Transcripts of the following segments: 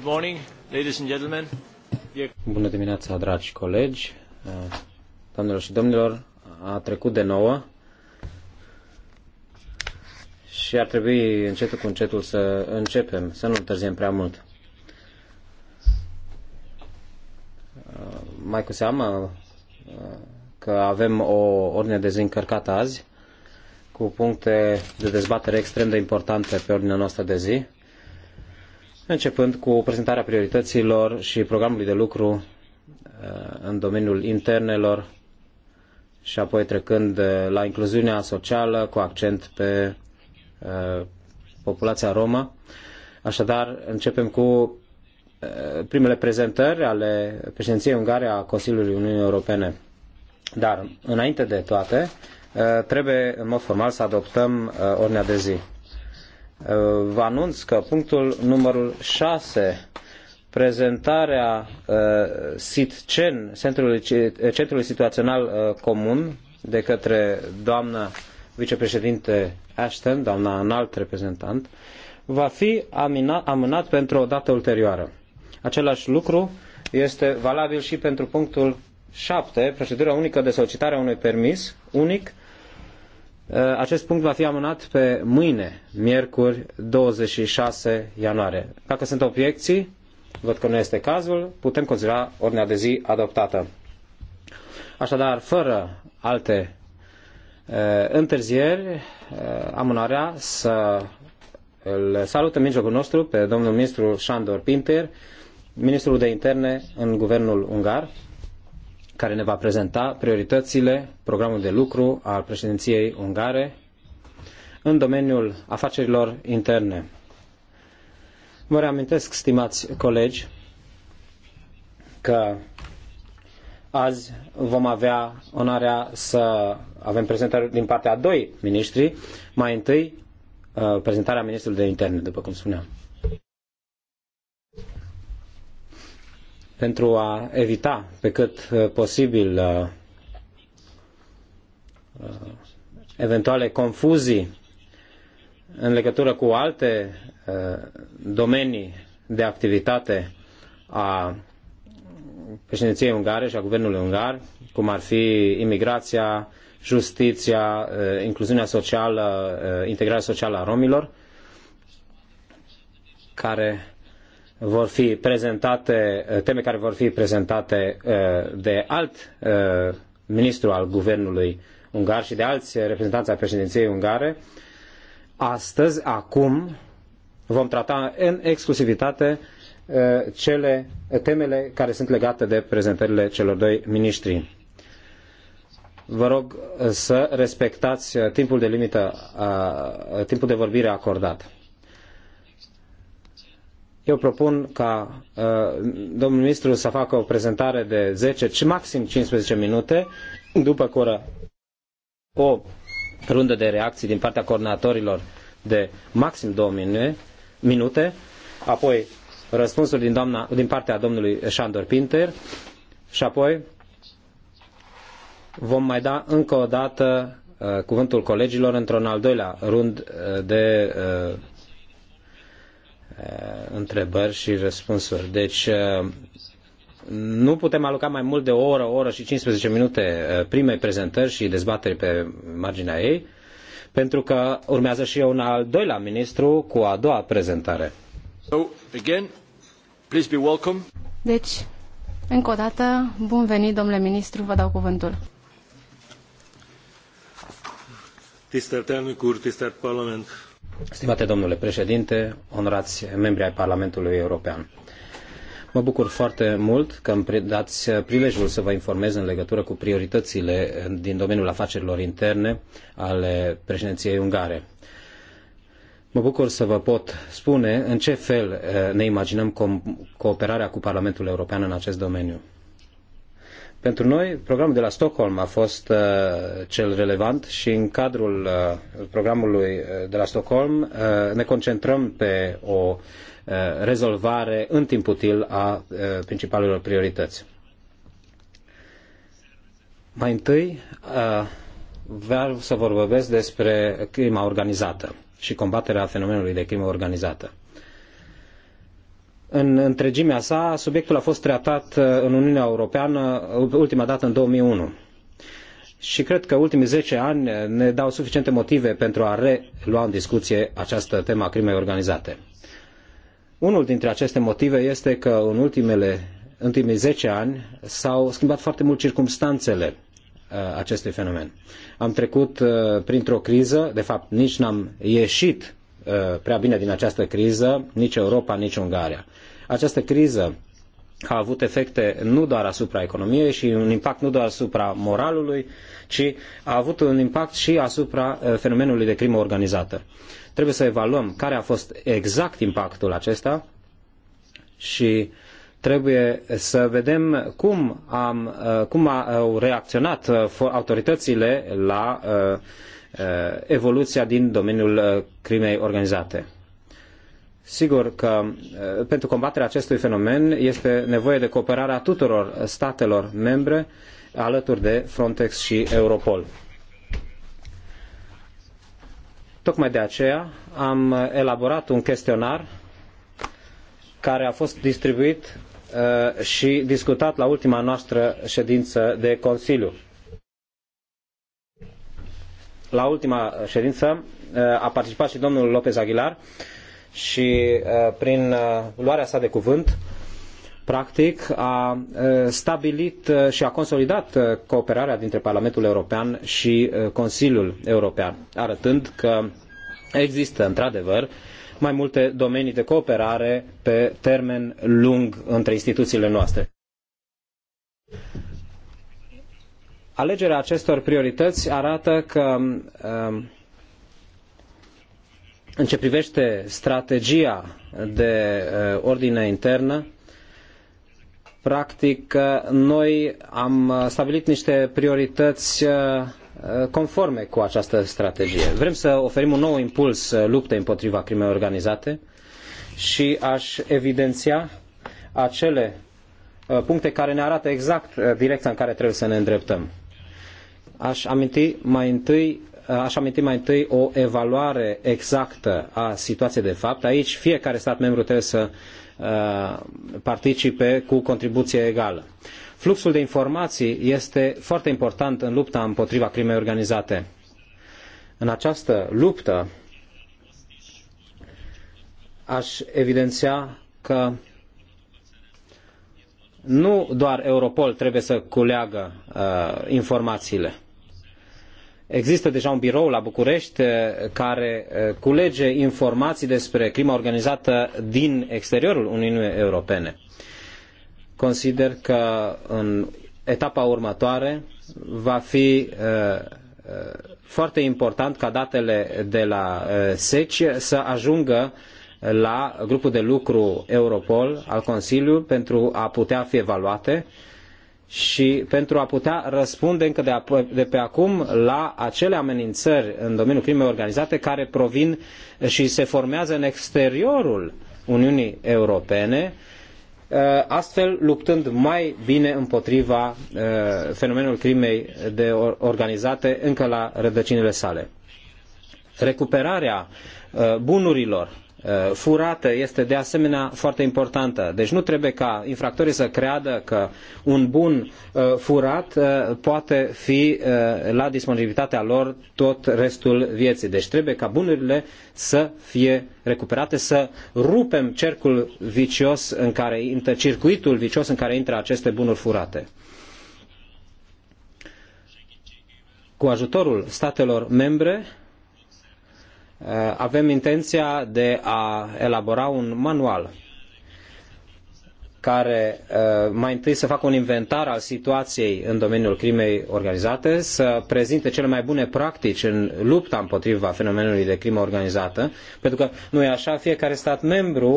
Good morning, ladies and gentlemen. Bună dimineața, dragi colegi, doamnelor și domnilor. A trecut de nouă și ar trebui încetul cu încetul să începem, să nu întârziem prea mult. Mai cu seamă că avem o ordine de zi încărcată azi cu puncte de dezbatere extrem de importante pe ordinea noastră de zi începând cu prezentarea priorităților și programului de lucru uh, în domeniul internelor și apoi trecând uh, la incluziunea socială cu accent pe uh, populația romă. Așadar, începem cu primele prezentări ale președinției ungare a Consiliului Uniunii Europene. Dar, înainte de toate, trebuie în mod formal să adoptăm ordinea de zi vă anunț că punctul numărul 6 prezentarea uh, SITCEN, Centrului, Centrului Situațional uh, Comun, de către doamna vicepreședinte Ashton, doamna înalt reprezentant, va fi amânat pentru o dată ulterioară. Același lucru este valabil și pentru punctul 7, procedura unică de solicitare a unui permis unic Uh, acest punct va fi amânat pe mâine, miercuri 26 ianuarie. Dacă sunt obiecții, văd că nu este cazul, putem considera ordinea de zi adoptată. Așadar, fără alte uh, întârzieri, uh, am onoarea să îl salut în mijlocul nostru pe domnul ministru Sandor Pinter, ministrul de interne în guvernul ungar care ne va prezenta prioritățile, programul de lucru al președinției ungare în domeniul afacerilor interne. Vă reamintesc, stimați colegi, că azi vom avea onoarea să avem prezentări din partea a doi miniștri. Mai întâi, uh, prezentarea ministrului de interne, după cum spuneam. pentru a evita pe cât uh, posibil uh, uh, eventuale confuzii în legătură cu alte domenii de activitate a președinției ungare și a guvernului ungar, cum ar fi imigrația, justiția, incluziunea socială, integrarea socială a romilor, care vor fi prezentate, teme care vor fi prezentate eh, de alt eh, ministru al guvernului ungar și de alți reprezentanți ai președinției ungare. Astăzi, acum, vom trata în exclusivitate eh, cele temele care sunt legate de prezentările celor doi miniștri. Vă rog să respectați timpul de limită, timpul de vorbire acordat. Eu propun ca uh, domnul ministru să facă o prezentare de 10 și maxim 15 minute, după cură o rundă de reacții din partea coordonatorilor de maxim 2 minute, apoi răspunsuri din, doamna, din partea domnului Șandor Pinter și apoi vom mai da încă o dată uh, cuvântul colegilor într-un al doilea rund uh, de uh, Uh, întrebări și răspunsuri. Deci uh, nu putem aloca mai mult de o oră, o oră și 15 minute uh, primei prezentări și dezbateri pe marginea ei, pentru că urmează și un al doilea ministru cu a doua prezentare. So, again, please be welcome. Deci, încă o dată, bun venit, domnule ministru, vă dau cuvântul. Tisztelt elnök úr, tisztelt parlament Stimate domnule președinte, onorați membri ai Parlamentului European. Mă bucur foarte mult că îmi dați prilejul să vă informez în legătură cu prioritățile din domeniul afacerilor interne ale președinției ungare. Mă bucur să vă pot spune în ce fel eh, ne imaginăm cooperarea cu Parlamentul European în acest domeniu. Pentru noi, programul de la Stockholm a fost uh, cel relevant și în cadrul uh, programului uh, de la Stockholm uh, ne concentrăm pe o uh, rezolvare în timp util a uh, principalelor priorități. Mai întâi, vreau să vorbesc despre crima organizată și combaterea fenomenului de crimă organizată în întregimea sa, subiectul a fost tratat uh, în Uniunea Europeană uh, ultima dată în 2001. Și cred că ultimii zece ani uh, ne dau suficiente motive pentru a relua în discuție această temă a crimei organizate. Unul dintre aceste motive este că în ultimele, ultimii zece ani s-au schimbat foarte mult circumstanțele acestui fenomen. Am trecut printr-o criză, de fapt nici n-am ieșit prea bine din această criză, nici Europa, nici Ungaria. Această criză a avut efecte nu doar asupra economiei și un impact nu doar asupra moralului, ci a avut un impact și asupra uh, fenomenului de crimă organizată. Trebuie să evaluăm care a fost exact impactul acesta și trebuie să vedem cum, am, uh, cum au reacționat uh, autoritățile la evoluția din domeniul crimei organizate. Sigur că pentru combaterea acestui fenomen este nevoie de cooperarea tuturor statelor membre alături de Frontex și Europol. Tocmai de aceea am elaborat un chestionar care a fost distribuit și discutat la ultima noastră ședință de Consiliu. La ultima ședință a participat și domnul López Aguilar, și uh, prin uh, luarea sa de cuvânt, practic, a uh, stabilit și a consolidat cooperarea dintre Parlamentul European și Consiliul European, arătând că există, într-adevăr, mai multe domenii de cooperare pe termen lung între instituțiile noastre. Alegerea acestor priorități arată că um, în ce privește strategia de eh, ordine internă, practic eh, noi am stabilit niște priorități eh, conforme cu această strategie. Vrem să oferim un nou impuls luptei împotriva crimei organizate și aș evidenția acele puncte care ne arată exact direcția în care trebuie să ne îndreptăm. Aș aminti mai întâi Ă, aș aminti mai întâi o evaluare exactă a situației de fapt. Aici fiecare stat membru trebuie să ă, participe cu contribuție egală. Fluxul de informații este foarte important în lupta împotriva crimei organizate. În această luptă aș evidenția că nu doar Europol trebuie să culeagă uh, informațiile. Există deja un birou la București uh, care uh, culege informații despre crima organizată din exteriorul Uniunii Europene. Consider că în etapa următoare va fi uh, foarte important ca datele de la SECI să ajungă la grupul de lucru Europol al Consiliului pentru a putea fi evaluate uh, și pentru a putea răspunde încă de, de pe acum la acele amenințări în domeniul crimei organizate care provin și se formează în exteriorul Uniunii Europene, ă, astfel luptând mai bine împotriva ă, fenomenul crimei de organizate încă la rădăcinile sale. Recuperarea ă, bunurilor Uh, furată este de asemenea foarte importantă. Deci nu trebuie ca infractorii să creadă că un bun uh, furat uh, poate fi la disponibilitatea lor tot restul vieții. Deci trebuie ca bunurile să fie recuperate, să rupem cercul vicios în care intră, circuitul vicios în care intră aceste bunuri furate. Cu ajutorul statelor membre, Eh, avem intenția de a elabora un manual care uh, mai întâi să facă un inventar al situației în domeniul crimei organizate, să prezinte cele mai bune practici în lupta împotriva fenomenului de crimă organizată, pentru că nu e așa, fiecare stat membru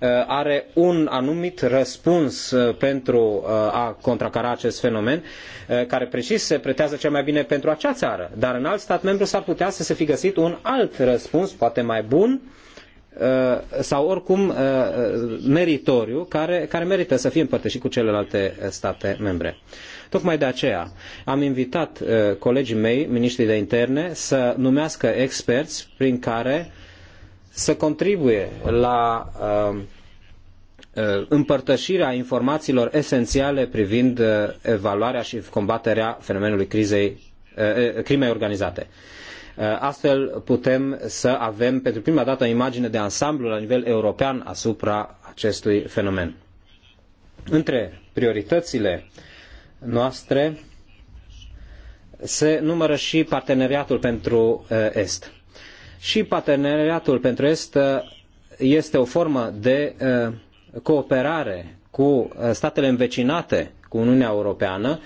uh, are un anumit răspuns uh, pentru a contracara acest fenomen, care precis se pretează cel mai bine pentru acea țară, dar în alt stat membru s-ar putea să se fi găsit un alt răspuns, poate mai bun, Uh, sau oricum uh, uh, meritoriu care, care merită să fie împărtășit cu celelalte state membre. Tocmai de aceea am invitat colegii mei, miniștrii de interne, să numească experți prin care să contribuie la împărtășirea informațiilor esențiale privind evaluarea și combaterea fenomenului crizei, crimei organizate. Uh, astfel putem să avem pentru prima dată o imagine de ansamblu la nivel european asupra acestui fenomen. Între prioritățile noastre se numără și parteneriatul pentru uh, Est. Și parteneriatul pentru Est uh, este o formă de cooperare cu statele învecinate cu Uniunea Europeană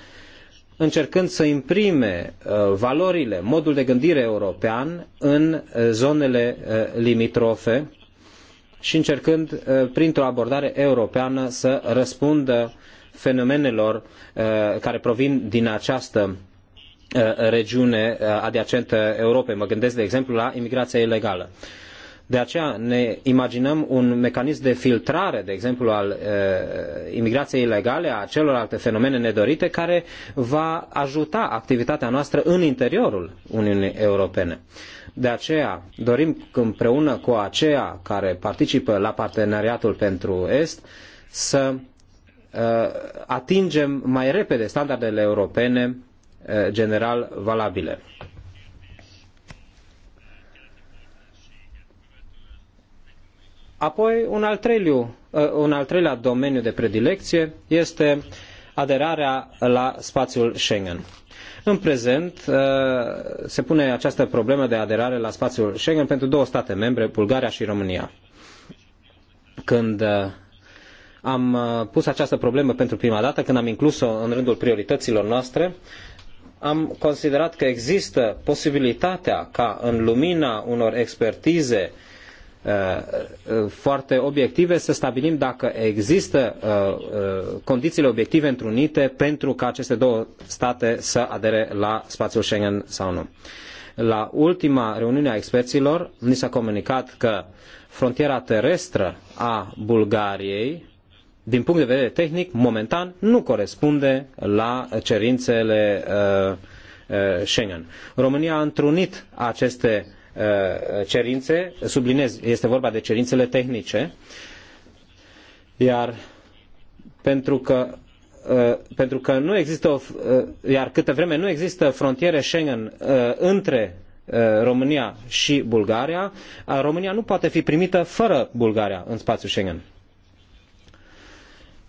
încercând să imprime uh, valorile, modul de gândire european în uh, zonele uh, limitrofe și încercând printr-o abordare europeană să răspundă fenomenelor care provin din această regiune adiacentă Europei. Mă gândesc, de exemplu, la imigrația ilegală. De aceea ne imaginăm un mecanism de filtrare, de exemplu, al uh, imigrației ilegale, a celorlalte fenomene nedorite, care va ajuta activitatea noastră în interiorul Uniunii Europene. De aceea dorim împreună cu aceea care participă la parteneriatul pentru Est să atingem mai repede standardele europene uh, general valabile. Apoi, un al, treilea, uh, un al treilea domeniu de predilecție este aderarea la spațiul Schengen. În prezent uh, se pune această problemă de aderare la spațiul Schengen pentru două state membre, Bulgaria și România. Când uh, am pus această problemă pentru prima dată, când am inclus-o în rândul priorităților noastre, am considerat că există posibilitatea ca în lumina unor expertize uh, Uh, foarte obiective să stabilim dacă există uh, uh, condițiile obiective întrunite pentru ca aceste două state să adere la spațiul Schengen sau nu. La ultima reuniune a experților ni s-a comunicat că frontiera terestră a Bulgariei din punct de vedere tehnic, momentan nu corespunde la cerințele Schengen. România a întrunit aceste Uh, cerințe, sublinez, este vorba de cerințele tehnice, iar pentru că uh, pentru că nu există, o, uh, iar câtă vreme nu există frontiere Schengen între România și Bulgaria, România nu poate fi primită fără Bulgaria în spațiul Schengen.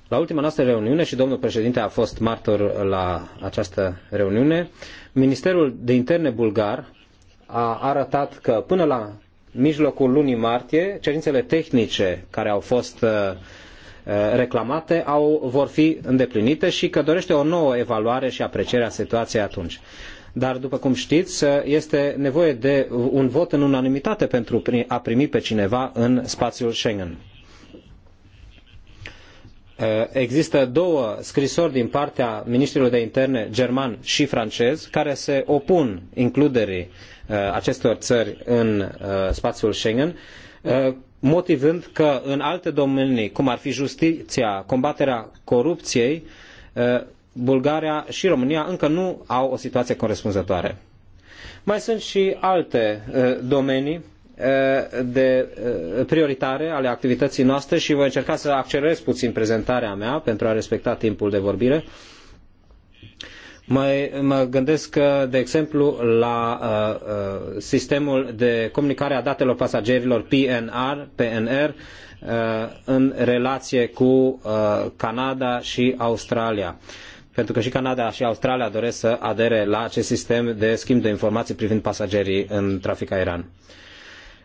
La ultima noastră reuniune, și domnul președinte a fost martor la această reuniune, Ministerul de Interne bulgar a arătat că până la mijlocul lunii martie, cerințele tehnice care au fost uh, uh, reclamate au, vor fi îndeplinite și că dorește o nouă evaluare și apreciere a situației atunci. Dar, după cum știți, uh, este nevoie de un vot în unanimitate pentru a primi pe cineva în spațiul Schengen. Există două scrisori din partea ministrilor de interne german și francez care se opun includerii uh, Uh, acestor țări în uh, spațiul Schengen, uh, motivând că în alte domenii, cum ar fi justiția, combaterea corupției, Bulgaria și România încă nu au o situație corespunzătoare. Mai sunt și alte domenii de prioritare ale activității noastre și voi încerca să accelerez puțin prezentarea mea pentru a respecta timpul de vorbire. Mă, mă gândesc, de exemplu, la uh, uh, sistemul de comunicare a datelor pasagerilor PNR, PNR uh, în relație cu uh, Canada și Australia. Pentru că și Canada și Australia doresc să adere la acest sistem de schimb de informații privind pasagerii în trafic aerian. Uh,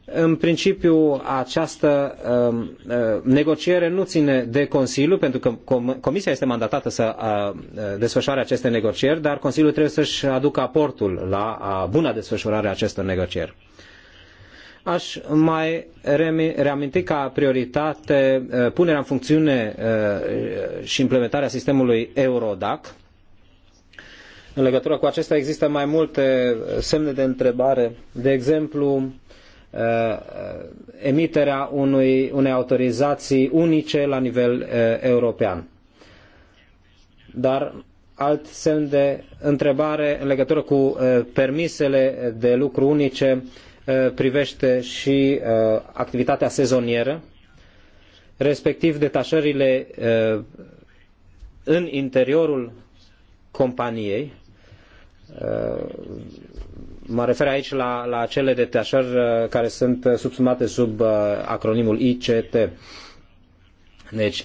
în principiu, această um, uh, negociere nu ține de Consiliu, pentru că Comisia este mandatată să uh, uh, desfășoare aceste negocieri, dar Consiliul trebuie să-și aducă aportul la buna desfășurare a acestor negocieri aș mai reaminti ca prioritate punerea în funcțiune și implementarea sistemului Eurodac. În legătură cu acesta există mai multe semne de întrebare. De exemplu, Uh, emiterea unui, unei autorizații unice la nivel uh, european. Dar alt semn de întrebare în legătură cu uh, permisele de lucru unice privește și activitatea sezonieră, respectiv detașările în interiorul companiei, Mă refer aici la, la acele detașări uh, care sunt uh, subsumate sub uh, acronimul ICT. Deci,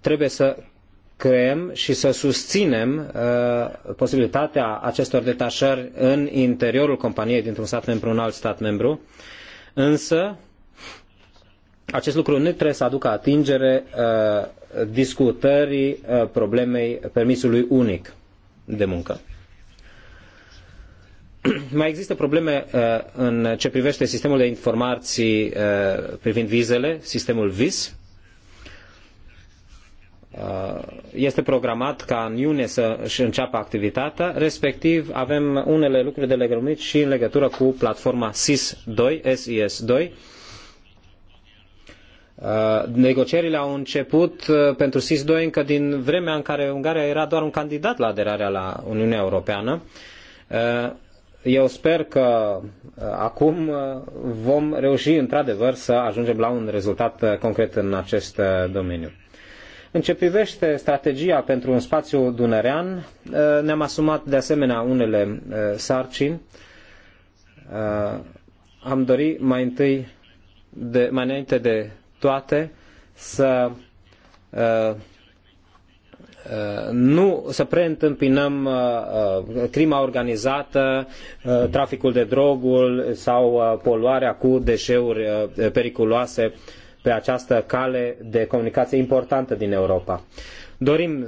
trebuie să creăm și să susținem posibilitatea acestor detașări în interiorul companiei dintr-un stat membru în alt stat membru, însă acest lucru nu trebuie să aducă atingere discutării problemei permisului unic de muncă mai există probleme uh, în ce privește sistemul de informații uh, privind vizele, sistemul VIS. Uh, este programat ca în iunie să își înceapă activitatea, respectiv avem unele lucruri de legămit și în legătură cu platforma SIS-2, SIS-2. Negocierile au început pentru SIS-2 încă din vremea în care Ungaria era doar un candidat la aderarea la Uniunea Europeană eu sper că uh, acum uh, vom reuși într-adevăr să ajungem la un rezultat uh, concret în acest domeniu. În ce privește strategia pentru un spațiu dunărean, ne-am asumat de asemenea unele sarcini. Am dorit mai întâi, de, mai înainte de toate, să nu să preîntâmpinăm uh, uh, crima organizată, uh, traficul de droguri sau poluarea cu deșeuri periculoase pe această cale de comunicație importantă din Europa. Dorim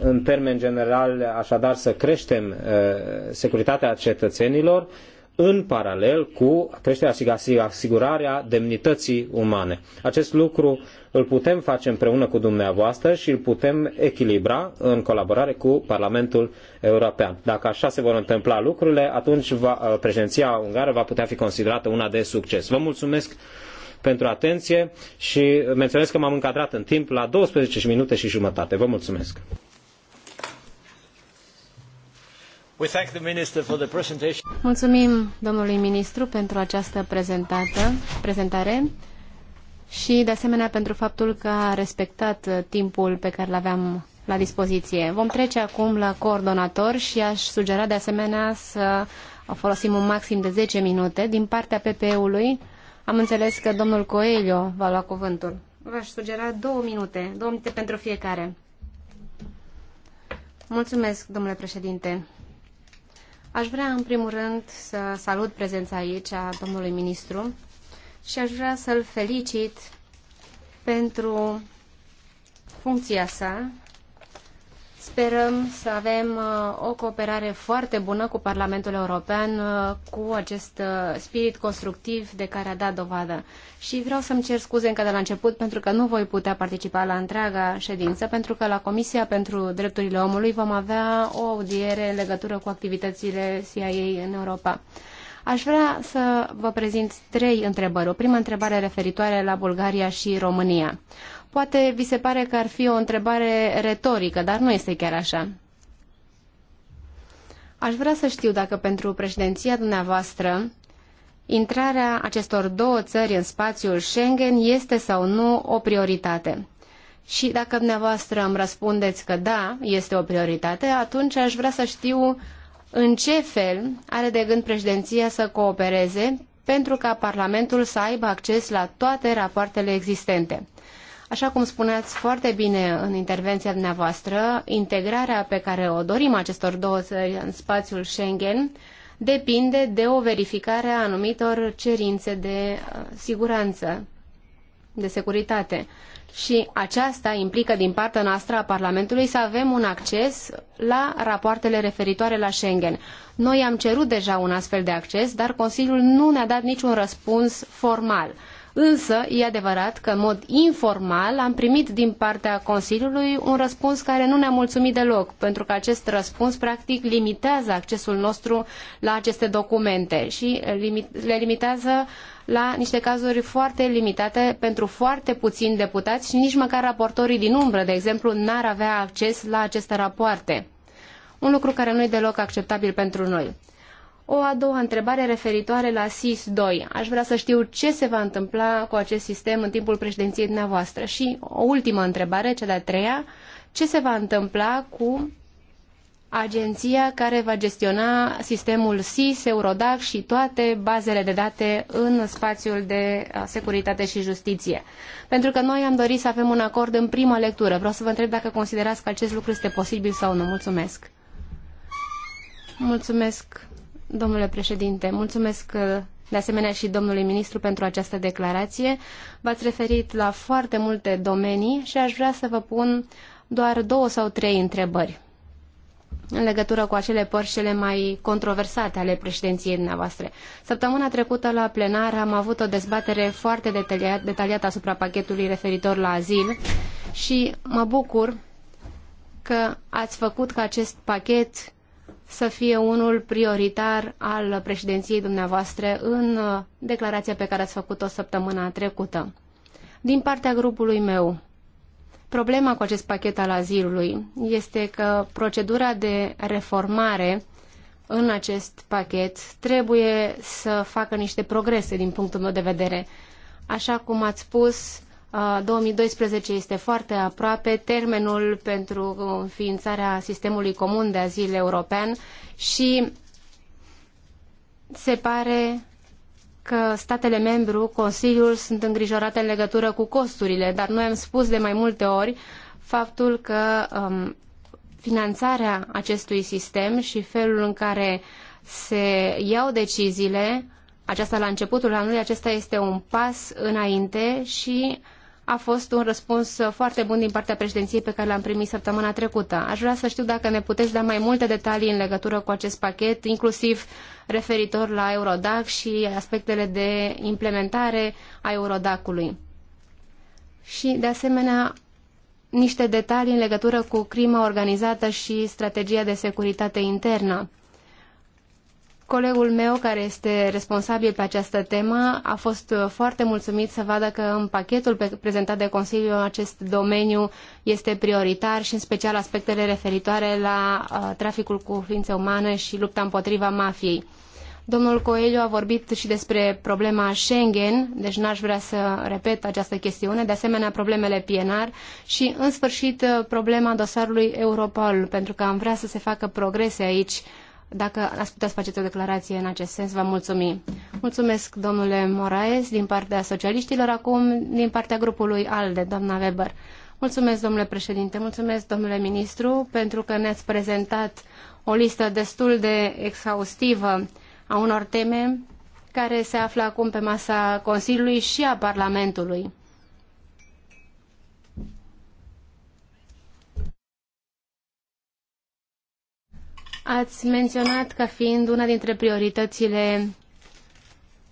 în termen general așadar să creștem securitatea cetățenilor, în paralel cu creșterea și asigurarea demnității umane. Acest lucru îl putem face împreună cu dumneavoastră și îl putem echilibra în colaborare cu Parlamentul European. Dacă așa se vor întâmpla lucrurile, atunci va, uh, președinția ungară va putea fi considerată una de succes. Vă mulțumesc pentru atenție și menționez că m-am încadrat în timp la 12 minute și jumătate. Vă mulțumesc! Mulțumim domnului ministru pentru această prezentată, prezentare și de asemenea pentru faptul că a respectat uh, timpul pe care l-aveam la dispoziție. Vom trece acum la coordonator și aș sugera de asemenea să folosim un maxim de 10 minute. Din partea PPE-ului am înțeles că domnul Coelho va lua cuvântul. V-aș sugera două minute, două minute pentru fiecare. Mulțumesc, domnule președinte. Aș vrea, în primul rând, să salut prezența aici a domnului ministru și aș vrea să-l felicit pentru funcția sa Sperăm să avem uh, o cooperare foarte bună cu Parlamentul European, uh, cu acest uh, spirit constructiv de care a dat dovadă. Și vreau să-mi cer scuze încă de la început, pentru că nu voi putea participa la întreaga ședință, pentru că la Comisia pentru Drepturile Omului vom avea o audiere în legătură cu activitățile CIA în Europa. Aș vrea să vă prezint trei întrebări. O primă întrebare referitoare la Bulgaria și România. Poate vi se pare că ar fi o întrebare retorică, dar nu este chiar așa. Aș vrea să știu dacă pentru președinția dumneavoastră intrarea acestor două țări în spațiul Schengen este sau nu o prioritate. Și dacă dumneavoastră îmi răspundeți că da, este o prioritate, atunci aș vrea să știu în ce fel are de gând președinția să coopereze pentru ca Parlamentul să aibă acces la toate rapoartele existente. Așa cum spuneați foarte bine în intervenția dumneavoastră, integrarea pe care o dorim acestor două țări în spațiul Schengen depinde de o verificare a anumitor cerințe de uh, siguranță, de securitate. Și aceasta implică din partea noastră a Parlamentului să avem un acces la rapoartele referitoare la Schengen. Noi am cerut deja un astfel de acces, dar Consiliul nu ne-a dat niciun răspuns formal. Însă, e adevărat că, în mod informal, am primit din partea Consiliului un răspuns care nu ne-a mulțumit deloc, pentru că acest răspuns, practic, limitează accesul nostru la aceste documente și le limitează la niște cazuri foarte limitate pentru foarte puțini deputați și nici măcar raportorii din umbră, de exemplu, n-ar avea acces la aceste rapoarte. Un lucru care nu e deloc acceptabil pentru noi. O a doua întrebare referitoare la SIS-2. Aș vrea să știu ce se va întâmpla cu acest sistem în timpul președinției dumneavoastră. Și o ultimă întrebare, cea de-a treia, ce se va întâmpla cu agenția care va gestiona sistemul SIS, Eurodac și toate bazele de date în spațiul de securitate și justiție. Pentru că noi am dorit să avem un acord în primă lectură. Vreau să vă întreb dacă considerați că acest lucru este posibil sau nu. Mulțumesc. Mulțumesc Domnule președinte, mulțumesc uh, de asemenea și domnului ministru pentru această declarație. V-ați referit la foarte multe domenii și aș vrea să vă pun doar două sau trei întrebări în legătură cu acele părți cele mai controversate ale președinției dumneavoastră. Săptămâna trecută la plenar am avut o dezbatere foarte detaliată detaliat asupra pachetului referitor la azil și mă bucur că ați făcut ca acest pachet să fie unul prioritar al președinției dumneavoastră în uh, declarația pe care ați făcut-o săptămâna trecută. Din partea grupului meu, problema cu acest pachet al azilului este că procedura de reformare în acest pachet trebuie să facă niște progrese din punctul meu de vedere. Așa cum ați spus, 2012 este foarte aproape, termenul pentru înființarea sistemului comun de azil european și se pare că statele membru, Consiliul, sunt îngrijorate în legătură cu costurile, dar noi am spus de mai multe ori faptul că um, finanțarea acestui sistem și felul în care se iau deciziile, aceasta la începutul anului, acesta este un pas înainte și uh, a fost un răspuns uh, foarte bun din partea președinției pe care l-am primit săptămâna trecută. Aș vrea să știu dacă ne puteți da mai multe detalii în legătură cu acest pachet, inclusiv referitor la Eurodac și aspectele de implementare a Eurodacului. Și, de asemenea, niște detalii în legătură cu crima organizată și strategia de securitate internă. Colegul meu, care este responsabil pe această temă, a fost uh, foarte mulțumit să vadă că în pachetul prezentat de Consiliu acest domeniu este prioritar și în special aspectele referitoare la uh, traficul cu ființe umane și lupta împotriva mafiei. Domnul Coelho a vorbit și despre problema Schengen, deci n-aș vrea să repet această chestiune, de asemenea problemele PNR și, în sfârșit, uh, problema dosarului Europol, pentru că am vrea să se facă progrese aici dacă ați putea să faceți o declarație în acest sens, vă mulțumim. Mulțumesc, domnule Moraes, din partea socialiștilor, acum din partea grupului ALDE, doamna Weber. Mulțumesc, domnule președinte, mulțumesc, domnule ministru, pentru că ne-ați prezentat o listă destul de exhaustivă a unor teme care se află acum pe masa Consiliului și a Parlamentului. ați menționat ca fiind una dintre prioritățile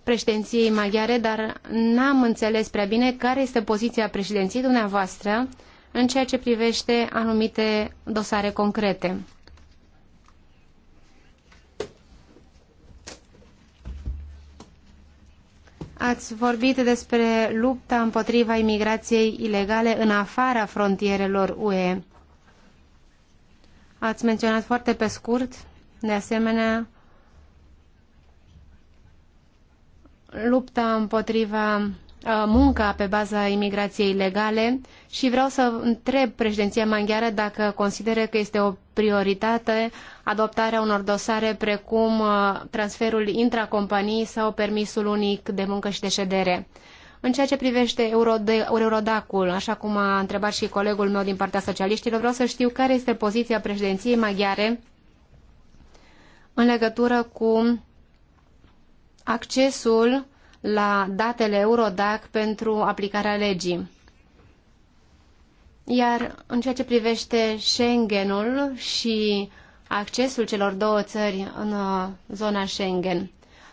președinției maghiare, dar n-am înțeles prea bine care este poziția președinției dumneavoastră în ceea ce privește anumite dosare concrete. Ați vorbit despre lupta împotriva imigrației ilegale în afara frontierelor UE. Ați menționat foarte pe scurt, de asemenea, lupta împotriva uh, munca pe baza imigrației legale și vreau să întreb președinția maghiară dacă consideră că este o prioritate adoptarea unor dosare precum uh, transferul intracompanii sau permisul unic de muncă și de ședere. În ceea ce privește Eurodacul, așa cum a întrebat și colegul meu din partea socialiștilor, vreau să știu care este poziția președinției maghiare în legătură cu accesul la datele Eurodac pentru aplicarea legii. Iar în ceea ce privește Schengenul și accesul celor două țări în uh, zona Schengen,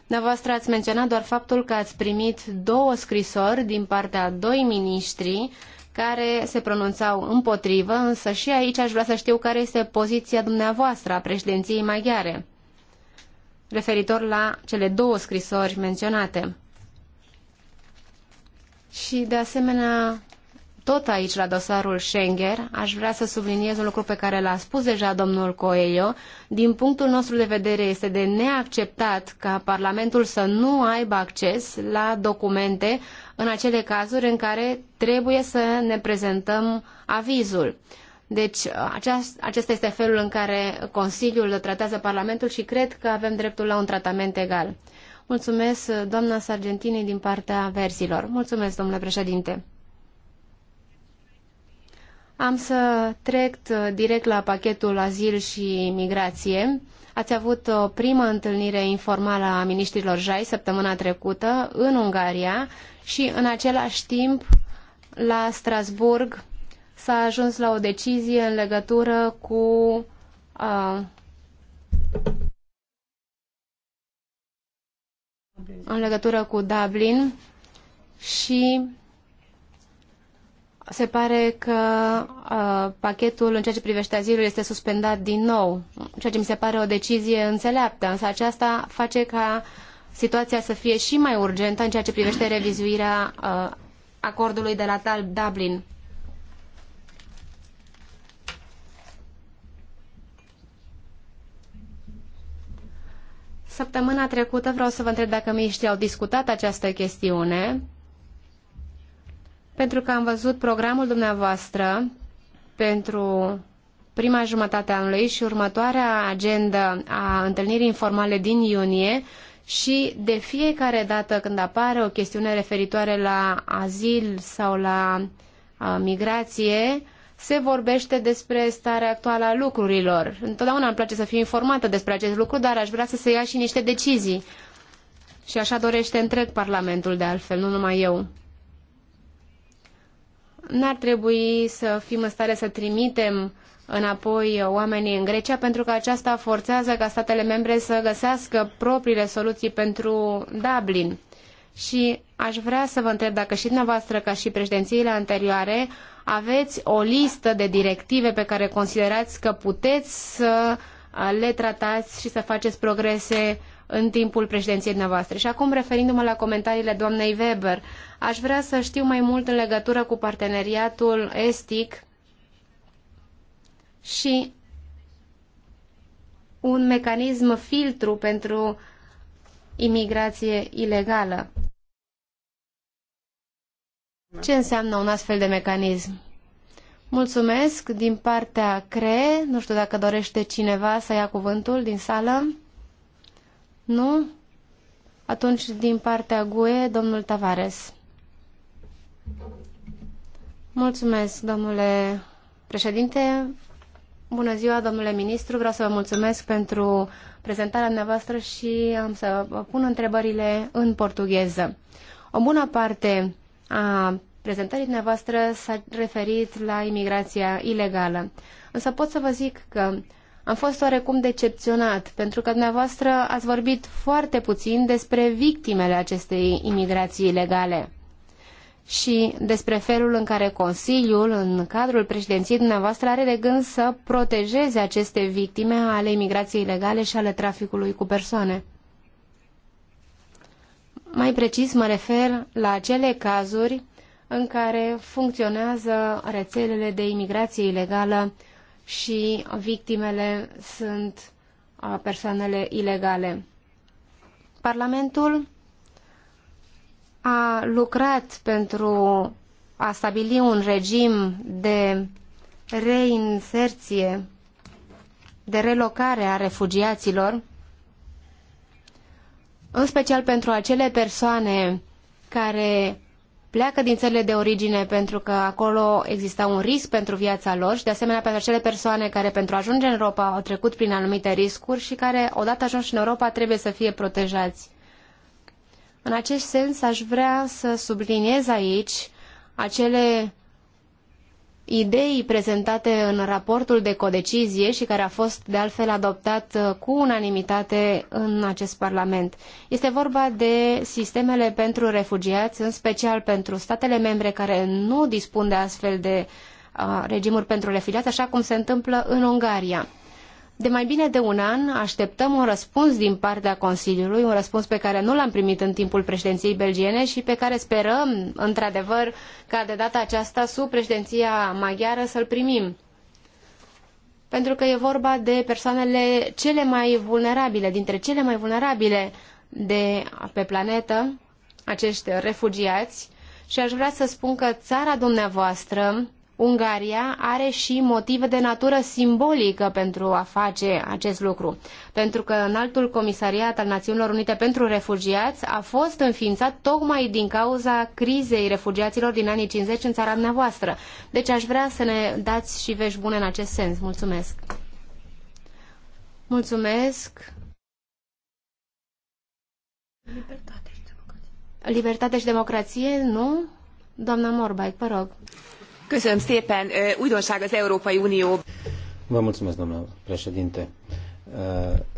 Dumneavoastră ați menționat doar faptul că ați primit două scrisori din partea a doi miniștri care se pronunțau împotrivă, însă și aici aș vrea să știu care este poziția dumneavoastră a președinției maghiare referitor la cele două scrisori menționate. Și, de asemenea, tot aici la dosarul Schengen, aș vrea să subliniez un lucru pe care l-a spus deja domnul Coelho. Din punctul nostru de vedere este de neacceptat ca Parlamentul să nu aibă acces la documente în acele cazuri în care trebuie să ne prezentăm avizul. Deci acesta este felul în care Consiliul tratează Parlamentul și cred că avem dreptul la un tratament egal. Mulțumesc, doamna Sargentini, din partea verzilor. Mulțumesc, domnule președinte. Am să trec uh, direct la pachetul azil și migrație. Ați avut o uh, primă întâlnire informală a ministrilor JAI săptămâna trecută în Ungaria și în același timp la Strasbourg s-a ajuns la o decizie în legătură cu uh, în legătură cu Dublin și se pare că uh, pachetul în ceea ce privește azilul este suspendat din nou, ceea ce mi se pare o decizie înțeleaptă, însă aceasta face ca situația să fie și mai urgentă în ceea ce privește revizuirea uh, acordului de la Dublin. Săptămâna trecută vreau să vă întreb dacă miniștrii au discutat această chestiune pentru că am văzut programul dumneavoastră pentru prima jumătate a anului și următoarea agenda a întâlnirii informale din iunie și de fiecare dată când apare o chestiune referitoare la azil sau la uh, migrație, se vorbește despre starea actuală a lucrurilor. Întotdeauna îmi place să fiu informată despre acest lucru, dar aș vrea să se ia și niște decizii. Și așa dorește întreg Parlamentul, de altfel, nu numai eu. N-ar trebui să fim în stare să trimitem înapoi oamenii în Grecia, pentru că aceasta forțează ca statele membre să găsească propriile soluții pentru Dublin. Și aș vrea să vă întreb dacă și dumneavoastră, ca și președințiile anterioare, aveți o listă de directive pe care considerați că puteți să le tratați și să faceți progrese în timpul președinției dumneavoastră. Și acum, referindu-mă la comentariile doamnei Weber, aș vrea să știu mai mult în legătură cu parteneriatul estic și un mecanism filtru pentru imigrație ilegală. Ce înseamnă un astfel de mecanism? Mulțumesc din partea CRE. Nu știu dacă dorește cineva să ia cuvântul din sală. Nu? Atunci, din partea GUE, domnul Tavares. Mulțumesc, domnule președinte. Bună ziua, domnule ministru. Vreau să vă mulțumesc pentru prezentarea dumneavoastră și am să vă pun întrebările în portugheză. O bună parte a prezentării dumneavoastră s-a referit la imigrația ilegală. Însă pot să vă zic că am fost oarecum decepționat, pentru că dumneavoastră ați vorbit foarte puțin despre victimele acestei imigrații ilegale și despre felul în care Consiliul, în cadrul președinției dumneavoastră, are de gând să protejeze aceste victime ale imigrației ilegale și ale traficului cu persoane. Mai precis mă refer la acele cazuri în care funcționează rețelele de imigrație ilegală și victimele sunt persoanele ilegale. Parlamentul a lucrat pentru a stabili un regim de reinserție, de relocare a refugiaților, în special pentru acele persoane care pleacă din țările de origine pentru că acolo exista un risc pentru viața lor și de asemenea pentru acele persoane care pentru a ajunge în Europa au trecut prin anumite riscuri și care odată ajunși în Europa trebuie să fie protejați. În acest sens aș vrea să subliniez aici acele idei prezentate în raportul de codecizie și care a fost de altfel adoptat uh, cu unanimitate în acest Parlament. Este vorba de sistemele pentru refugiați, în special pentru statele membre care nu dispun de astfel de uh, regimuri pentru refugiați, așa cum se întâmplă în Ungaria. De mai bine de un an așteptăm un răspuns din partea Consiliului, un răspuns pe care nu l-am primit în timpul președinției belgiene și pe care sperăm, într-adevăr, ca de data aceasta, sub președinția maghiară, să-l primim. Pentru că e vorba de persoanele cele mai vulnerabile, dintre cele mai vulnerabile de pe planetă, acești refugiați, și aș vrea să spun că țara dumneavoastră, Ungaria are și motive de natură simbolică pentru a face acest lucru, pentru că înaltul comisariat al Națiunilor Unite pentru Refugiați a fost înființat tocmai din cauza crizei refugiaților din anii 50 în țara dumneavoastră. Deci aș vrea să ne dați și vești bune în acest sens. Mulțumesc! Mulțumesc! Libertate și democrație. Libertate și democrație, nu? Doamna Morbaic, vă rog. Köszönöm szépen. Újdonság az Európai Unió. Vă mulțumesc, doamnă președinte. Uh,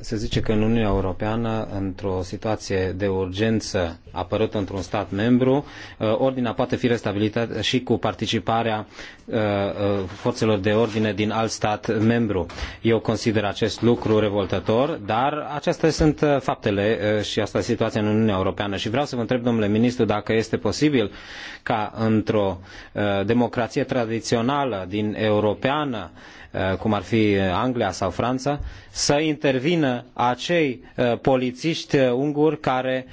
se zice că în Uniunea Europeană, într-o situație de urgență apărută într-un stat membru, uh, ordinea poate fi restabilită și cu participarea uh, forțelor de ordine din alt stat membru. Eu consider acest lucru revoltător, dar acestea sunt faptele și asta e situația în Uniunea Europeană. Și vreau să vă întreb, domnule ministru, dacă este posibil ca într-o democrație tradițională din europeană, Uh, cum ar fi uh, Anglia sau Franța, să intervină acei uh, polițiști unguri care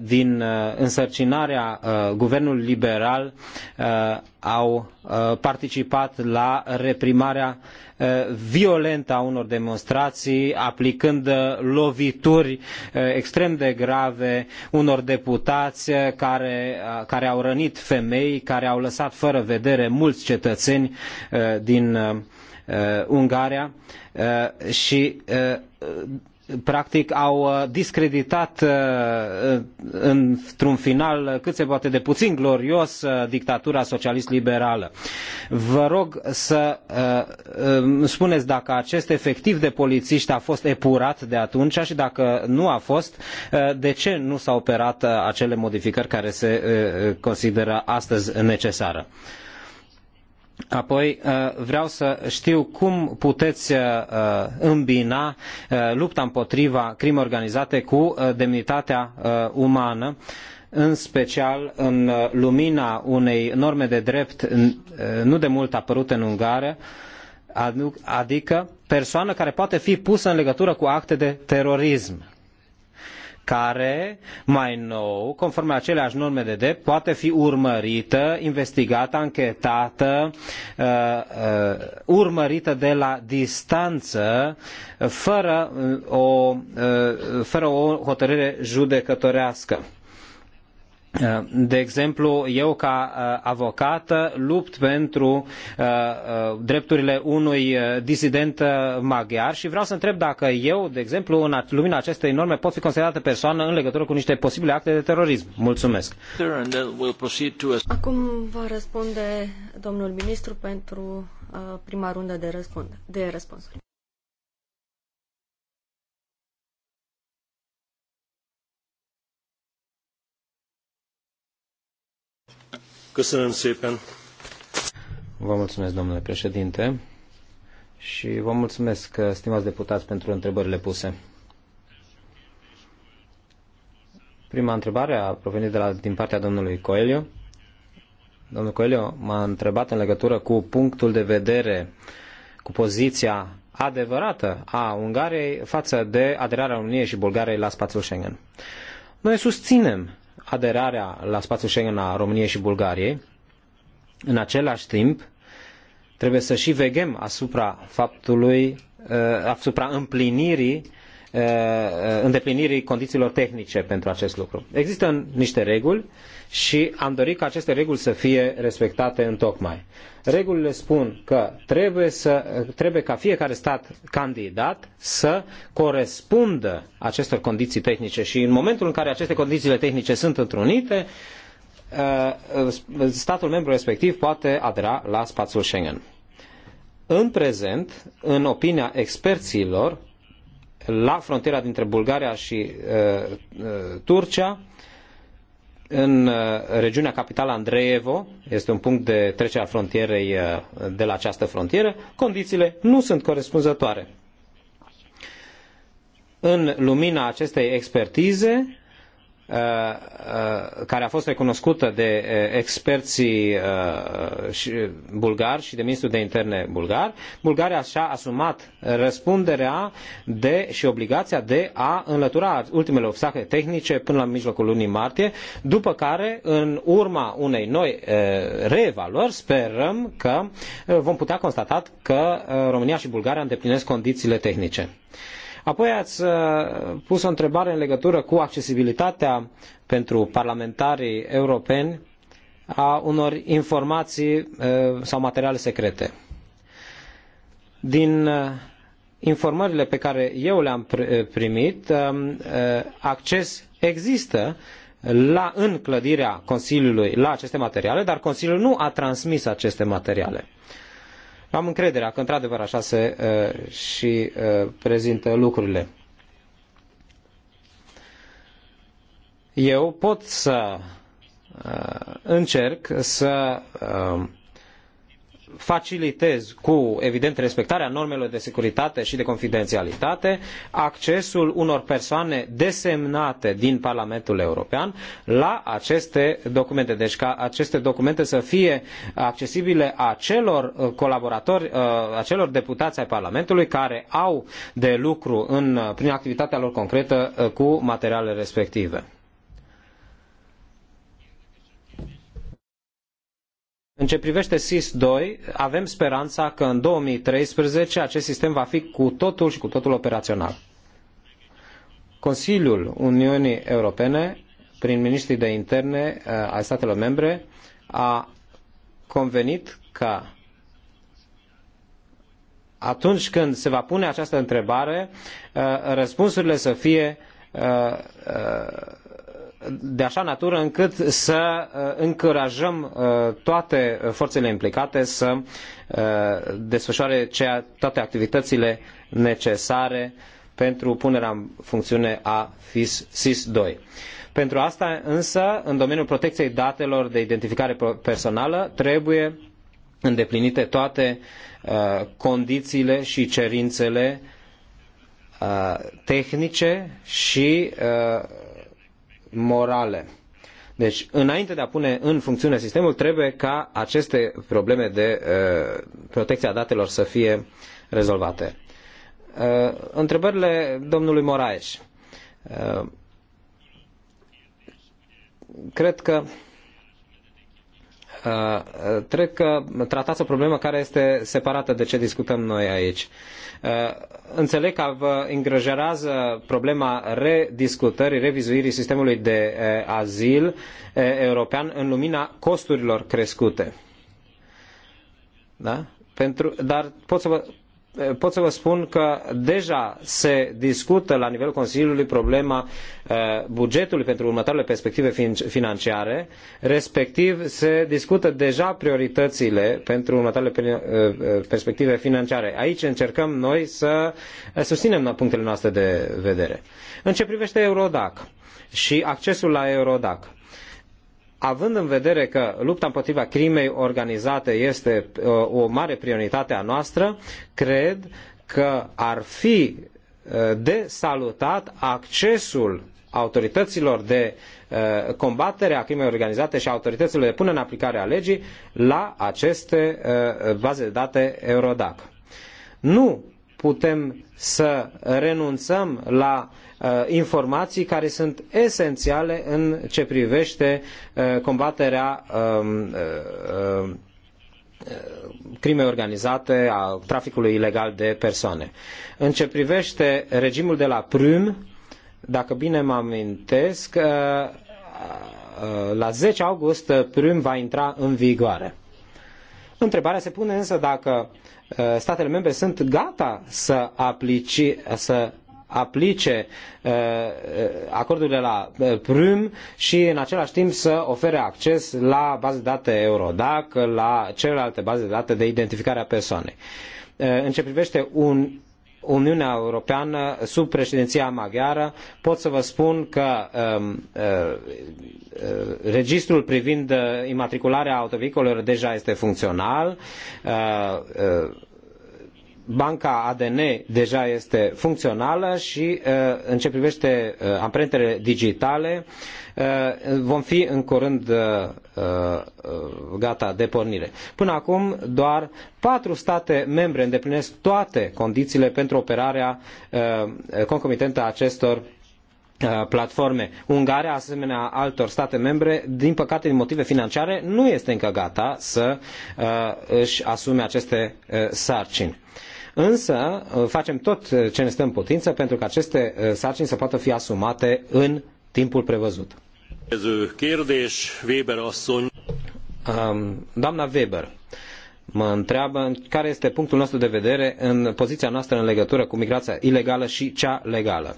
din însărcinarea guvernului liberal au participat la reprimarea violentă a unor demonstrații, aplicând lovituri extrem de grave unor deputați care, care au rănit femei, care au lăsat fără vedere mulți cetățeni din Uh, Ungaria uh, și uh, practic au discreditat într-un final cât se poate de puțin glorios dictatura socialist-liberală. Vă rog să spuneți dacă acest efectiv de polițiști a fost epurat de atunci și dacă nu a fost, de ce nu s-au operat acele modificări care se consideră astăzi necesară. Apoi uh, vreau să știu cum puteți uh, uh, îmbina lupta împotriva crimei organizate cu demnitatea umană, în special în lumina unei norme de drept nu de mult apărute în Ungară, adică persoană care poate fi pusă în legătură cu acte de terorism care mai nou, conform aceleași norme de drept, poate fi urmărită, investigată, anchetată, uh, uh, urmărită de la distanță, fără uh, o, fără o hotărâre judecătorească. De exemplu, eu ca uh, avocată lupt pentru uh, uh, drepturile unui disident maghiar și vreau să întreb dacă eu, de exemplu, în lumina acestei norme pot fi considerată persoană în legătură cu niște posibile acte de terorism. Mulțumesc. Acum va răspunde domnul ministru pentru prima rundă de, răspund, de răspunsuri. Köszönöm szépen. Vă mulțumesc, domnule președinte, și vă mulțumesc, stimați deputați, pentru întrebările puse. Prima întrebare a provenit de la, din partea domnului Coelho. Domnul Coelho m-a întrebat în legătură cu punctul de vedere, cu poziția adevărată a Ungariei față de aderarea României și Bulgariei la spațiul Schengen. Noi susținem aderarea la spațiul Schengen a României și Bulgariei, în același timp trebuie să și veghem asupra faptului, uh, asupra împlinirii Uh, uh, îndeplinirii condițiilor tehnice pentru acest lucru. Există niște reguli și am dorit ca aceste reguli să fie respectate în tocmai. Regulile spun că trebuie, să, trebuie ca fiecare stat candidat să corespundă acestor condiții tehnice și în momentul în care aceste condiții tehnice sunt întrunite, uh, statul membru respectiv poate adera la spațiul Schengen. În prezent, în opinia experților, la frontiera dintre Bulgaria și uh, uh Turcia, în uh, regiunea capitală Andreevo, este un punct de trecere a frontierei uh, de la această frontieră, condițiile nu sunt corespunzătoare. În lumina acestei expertize, Uh, uh, care a fost recunoscută de uh, experții bulgari și de ministrul de interne bulgar, Bulgaria și-a asumat răspunderea de, și obligația de a înlătura ultimele obstacole tehnice până la mijlocul lunii martie, după care, în urma unei noi reevaluări, sperăm că vom putea constata că România și Bulgaria îndeplinesc condițiile tehnice. Apoi ați uh, pus o întrebare în legătură cu accesibilitatea pentru parlamentarii europeni a unor informații uh, sau materiale secrete. Din uh, informările pe care eu le-am primit, um, acces există la, în clădirea Consiliului la aceste materiale, dar Consiliul nu a transmis aceste materiale. Uh, am încrederea că într-adevăr așa se uh, și uh, prezintă lucrurile. Eu pot să uh, încerc să uh, facilitez cu, evident, respectarea normelor de securitate și de confidențialitate, accesul unor persoane desemnate din Parlamentul European la aceste documente. Deci ca aceste documente să fie accesibile acelor uh, colaboratori, uh, acelor deputați ai Parlamentului care au de lucru în, uh, prin activitatea lor concretă cu materialele respective. În ce privește SIS-2, avem speranța că în 2013 acest sistem va fi cu totul și cu totul operațional. Consiliul Uniunii Europene, prin ministrii de interne eh, ai statelor membre, a convenit că atunci când se va pune această întrebare, eh, răspunsurile să fie eh, de așa natură încât să uh, încurajăm uh, toate forțele implicate să uh, desfășoare toate activitățile necesare pentru punerea în funcțiune a FIS, SIS-2. Pentru asta însă, în domeniul protecției datelor de identificare personală, trebuie îndeplinite toate uh, condițiile și cerințele tehnice și morale. Deci, înainte de a pune în funcțiune sistemul, trebuie ca aceste probleme de uh, protecție a datelor să fie rezolvate. Uh, întrebările domnului Moraes. Uh, cred că uh, Uh, uh, trec că tratați o problemă care este separată de ce discutăm noi aici. Uh, înțeleg că vă îngrijorează problema rediscutării, revizuirii sistemului de azil european în lumina costurilor crescute. Da? Pentru, dar pot să vă pot să vă spun că deja se discută la nivelul Consiliului problema eh, bugetului pentru următoarele perspective financiare, respectiv se discută deja prioritățile pentru următoarele eh, eh, perspective financiare. Aici încercăm noi să susținem punctele noastre de vedere. În ce privește Eurodac și accesul la Eurodac, Având în vedere că lupta împotriva crimei organizate este uh, o mare prioritate a noastră, cred că ar fi uh, de salutat accesul autorităților de uh, combatere a crimei organizate și autorităților de punere în aplicare a legii la aceste baze de date Eurodac. Nu putem să renunțăm la Uh, informații care sunt esențiale în ce privește uh, combaterea um, uh, crimei organizate, a traficului ilegal de persoane. În ce privește regimul de la Prüm, dacă bine mă amintesc, la 10 august Prüm va intra în vigoare. Întrebarea se pune însă dacă statele membre sunt gata să, aplici, să aplice uh, uh, acordurile la uh, prim și în același timp să ofere acces la baze de date Eurodac, la celelalte baze de date de identificare a persoanei. În ce privește un Uniunea Europeană sub președinția maghiară, pot să vă spun că um, uh, registrul privind imatricularea autovehiculelor deja este funcțional. Uh, banca ADN deja este funcțională și uh, în ce privește uh, amprentele digitale uh, vom fi în curând gata de pornire. Până acum doar patru state membre îndeplinesc toate condițiile pentru operarea concomitentă a acestor platforme. Ungaria, asemenea altor state membre, din păcate din motive financiare, nu este încă gata să uh, își asume aceste sarcini însă uh, facem tot uh, ce ne stă în putință pentru că aceste uh, sarcini să poată fi asumate în timpul prevăzut. Um, doamna Weber, mă întreabă care este punctul nostru de vedere în poziția noastră în legătură cu migrația ilegală și cea legală.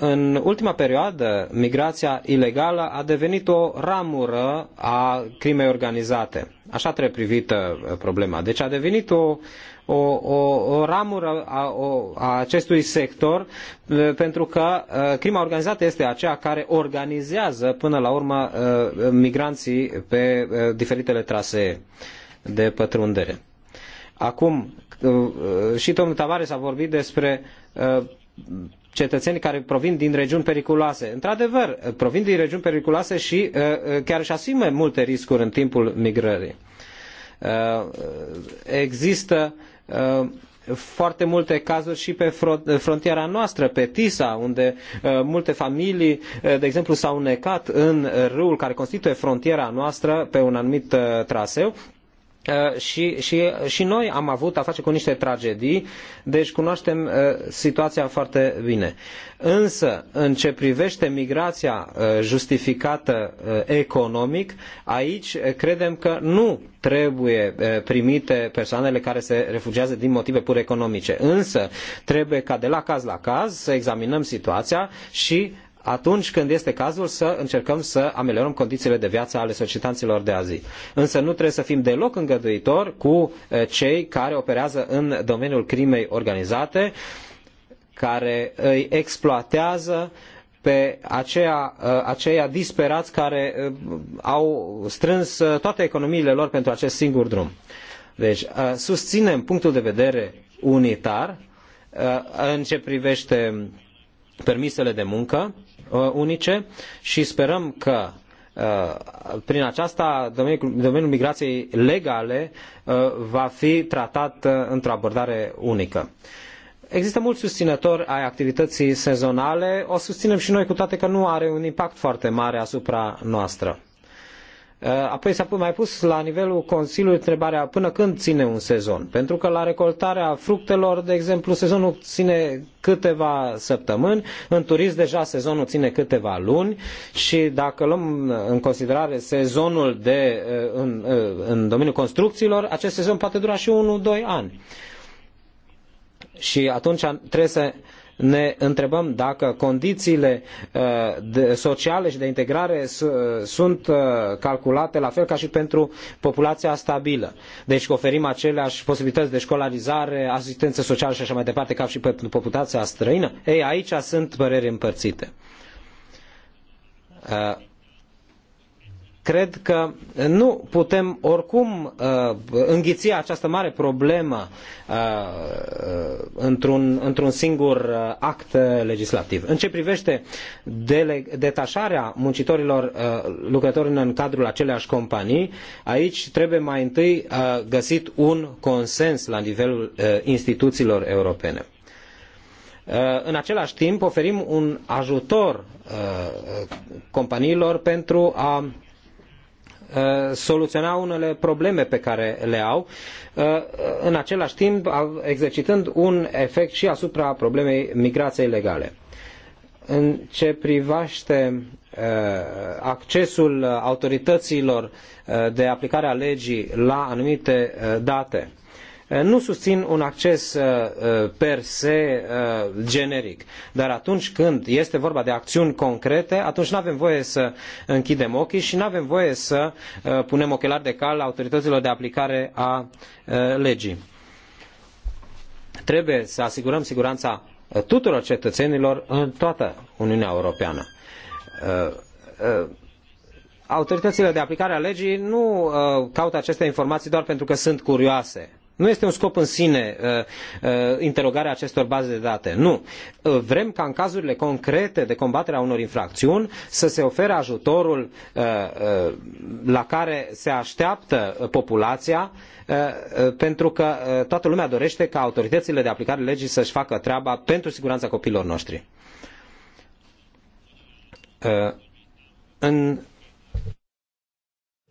În ultima perioadă, migrația ilegală a devenit o ramură a crimei organizate. Așa trebuie privită problema. Deci a devenit o, o, o, o ramură a, o, a acestui sector, pentru că crima organizată este aceea care organizează până la urmă migranții pe diferitele trasee de pătrundere. Acum, și domnul Tavares a vorbit despre cetățenii care provin din regiuni periculoase. Într-adevăr, provin din regiuni periculoase și chiar își asumă multe riscuri în timpul migrării. Există Uh, foarte multe cazuri și pe uh, frontiera noastră, pe Tisa, unde uh, multe familii, de exemplu, s-au necat în râul care constituie frontiera noastră pe un anumit traseu Uh, și, și, și noi am avut a face cu niște tragedii, deci cunoaștem uh, situația foarte bine. Însă, în ce privește migrația uh, justificată economic, aici credem că nu trebuie primite persoanele care se refugiază din motive pur economice. Însă, trebuie ca de la caz la caz să examinăm situația și atunci când este cazul să încercăm să ameliorăm condițiile de viață ale solicitanților de azil. Însă nu trebuie să fim deloc îngăduitori cu eh, cei care operează în domeniul crimei organizate, care îi exploatează pe aceia, eh, aceia disperați care eh, au strâns toate economiile lor pentru acest singur drum. Deci susținem punctul de vedere unitar în ce privește permisele de muncă, Uh, unice și sperăm că uh, prin aceasta domeniul, domeniul migrației legale uh, va fi tratat într-o abordare unică. Există mulți susținători ai activității sezonale, o susținem și noi cu toate că nu are un impact foarte mare asupra noastră. Eh, apoi s-a mai pus la nivelul Consiliului întrebarea până când ține un sezon. Pentru că la recoltarea fructelor, de exemplu, sezonul ține câteva săptămâni, în turism deja sezonul ține câteva luni și dacă luăm în considerare sezonul de, eh, în, eh, în domeniul construcțiilor, acest sezon poate dura și 1-2 ani. Și atunci trebuie să ne întrebăm dacă condițiile uh, sociale și de integrare uh, sunt uh, calculate la fel ca și pentru populația stabilă. Deci oferim aceleași posibilități de școlarizare, asistență socială și așa mai departe ca și pentru populația străină? Ei, aici sunt păreri împărțite Cred că nu putem oricum uh, înghiți această mare problemă uh, uh, într-un, într-un singur act legislativ. În ce privește dele, detașarea muncitorilor lucrători în cadrul aceleași companii, aici trebuie mai întâi găsit un consens la nivelul instituțiilor europene în același timp oferim un ajutor companiilor pentru a Uh, soluționa unele probleme pe care le au, uh, în același timp exercitând un efect și asupra problemei migrației legale. În ce privește uh, accesul autorităților de aplicare a legii la anumite date, Eh, nu susțin un acces eh, eh, per se generic. Dar atunci când este vorba de acțiuni concrete, atunci nu avem voie să închidem ochii și nu avem voie să punem ochelari de cal autorităților de aplicare a legii. Trebuie să asigurăm siguranța tuturor cetățenilor în toată Uniunea Europeană autoritățile de aplicare a legii nu uh, caută aceste informații doar pentru că sunt curioase. Nu este un scop în sine uh, uh, interogarea acestor baze de date. Nu. Uh, vrem ca în cazurile concrete de combatere a unor infracțiuni să se ofere ajutorul la care se așteaptă populația, pentru că toată lumea dorește ca autoritățile de aplicare legii să-și facă treaba pentru siguranța copiilor noștri. În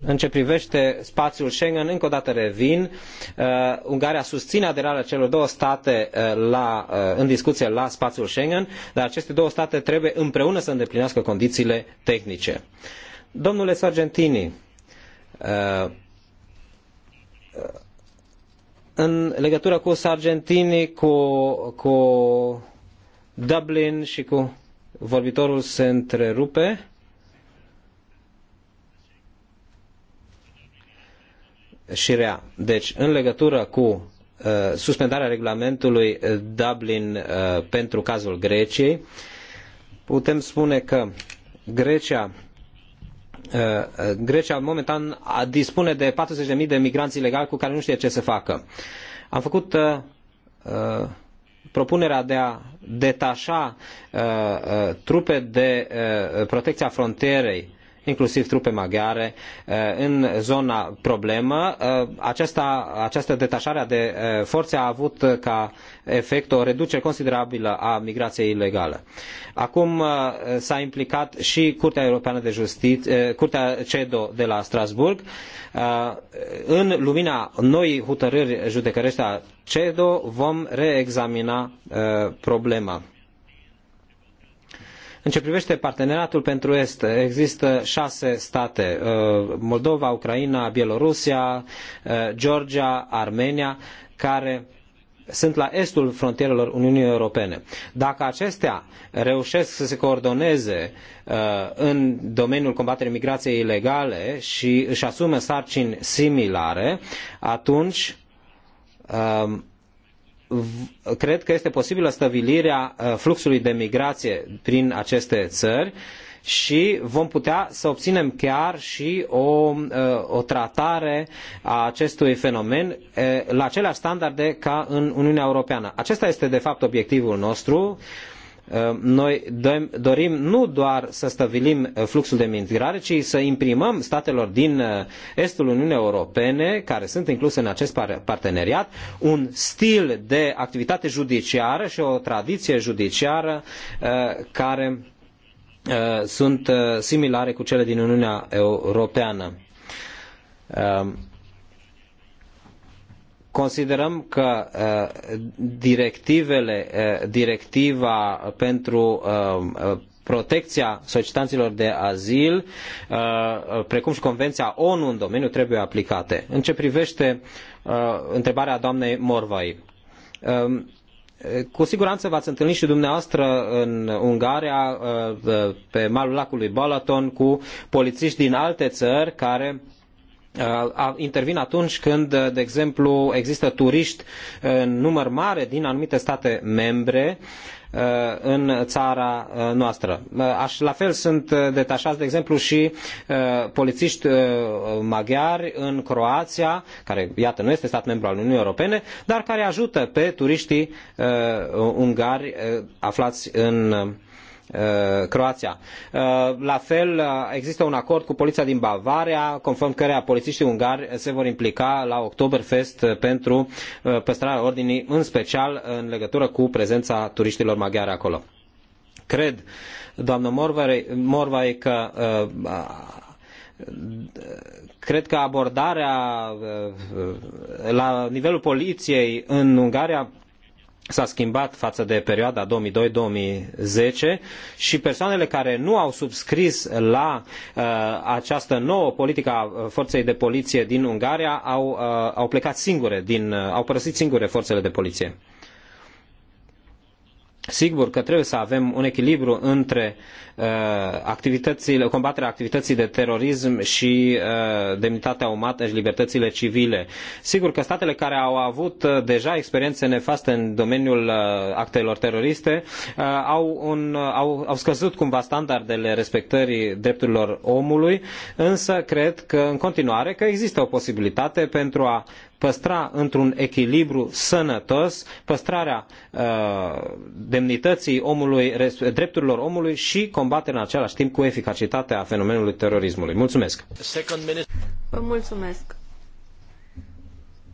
în ce privește spațiul Schengen, încă o dată revin, uh, Ungaria susține aderarea celor două state uh, la, uh, în discuție la spațiul Schengen, dar aceste două state trebuie împreună să îndeplinească condițiile tehnice. Domnule Sargentini, uh, în legătură cu Sargentini, cu, cu Dublin și cu vorbitorul se întrerupe, și rea. Deci, în legătură cu uh, suspendarea regulamentului uh, Dublin uh, pentru cazul Greciei, putem spune că Grecia Grecia momentan dispune de 40.000 de migranți ilegali cu care nu știe ce să facă. Am făcut uh, propunerea de a detașa uh, trupe de uh, protecția frontierei inclusiv trupe maghiare, eh, în zona problemă. Eh, aceasta, această detașare de eh, forțe a avut ca efect o reducere considerabilă a migrației ilegale. Acum s-a implicat și Curtea Europeană de Justiție, Curtea CEDO de la Strasbourg În lumina noii hotărâri judecărești a CEDO vom reexamina problema. În ce privește parteneriatul pentru Est, există șase state, uh, Moldova, Ucraina, Bielorusia, uh, Georgia, Armenia, care sunt la estul frontierelor Uniunii Europene. Dacă acestea reușesc să se coordoneze uh, în domeniul combaterii migrației ilegale și își asumă sarcini similare, atunci cred că este posibilă stabilirea uh, fluxului de migrație prin aceste țări și vom putea să obținem chiar și o, uh, o tratare a acestui fenomen uh, la aceleași standarde ca în Uniunea Europeană. Acesta este de fapt obiectivul nostru. Uh, noi dorim nu doar să stăvilim uh, fluxul de migrare, ci să imprimăm statelor din uh, estul Uniunii Europene, care sunt incluse în acest parteneriat, un stil de activitate judiciară și o tradiție judiciară care sunt similare cu cele din Uniunea Europeană. Considerăm că uh, directivele, uh, directiva pentru uh, protecția solicitanților de azil, precum și Convenția ONU în domeniu, trebuie aplicate. În ce privește întrebarea doamnei Morvai, um, cu siguranță v-ați întâlnit și dumneavoastră în Ungaria, pe malul lacului Balaton, cu polițiști din alte țări care intervin atunci când, de exemplu, există turiști uh, în număr mare din anumite state membre uh, în țara uh, noastră. Aș, la fel sunt detașați, de exemplu, și polițiști maghiari în Croația, care, iată, nu este stat membru al Uniunii Europene, dar care ajută pe turiștii ungari aflați în Uh, Croația. Uh, la fel, uh, există un acord cu poliția din Bavaria, conform căreia polițiștii ungari se vor implica la Oktoberfest pentru păstrarea ordinii, în special în legătură cu prezența turiștilor maghiari acolo. Cred, doamnă Morvai, că cred că abordarea la nivelul poliției în Ungaria s-a schimbat față de perioada 2002-2010 și persoanele care nu au subscris la uh, această nouă politică a forței de poliție din Ungaria au, uh, au plecat singure, din, uh, au părăsit singure forțele de poliție. Sigur că trebuie să avem un echilibru între Uh, activitățile, combaterea activității de terorism și uh, demnitatea umană și libertățile civile. Sigur că statele care au avut uh, deja experiențe nefaste în domeniul actelor teroriste au, un, au, au scăzut cumva standardele respectării drepturilor omului, însă cred că în continuare că există o posibilitate pentru a păstra într-un echilibru sănătos păstrarea uh, demnității omului, drepturilor omului și combaterea combate în același timp cu eficacitatea fenomenului terorismului. Mulțumesc! Vă mulțumesc!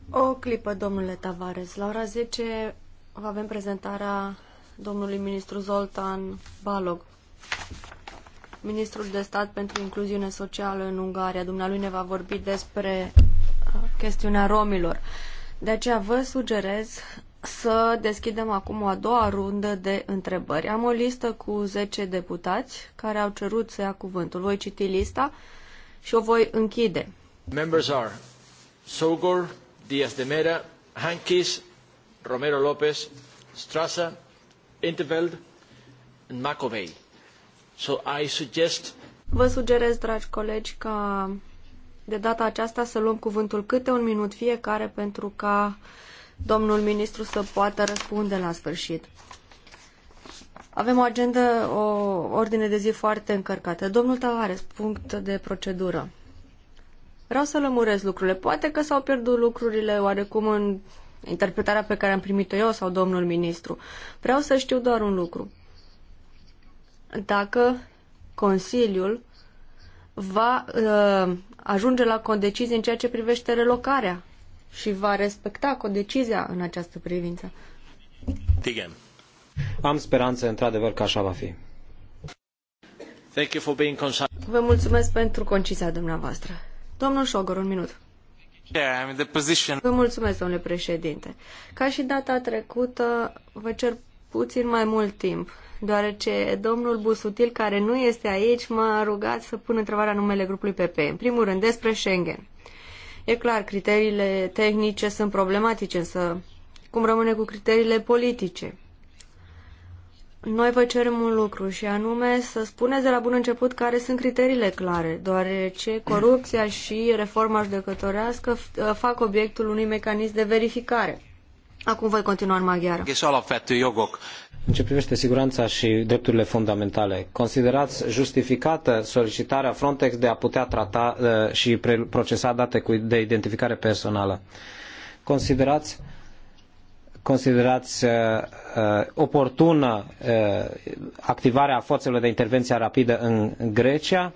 O clipă, domnule Tavares. La ora 10 avem prezentarea domnului ministru Zoltan Balog, ministrul de stat pentru incluziune socială în Ungaria. Dumnealui ne va vorbi despre chestiunea romilor. De aceea vă sugerez să deschidem acum o a doua rundă de întrebări. Am o listă cu 10 deputați care au cerut să ia cuvântul. Voi citi lista și o voi închide. Members are Sogor, Diaz de Mera, Hankis, Romero Lopez, Strasa, Interveld and McAvey. So I suggest... Vă sugerez, dragi colegi, ca de data aceasta să luăm cuvântul câte un minut fiecare pentru ca domnul ministru să poată răspunde la sfârșit. Avem o agendă, o ordine de zi foarte încărcată. Domnul Tavares, punct de procedură. Vreau să lămurez lucrurile. Poate că s-au pierdut lucrurile oarecum în interpretarea pe care am primit-o eu sau domnul ministru. Vreau să știu doar un lucru. Dacă Consiliul va uh, ajunge la condecizie în ceea ce privește relocarea și va respecta codecizia în această privință. Tigen. Am speranțe, într-adevăr, că așa va fi. Thank you for being Vă mulțumesc pentru concizia dumneavoastră. Domnul Șogor, un minut. Yeah, I'm in the position. Vă mulțumesc, domnule președinte. Ca și data trecută, vă cer puțin mai mult timp, deoarece domnul Busutil, care nu este aici, m-a rugat să pun întrebarea numele grupului PP. În primul rând, despre Schengen. E clar, criteriile tehnice sunt problematice, însă cum rămâne cu criteriile politice? Noi vă cerem un lucru și anume să spuneți de la bun început care sunt criteriile clare, deoarece corupția și reforma judecătorească ă, fac obiectul unui mecanism de verificare. Acum voi continua în maghiară. És alapvető jogok în ce privește siguranța și drepturile fundamentale, considerați justificată solicitarea Frontex de a putea trata uh, și procesa date de identificare personală? Considerați considerați uh, uh, oportună uh, activarea forțelor de intervenție rapidă în Grecia,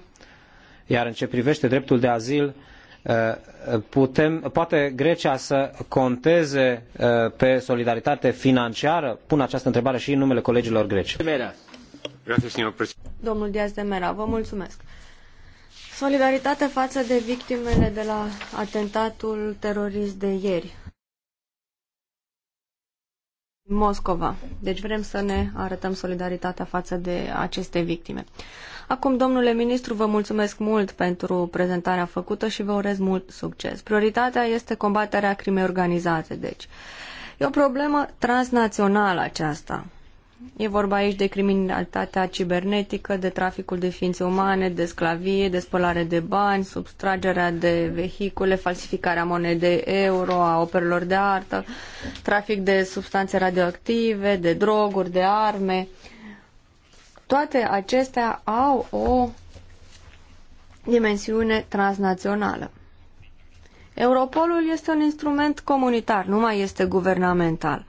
iar în ce privește dreptul de azil, uh, Uh, putem, poate Grecia să conteze uh, pe solidaritate financiară? Pun această întrebare și în numele colegilor greci. Domnul Diaz de Mera, vă mulțumesc. Solidaritate față de victimele de la atentatul terorist de ieri. Moscova. Deci vrem să ne arătăm solidaritatea față de aceste victime. Acum, domnule ministru, vă mulțumesc mult pentru prezentarea făcută și vă urez mult succes. Prioritatea este combaterea crimei organizate, deci. E o problemă transnațională aceasta. E vorba aici de criminalitatea cibernetică, de traficul de ființe umane, de sclavie, de spălare de bani, subtragerea de vehicule, falsificarea monedei euro, a operelor de artă, trafic de substanțe radioactive, de droguri, de arme. Toate acestea au o dimensiune transnațională. Europolul este un instrument comunitar, nu mai este guvernamental.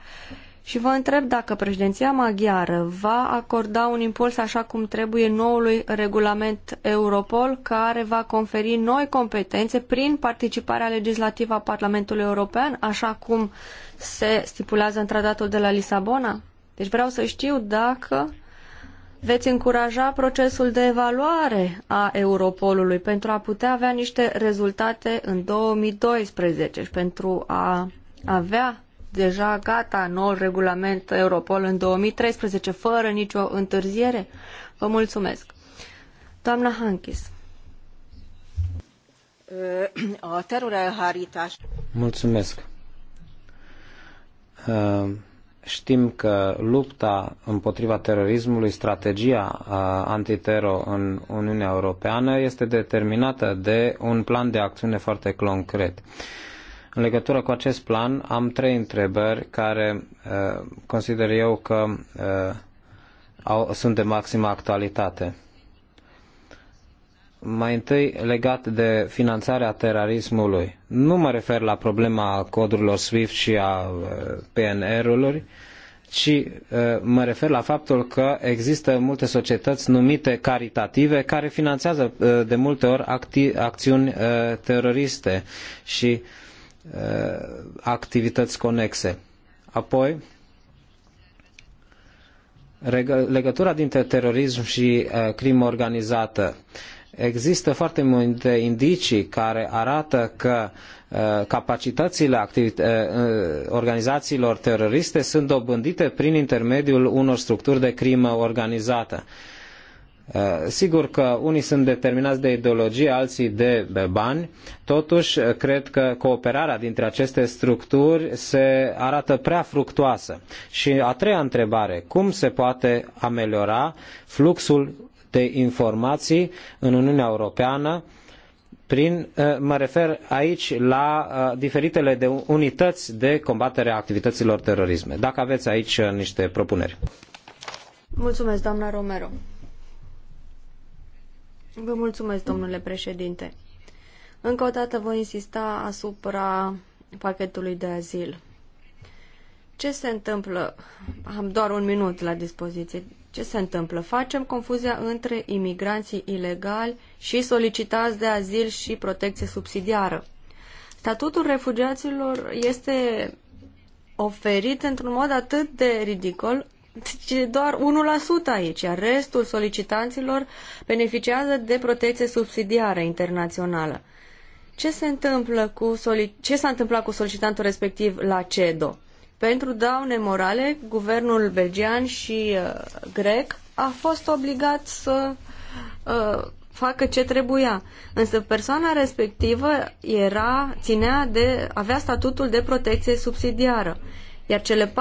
Și vă întreb dacă președinția maghiară va acorda un impuls așa cum trebuie noului regulament Europol, care va conferi noi competențe prin participarea legislativă a Parlamentului European, așa cum se stipulează în tratatul de la Lisabona? Deci vreau să știu dacă uh, veți încuraja procesul de evaluare a Europolului pentru a putea avea niște rezultate în 2012 și pentru a avea deja gata noul regulament Europol în 2013, fără nicio întârziere? Vă mulțumesc. Doamna Hankis. Mulțumesc. Știm că lupta împotriva terorismului, strategia uh, antitero în Uniunea Europeană este determinată de un plan de acțiune foarte concret. În legătură cu acest plan am trei întrebări care uh, consider eu că uh, au, sunt de maximă actualitate mai întâi legat de finanțarea terorismului. Nu mă refer la problema codurilor SWIFT și a uh, PNR-ului, ci uh, mă refer la faptul că există multe societăți numite caritative care finanțează uh, de multe ori acti- acțiuni teroriste și activități conexe. Apoi, legătura dintre terorism și crimă organizată. Există foarte multe indicii care arată că uh, capacitățile uh, uh, organizațiilor teroriste sunt dobândite prin intermediul unor structuri de crimă organizată. Sigur că unii sunt determinați de ideologie, alții de bani, totuși cred că cooperarea dintre aceste structuri se arată prea fructuoasă. Și a treia întrebare, cum se poate ameliora fluxul de informații în Uniunea Europeană prin, eh, mă refer aici la eh, diferitele de unități de combatere a activităților terorisme. Dacă aveți aici eh, niște propuneri. Mulțumesc, doamna Romero. Vă mulțumesc, domnule președinte. Încă o dată voi insista asupra pachetului de azil. Ce se întâmplă? Am doar un minut la dispoziție. Ce se întâmplă? Facem confuzia între imigranții ilegali și solicitați de azil și protecție subsidiară. Statutul refugiaților este oferit într-un mod atât de ridicol ci deci doar 1% aici, iar restul solicitanților beneficiază de protecție subsidiară internațională. Ce, se întâmplă cu soli- ce s-a întâmplat cu solicitantul respectiv la CEDO? Pentru daune morale, guvernul belgian și uh, grec a fost obligat să uh, facă ce trebuia. Însă persoana respectivă era, ținea de, avea statutul de protecție subsidiară. Iar cele 40.000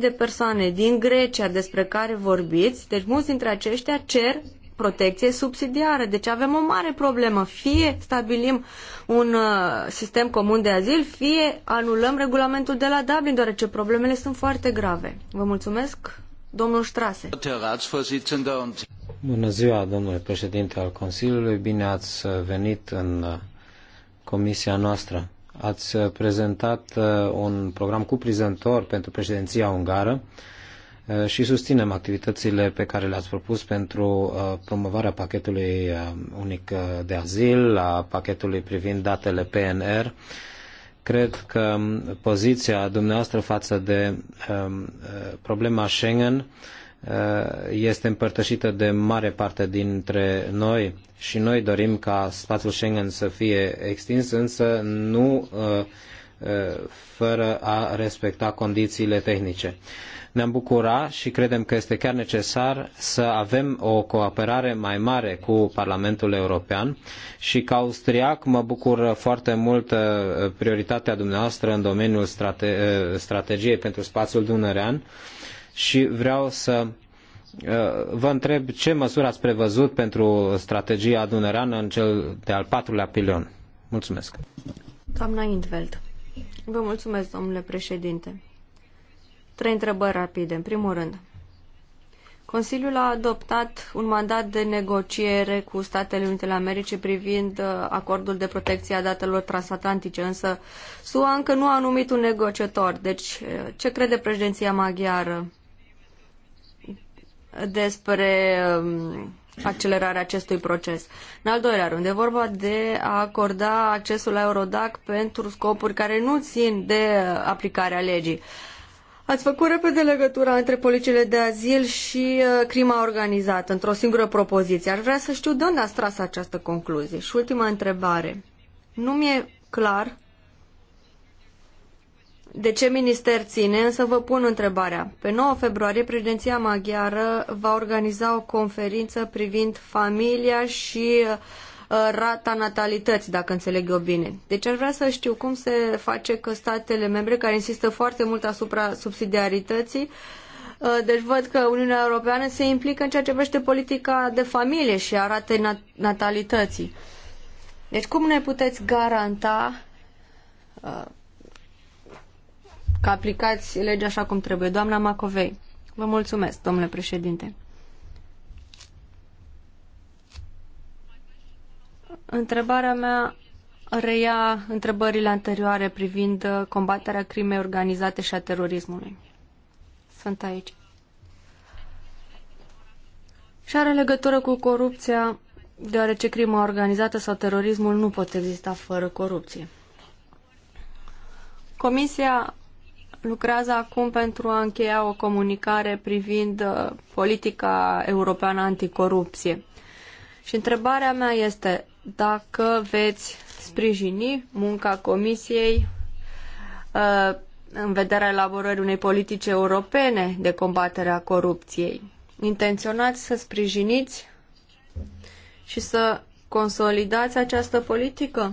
de persoane din Grecia despre care vorbiți, deci mulți dintre aceștia cer protecție subsidiară. Deci avem o mare problemă. Fie stabilim un uh, sistem comun de azil, fie anulăm regulamentul de la Dublin, deoarece problemele sunt foarte grave. Vă mulțumesc, domnul Strase. Bună ziua, domnule președinte al Consiliului. Bine ați venit în uh, comisia noastră. Ați prezentat uh, un program cuprizător pentru președinția ungară Uh, și susținem activitățile pe care le-ați propus pentru uh, promovarea pachetului uh, unic de azil, a pachetului privind datele PNR. Cred că um, poziția dumneavoastră față de um, problema Schengen este împărtășită de mare parte dintre noi și noi dorim ca spațiul Schengen să fie extins, însă nu fără a respecta condițiile tehnice. Ne-am bucura și credem că este chiar necesar să avem o cooperare mai mare cu Parlamentul European și ca austriac mă bucur foarte mult uh, prioritatea dumneavoastră în domeniul strate uh, strategiei pentru spațiul dunărean și vreau să uh, vă întreb ce măsuri ați prevăzut pentru strategia dunăreană în cel de-al patrulea pilon. Mulțumesc. Doamna Intveld. Vă mulțumesc, domnule președinte. Trei întrebări rapide. În primul rând, Consiliul a adoptat un mandat de negociere cu Statele Unite ale Americii privind uh, acordul de protecție a datelor transatlantice, însă SUA încă nu a numit un negociator. Deci, uh, ce crede președinția maghiară despre um, accelerarea acestui proces. În al doilea rând, e vorba de a acorda accesul la Eurodac pentru scopuri care nu țin de uh, aplicarea legii. Uh, Ați făcut repede legătura între policiile de azil și uh, crima organizată într-o singură propoziție. Ar vrea să știu de unde ați tras această concluzie. Și ultima întrebare. Nu mi-e clar de ce minister ține, însă vă pun întrebarea. Pe 9 februarie, președinția maghiară va organiza o conferință privind familia și uh, Uh, rata natalității, dacă înțeleg eu bine. Deci aș vrea să știu cum se face că statele membre care insistă foarte mult asupra subsidiarității uh, deci văd că Uniunea Europeană se implică în ceea ce vrește politica de familie și a ratei natalității. Deci cum ne puteți garanta uh, că aplicați legea așa cum trebuie? Doamna Macovei, vă mulțumesc, domnule președinte. Întrebarea mea reia întrebările anterioare privind uh, combaterea crimei organizate și a terorismului. Sunt aici. Și are legătură cu corupția, deoarece crima organizată sau terorismul nu pot exista fără corupție. Comisia lucrează acum pentru a încheia o comunicare privind uh, politica europeană anticorupție. Și întrebarea mea este, dacă veți sprijini munca Comisiei uh, în vederea elaborării unei politici europene de combatere a corupției. Intenționați să sprijiniți și să consolidați această politică?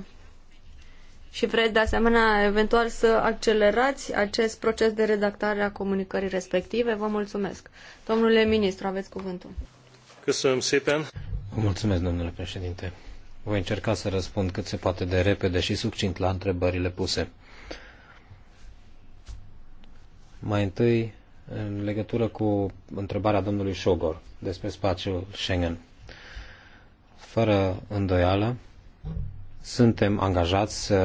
Și vreți de asemenea eventual să accelerați acest proces de redactare a comunicării respective? Vă mulțumesc. Domnule ministru, aveți cuvântul. Mulțumesc, domnule președinte. Voi încerca să răspund cât se poate de repede și succint la întrebările puse. Mai întâi, în legătură cu întrebarea domnului Șogor despre spațiul Schengen. Fără îndoială, suntem angajați uh,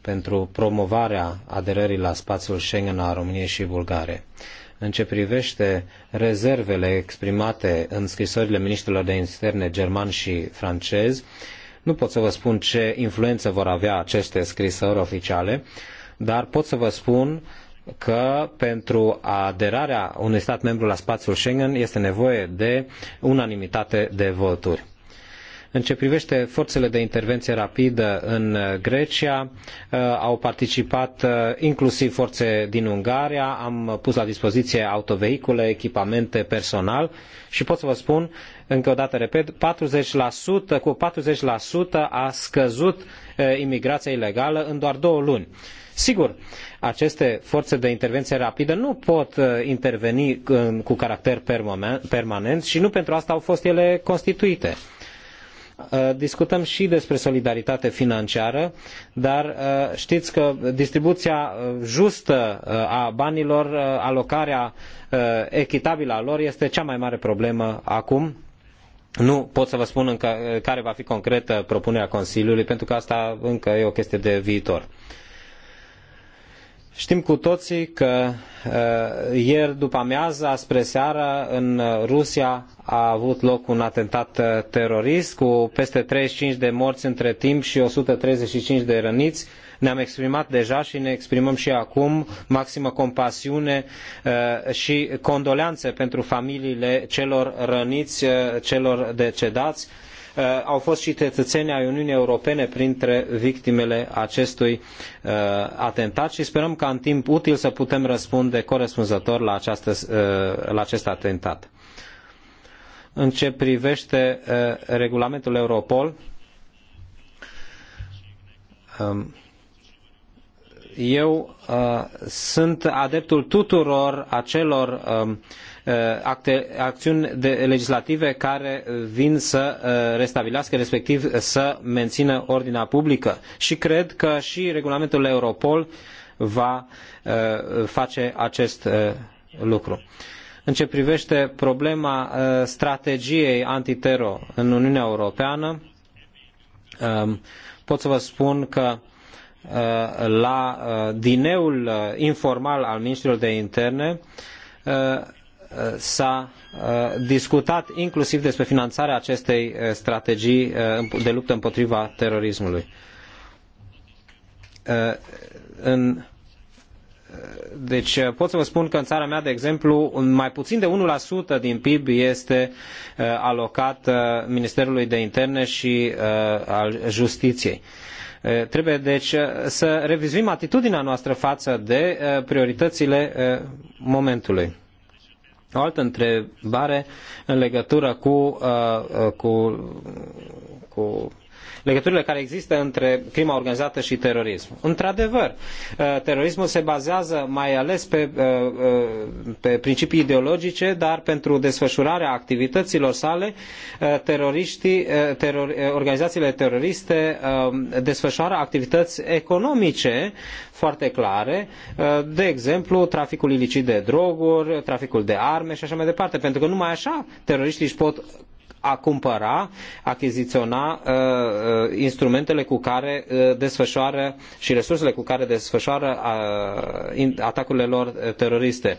pentru promovarea aderării la spațiul Schengen a României și Bulgariei. În ce privește rezervele exprimate în scrisorile ministrilor de interne german și francez, nu pot să vă spun ce influență vor avea aceste scrisori oficiale, dar pot să vă spun că pentru aderarea unui stat membru la spațiul Schengen este nevoie de unanimitate de voturi. În ce privește forțele de intervenție rapidă în Grecia, eh, au participat eh, inclusiv forțe din Ungaria, am pus la dispoziție autovehicule, echipamente, personal și pot să vă spun, încă o dată repet, 40%, cu 40% a scăzut eh, imigrația ilegală în doar două luni. Sigur, aceste forțe de intervenție rapidă nu pot interveni cu caracter permanent și nu pentru asta au fost ele constituite. Uh, discutăm și despre solidaritate financiară, dar uh, știți că distribuția uh, justă a banilor, alocarea echitabilă a lor este cea mai mare problemă acum. Nu pot să vă spun încă care va fi concretă propunerea Consiliului, pentru că asta încă e o chestie de viitor. Știm cu toții că uh, ieri după amiaza spre seară în Rusia a avut loc un atentat uh, terorist cu peste 35 de morți între timp și 135 de răniți. Ne-am exprimat deja și ne exprimăm și acum maximă compasiune uh, și condoleanțe pentru familiile celor răniți, celor decedați Uh, au fost și cetățeni ai Uniunii Europene printre victimele acestui uh, atentat și sperăm ca în timp util să putem răspunde corespunzător la, această, uh, la acest atentat. În ce privește regulamentul Europol, um, eu uh, sunt adeptul tuturor acelor uh, Uh, acte, acțiuni de, legislative care vin să uh, restabilească, respectiv să mențină ordinea publică. Și cred că și regulamentul Europol va uh, face acest lucru. În ce privește problema strategiei antitero în Uniunea Europeană, um, pot să vă spun că la dineul informal al ministrului de interne s-a uh, discutat inclusiv despre finanțarea acestei uh, strategii uh, de luptă împotriva terorismului. În deci pot să vă spun că în țara mea, de exemplu, mai puțin de 1% din PIB este alocat Ministerului de Interne și al Justiției. Trebuie deci să revizuim atitudinea noastră față de prioritățile momentului. O altă întrebare în legătură cu, uh, uh cu, cu legăturile care există între crima organizată și terorism. Într-adevăr, uh, terorismul se bazează mai ales pe, uh, uh, pe principii ideologice, dar pentru desfășurarea activităților sale, teroriștii, teror, organizațiile teroriste um, desfășoară activități economice foarte clare, de exemplu, traficul ilicit de droguri, traficul de arme și așa mai departe, pentru că numai așa teroriștii își pot a cumpăra, achiziționa uh, uh, instrumentele cu care uh, desfășoară și resursele cu care desfășoară atacurile lor teroriste.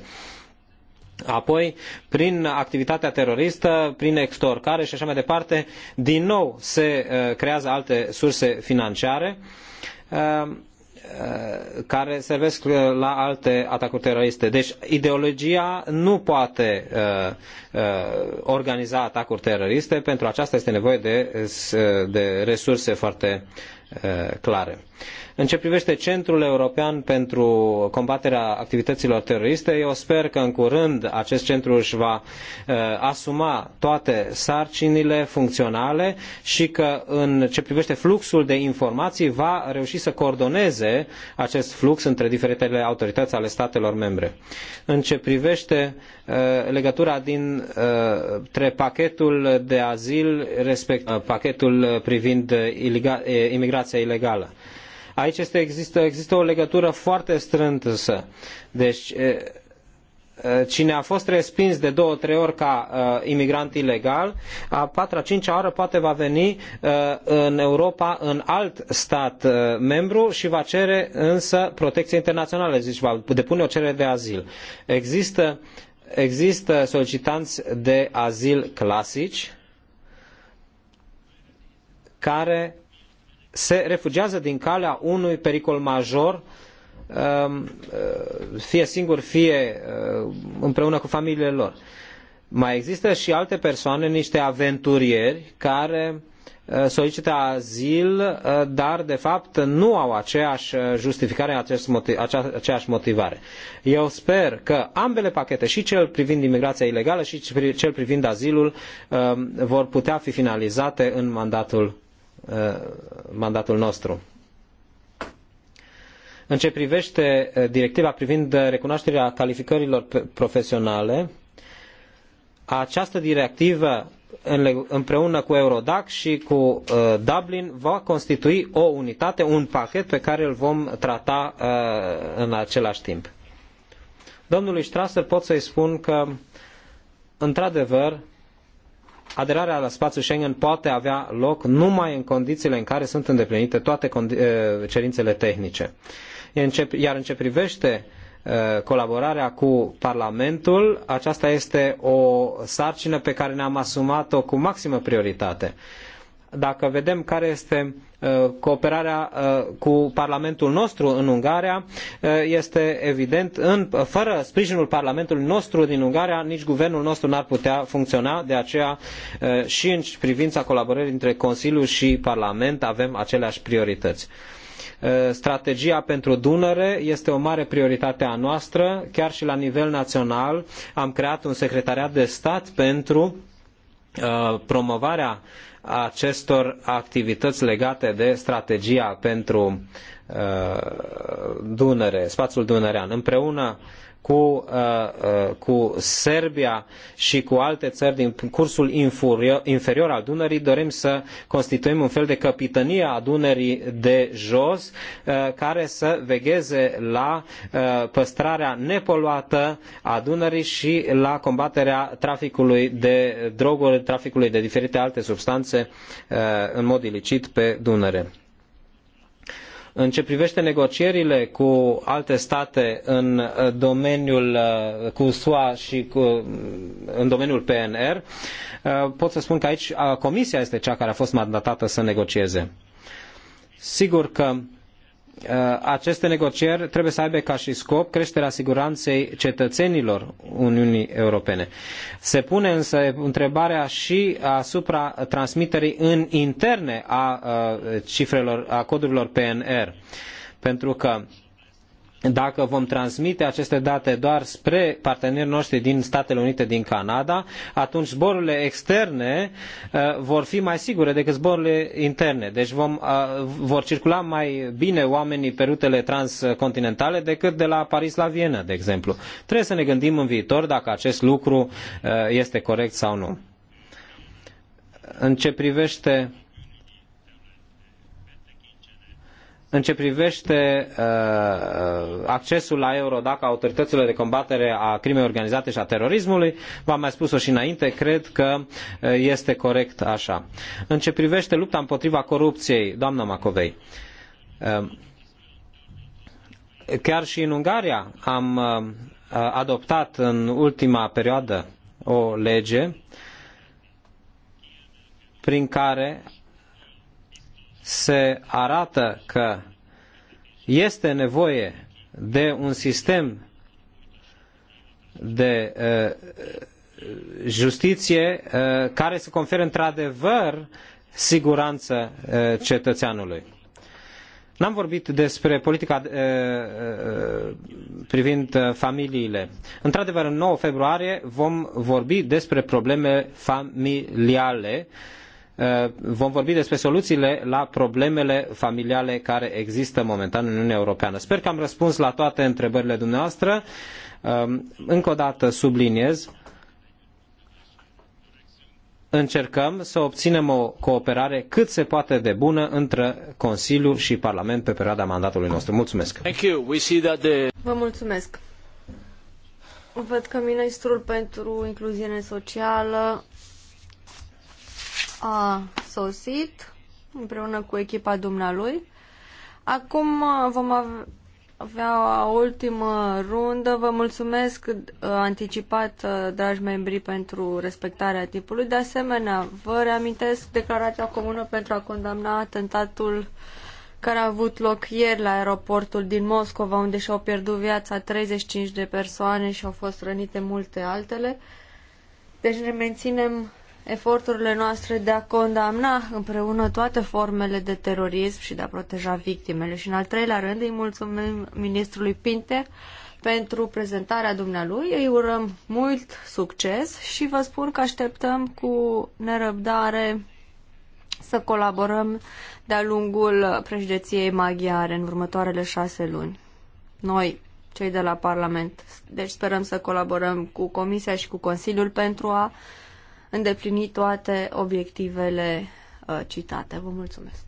Apoi, prin activitatea teroristă, prin extorcare și așa mai departe, din nou se creează alte surse financiare Uh, care servesc uh, la alte atacuri teroriste. Deci ideologia nu poate uh, organiza atacuri teroriste, pentru aceasta este nevoie de, de resurse foarte clare. În ce privește Centrul European pentru combaterea activităților teroriste, eu sper că în curând acest centru își va uh, asuma toate sarcinile funcționale și că în ce privește fluxul de informații va reuși să coordoneze acest flux între diferitele autorități ale statelor membre. În ce privește uh, legătura dintre uh, pachetul de azil respect uh, pachetul privind uh, iliga, uh, imigrația ilegală. Aici este, există, există o legătură foarte strânsă. Deci, cine a fost respins de două, trei ori ca uh, imigrant ilegal, a patra, cincea oară poate va veni uh, în Europa, în alt stat uh, membru și va cere însă protecție internațională, deci va depune o cerere de azil. Există, există solicitanți de azil clasici care se refugiază din calea unui pericol major, um, uh, fie singur, fie uh, împreună cu familiile lor. Mai există și alte persoane, niște aventurieri, care uh, solicită azil, dar de fapt nu au aceeași justificare, aceeași motivare. Eu sper că ambele pachete, și cel privind imigrația ilegală și cel privind azilul, um, vor putea fi finalizate în mandatul Uh, mandatul nostru. În ce privește uh, directiva privind uh, recunoașterea calificărilor profesionale, această directivă împreună cu Eurodac și cu Dublin va constitui o unitate, un pachet pe care îl vom trata în același timp. Domnului Strasser pot să-i spun că, într-adevăr, aderarea la spațiul Schengen poate avea loc numai în condițiile în care sunt îndeplinite toate eh, cerințele tehnice. Iar în ce privește eh, colaborarea cu Parlamentul, aceasta este o sarcină pe care ne-am asumat-o cu maximă prioritate dacă vedem care este uh, cooperarea uh, cu Parlamentul nostru în Ungaria, uh, este evident, în, fără sprijinul Parlamentului nostru din Ungaria, nici guvernul nostru n-ar putea funcționa, de aceea și în privința colaborării între Consiliu și Parlament avem aceleași priorități strategia pentru Dunăre este o mare prioritate a noastră, chiar și la nivel național am creat un secretariat de stat pentru promovarea acestor activități legate de strategia pentru uh, Dunăre, spațiul dunărean. Împreună cu, uh, uh, cu Serbia și cu alte țări din cursul inferior al Dunării, dorim să constituim un fel de capitanie a Dunării de jos, uh, care să vegheze la păstrarea nepoluată a Dunării și la combaterea traficului de droguri, traficului de diferite alte substanțe în mod ilicit pe Dunăre. În ce privește negocierile cu alte state în uh, domeniul uh, cu SUA și cu, uh, în domeniul PNR, pot să spun că aici Comisia este cea care a fost mandatată să negocieze. Sigur că Uh, aceste negocieri trebuie să aibă ca și scop creșterea siguranței cetățenilor Uniunii Europene. Se pune însă întrebarea și asupra transmiterii în interne a uh, cifrelor, a codurilor PNR. Pentru că dacă vom transmite aceste date doar spre partenerii noștri din Statele Unite, din Canada, atunci zborurile externe uh, vor fi mai sigure decât zborurile interne. Deci vom, uh, vor circula mai bine oamenii pe rutele transcontinentale decât de la Paris la Viena, de exemplu. Trebuie să ne gândim în viitor dacă acest lucru uh, este corect sau nu. În ce privește În ce privește uh, uh accesul la Eurodac a autorităților de combatere a crimei organizate și a terorismului, v-am mai spus-o și înainte, cred că uh, este corect așa. În ce privește lupta împotriva corupției, doamna Macovei, uh, chiar și în Ungaria am uh, uh adoptat în ultima perioadă o lege prin care se arată că este nevoie de un sistem de uh, justiție uh, care să confere într-adevăr siguranță uh, cetățeanului. N-am vorbit despre politica privind familiile. Într-adevăr, în 9 februarie vom vorbi despre probleme familiale uh, Eh, vom vorbi despre soluțiile la problemele familiale care există momentan în Uniunea Europeană. Sper că am răspuns la toate întrebările dumneavoastră. Eh, încă o dată subliniez, încercăm să obținem o cooperare cât se poate de bună între Consiliu și Parlament pe perioada mandatului nostru. Mulțumesc! Vă mulțumesc! Văd că ministrul pentru incluziune socială a sosit împreună cu echipa dumnealui. Acum uh, vom avea o ultimă rundă. Vă mulțumesc uh, anticipat, uh, dragi membri, pentru respectarea tipului. De asemenea, vă reamintesc declarația comună pentru a condamna atentatul care a avut loc ieri la aeroportul din Moscova, unde și-au pierdut viața 35 de persoane și au fost rănite multe altele. Deci ne menținem eforturile noastre de a condamna împreună toate formele de terorism și de a proteja victimele. Și în al treilea rând îi mulțumim ministrului Pinter pentru prezentarea dumnealui. Îi urăm mult succes și vă spun că așteptăm cu nerăbdare să colaborăm de-a lungul președinției maghiare în următoarele șase luni. Noi, cei de la Parlament, deci sperăm să colaborăm cu Comisia și cu Consiliul pentru a îndeplini toate obiectivele uh, citate. Vă mulțumesc!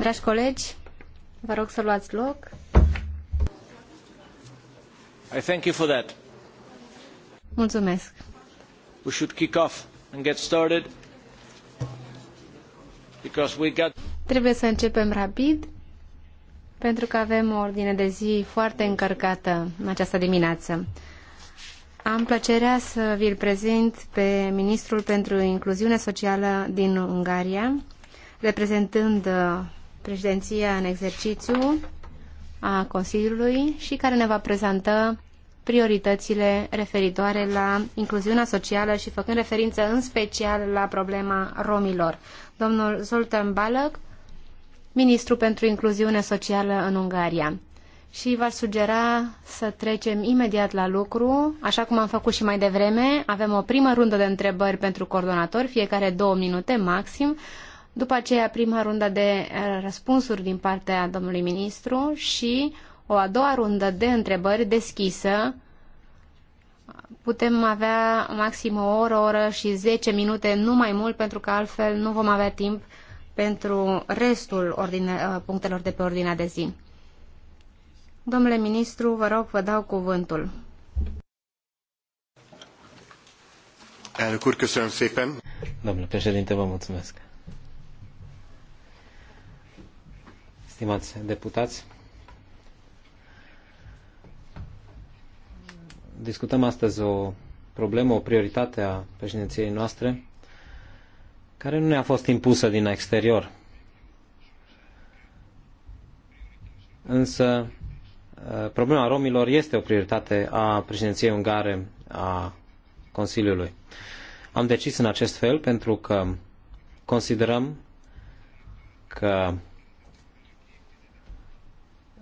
Dragi colegi, vă rog să luați loc. I thank you for that. Mulțumesc. We should kick off and get started because we got Trebuie să începem rapid pentru că avem o ordine de zi foarte încărcată în această dimineață. Am plăcerea să vi-l prezint pe Ministrul pentru Incluziune Socială din Ungaria, reprezentând uh, președinția în exercițiu a Consiliului și care ne va prezenta prioritățile referitoare la incluziunea socială și făcând referință în special la problema romilor. Domnul Zoltan Balăg, ministru pentru incluziune socială în Ungaria și v-aș sugera să trecem imediat la lucru, așa cum am făcut și mai devreme. Avem o primă rundă de întrebări pentru coordonator fiecare două minute maxim, după aceea prima rundă de răspunsuri din partea domnului ministru și o a doua rundă de întrebări deschisă. Putem avea maxim o oră, o oră și 10 minute, nu mai mult, pentru că altfel nu vom avea timp pentru restul ordine, uh, punctelor de pe ordinea de zi. Domnule ministru, vă rog, vă dau cuvântul. Domnule președinte, vă mulțumesc. Stimați deputați, discutăm astăzi o problemă, o prioritate a președinției noastre, care nu ne-a fost impusă din exterior. Însă Eh, problema romilor este o prioritate a președinției ungare a Consiliului. Am decis în acest fel pentru că considerăm că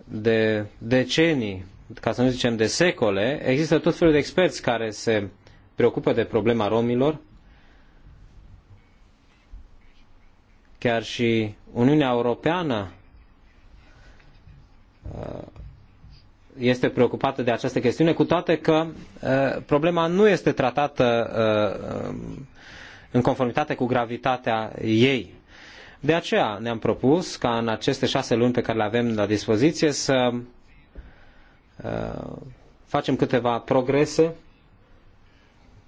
de decenii, ca să nu zicem de secole, există tot felul de experți care se preocupă de problema romilor. Chiar și Uniunea Europeană eh, este preocupată de această chestiune, cu toate că uh, problema nu este tratată uh, în conformitate cu gravitatea ei. De aceea ne-am propus ca în aceste șase luni pe care le avem la dispoziție să uh, facem câteva progrese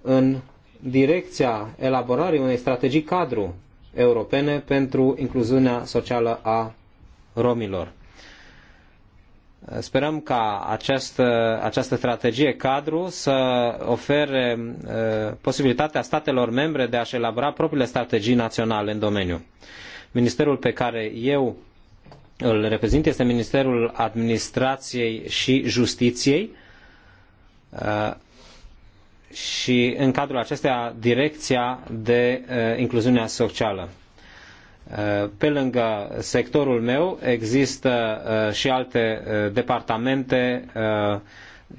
în direcția elaborării unei strategii cadru europene pentru incluziunea socială a romilor. Sperăm ca această, această strategie cadru să ofere uh, posibilitatea statelor membre de a-și elabora propriile strategii naționale în domeniu. Ministerul pe care eu îl reprezint este Ministerul Administrației și Justiției uh, și în cadrul acesteia direcția de uh, incluziune socială. Eh, pe lângă sectorul meu există eh, și alte eh, departamente,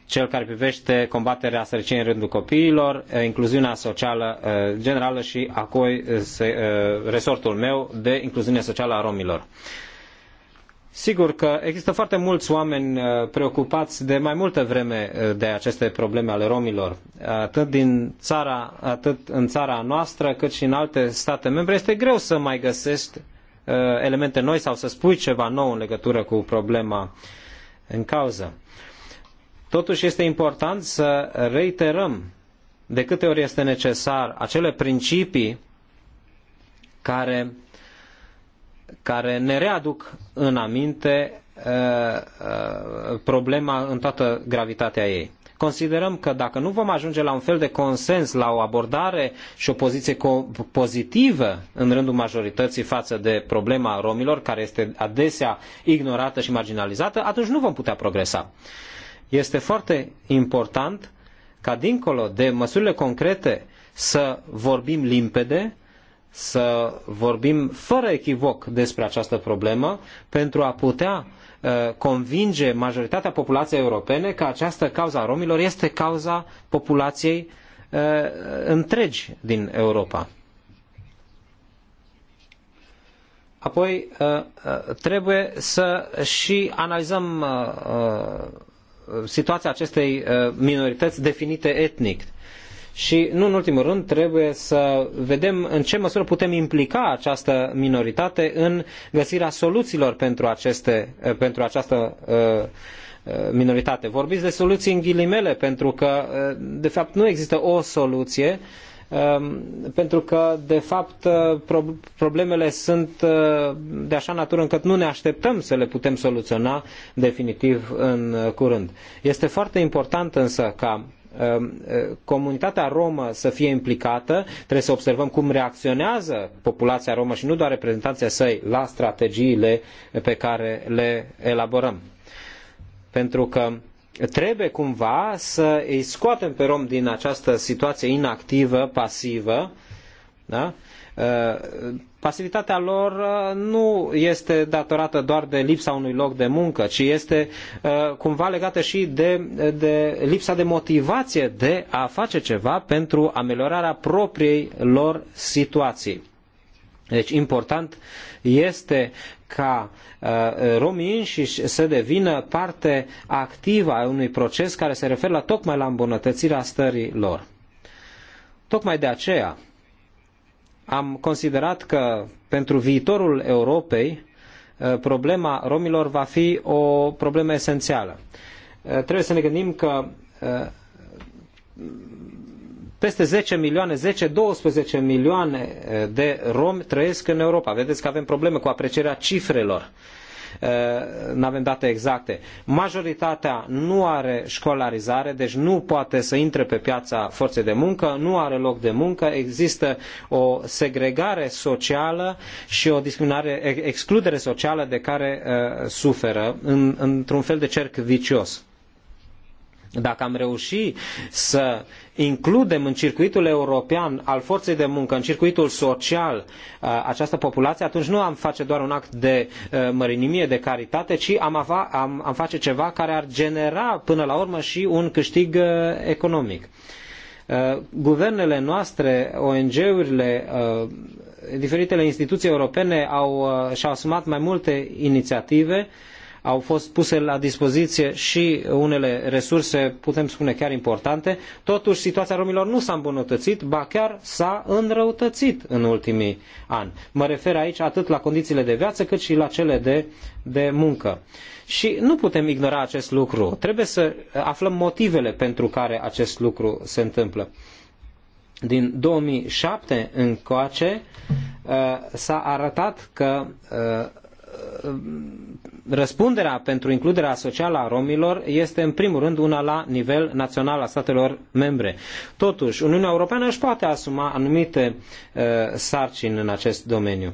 cel care privește combaterea sărăciei în rândul copiilor, incluziunea socială generală și apoi resortul meu de incluziune socială a romilor. Sigur că există foarte mulți oameni uh, preocupați de mai multă vreme uh, de aceste probleme ale romilor, atât, din țara, atât în țara noastră cât și în alte state membre. Este greu să mai găsești uh, elemente noi sau să spui ceva nou în legătură cu problema în cauză. Totuși este important să reiterăm de câte ori este necesar acele principii care care ne readuc în aminte uh, uh, problema în toată gravitatea ei. Considerăm că dacă nu vom ajunge la un fel de consens, la o abordare și o poziție pozitivă în rândul majorității față de problema romilor, care este adesea ignorată și marginalizată, atunci nu vom putea progresa. Este foarte important ca dincolo de măsurile concrete să vorbim limpede, să vorbim fără echivoc despre această problemă pentru a putea uh, convinge majoritatea populației europene că această cauza romilor este cauza populației uh, întregi din Europa. Apoi uh, trebuie să și analizăm situația acestei minorități definite etnic și, nu în ultimul rând, trebuie să vedem în ce măsură putem implica această minoritate în găsirea soluțiilor pentru, aceste, eh, pentru această eh, eh, minoritate. Vorbiți de soluții în ghilimele, pentru că, de fapt, nu există o soluție, ehm, pentru că, de fapt, problemele sunt de așa natură încât nu ne așteptăm să le putem soluționa definitiv în curând. Este foarte important însă ca Um, comunitatea romă să fie implicată, trebuie să observăm cum reacționează populația romă și nu doar reprezentanții săi la strategiile pe care le elaborăm. Pentru că trebuie cumva să îi scoatem pe rom din această situație inactivă, pasivă, da? Uh, pasivitatea lor uh, nu este datorată doar de lipsa unui loc de muncă, ci este uh, cumva legată și de, de lipsa de motivație de a face ceva pentru ameliorarea propriei lor situații. Deci important este ca uh, romii înșiși să devină parte activă a unui proces care se referă la, tocmai la îmbunătățirea stării lor. Tocmai de aceea am considerat că pentru viitorul Europei uh, problema romilor va fi o problemă esențială. Uh, trebuie să ne gândim că uh, peste 10 milioane, 10-12 milioane de romi trăiesc în Europa. Vedeți că avem probleme cu aprecierea cifrelor. Uh, Eh, nu avem date exacte. Majoritatea nu are școlarizare, deci nu poate să intre pe piața forței de muncă, nu are loc de muncă, există o segregare socială și o discriminare, excludere socială de care eh, suferă în, într-un fel de cerc vicios. Dacă am reușit să includem în circuitul european al forței de muncă, în circuitul social, uh, această populație, atunci nu am face doar un act de uh, mărinimie, de caritate, ci am, ava, am, am face ceva care ar genera până la urmă și un câștig uh, economic. Guvernele noastre, ONG-urile, diferitele instituții europene au, și-au asumat mai multe inițiative au fost puse la dispoziție și unele resurse, putem spune chiar importante, totuși situația romilor nu s-a îmbunătățit, ba chiar s-a înrăutățit în ultimii ani. Mă refer aici atât la condițiile de viață cât și la cele de, de muncă. Și nu putem ignora acest lucru. Trebuie să aflăm motivele pentru care acest lucru se întâmplă din 2007 încoace uh, s-a arătat că uh, răspunderea pentru includerea socială a romilor este în primul rând una la nivel național a statelor membre. Totuși, Uniunea Europeană își poate asuma anumite uh, sarcini în acest domeniu.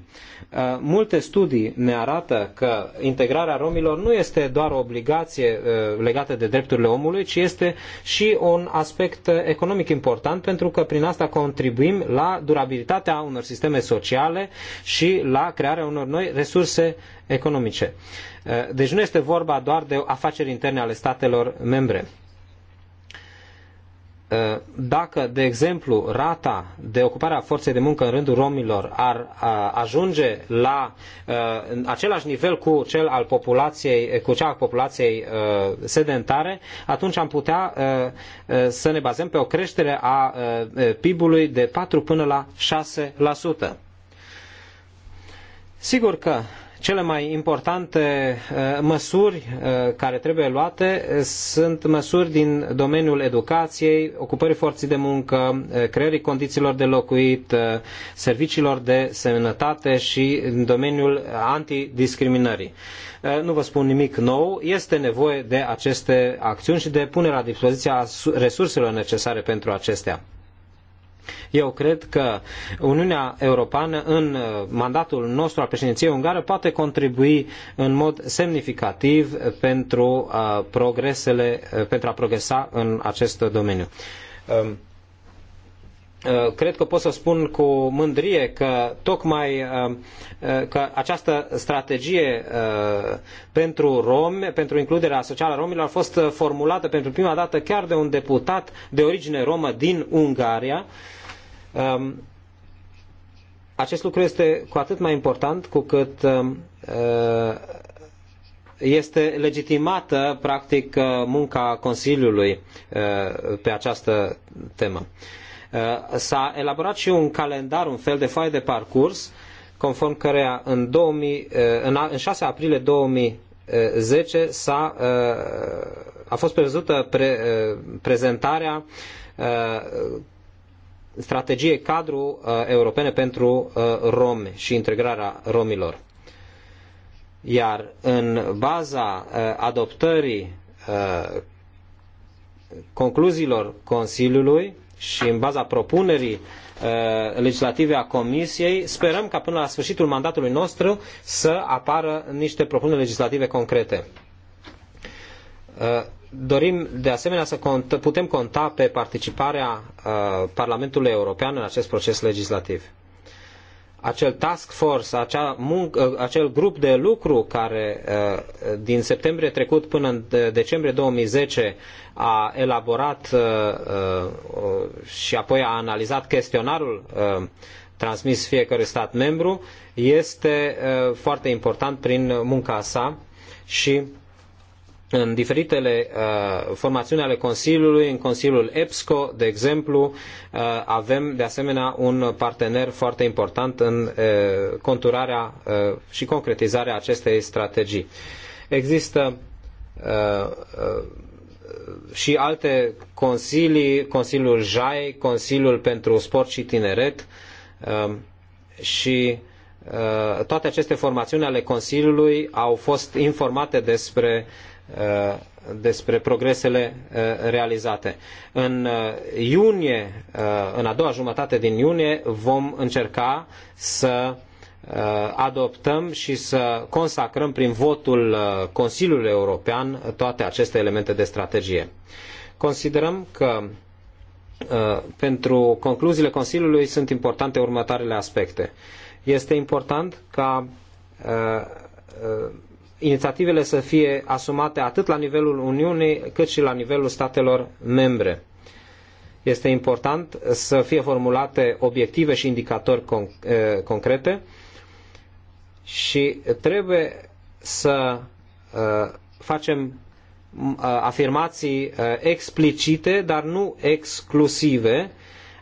Uh, multe studii ne arată că integrarea romilor nu este doar o obligație uh, legată de drepturile omului, ci este și un aspect uh, economic important pentru că prin asta contribuim la durabilitatea unor sisteme sociale și la crearea unor noi resurse economice. Eh, deci nu este vorba doar de afaceri interne ale statelor membre. Eh, dacă, de exemplu, rata de ocupare a forței de muncă în rândul romilor ar ajunge la eh, același nivel cu cel al populației, cu cea al populației sedentare, atunci am putea să ne bazăm pe o creștere a PIB-ului de patru până la 6%. Sigur că cele mai importante uh, măsuri uh, care trebuie luate uh, sunt măsuri din domeniul educației, ocupării forței de muncă, creării condițiilor de locuit, serviciilor de sănătate și în domeniul antidiscriminării. Nu vă spun nimic nou, este nevoie de aceste acțiuni și de punerea la dispoziția resurselor necesare pentru acestea. Eu cred că Uniunea Europeană, în uh, mandatul nostru al președinției ungare, poate contribui în mod semnificativ pentru, a uh, progresele, uh, pentru a progresa în acest domeniu um, cred că pot să spun cu mândrie că tocmai că această strategie pentru romi, pentru includerea socială a romilor a fost formulată pentru prima dată chiar de un deputat de origine romă din Ungaria, Um, acest lucru este cu atât mai important cu cât um, uh, este legitimată, practic, uh, munca Consiliului uh, pe această temă. S-a elaborat și un calendar, un fel de foaie de parcurs, conform căreia în, 2000, în 6 aprilie 2010 s-a, a fost prevăzută pre, prezentarea strategie cadru uh, europene pentru uh, romi și integrarea romilor. Iar în baza uh, adoptării concluziilor Consiliului și în baza propunerii legislative a Comisiei, sperăm ca până la sfârșitul mandatului nostru să apară niște propuneri legislative concrete Dorim de asemenea să cont, putem conta pe participarea uh, Parlamentului European în acest proces legislativ. Acel task force, acea munc, uh, acel grup de lucru care uh, din septembrie trecut până în decembrie 2010 a elaborat uh, uh, și apoi a analizat chestionarul uh, transmis fiecărui stat membru, este foarte important prin munca sa și în diferitele uh, formațiuni ale Consiliului, în Consiliul EPSCO, de exemplu, uh, avem de asemenea un partener foarte important în uh, conturarea uh, și concretizarea acestei strategii. Există uh, uh, și alte consilii, Consiliul JAI, Consiliul pentru Sport și Tineret uh, și uh, toate aceste formațiuni ale Consiliului au fost informate despre uh, Uh, despre progresele uh, realizate. În uh, iunie, în a doua jumătate din iunie, vom încerca să adoptăm și să consacrăm prin votul Consiliului European toate aceste elemente de strategie. Considerăm că pentru concluziile Consiliului sunt importante următoarele aspecte. Este important ca inițiativele să fie asumate atât la nivelul Uniunii cât și la nivelul statelor membre. Este important să fie formulate obiective și indicatori eh, concrete și trebuie să eh, facem eh, afirmații explicite, dar nu exclusive,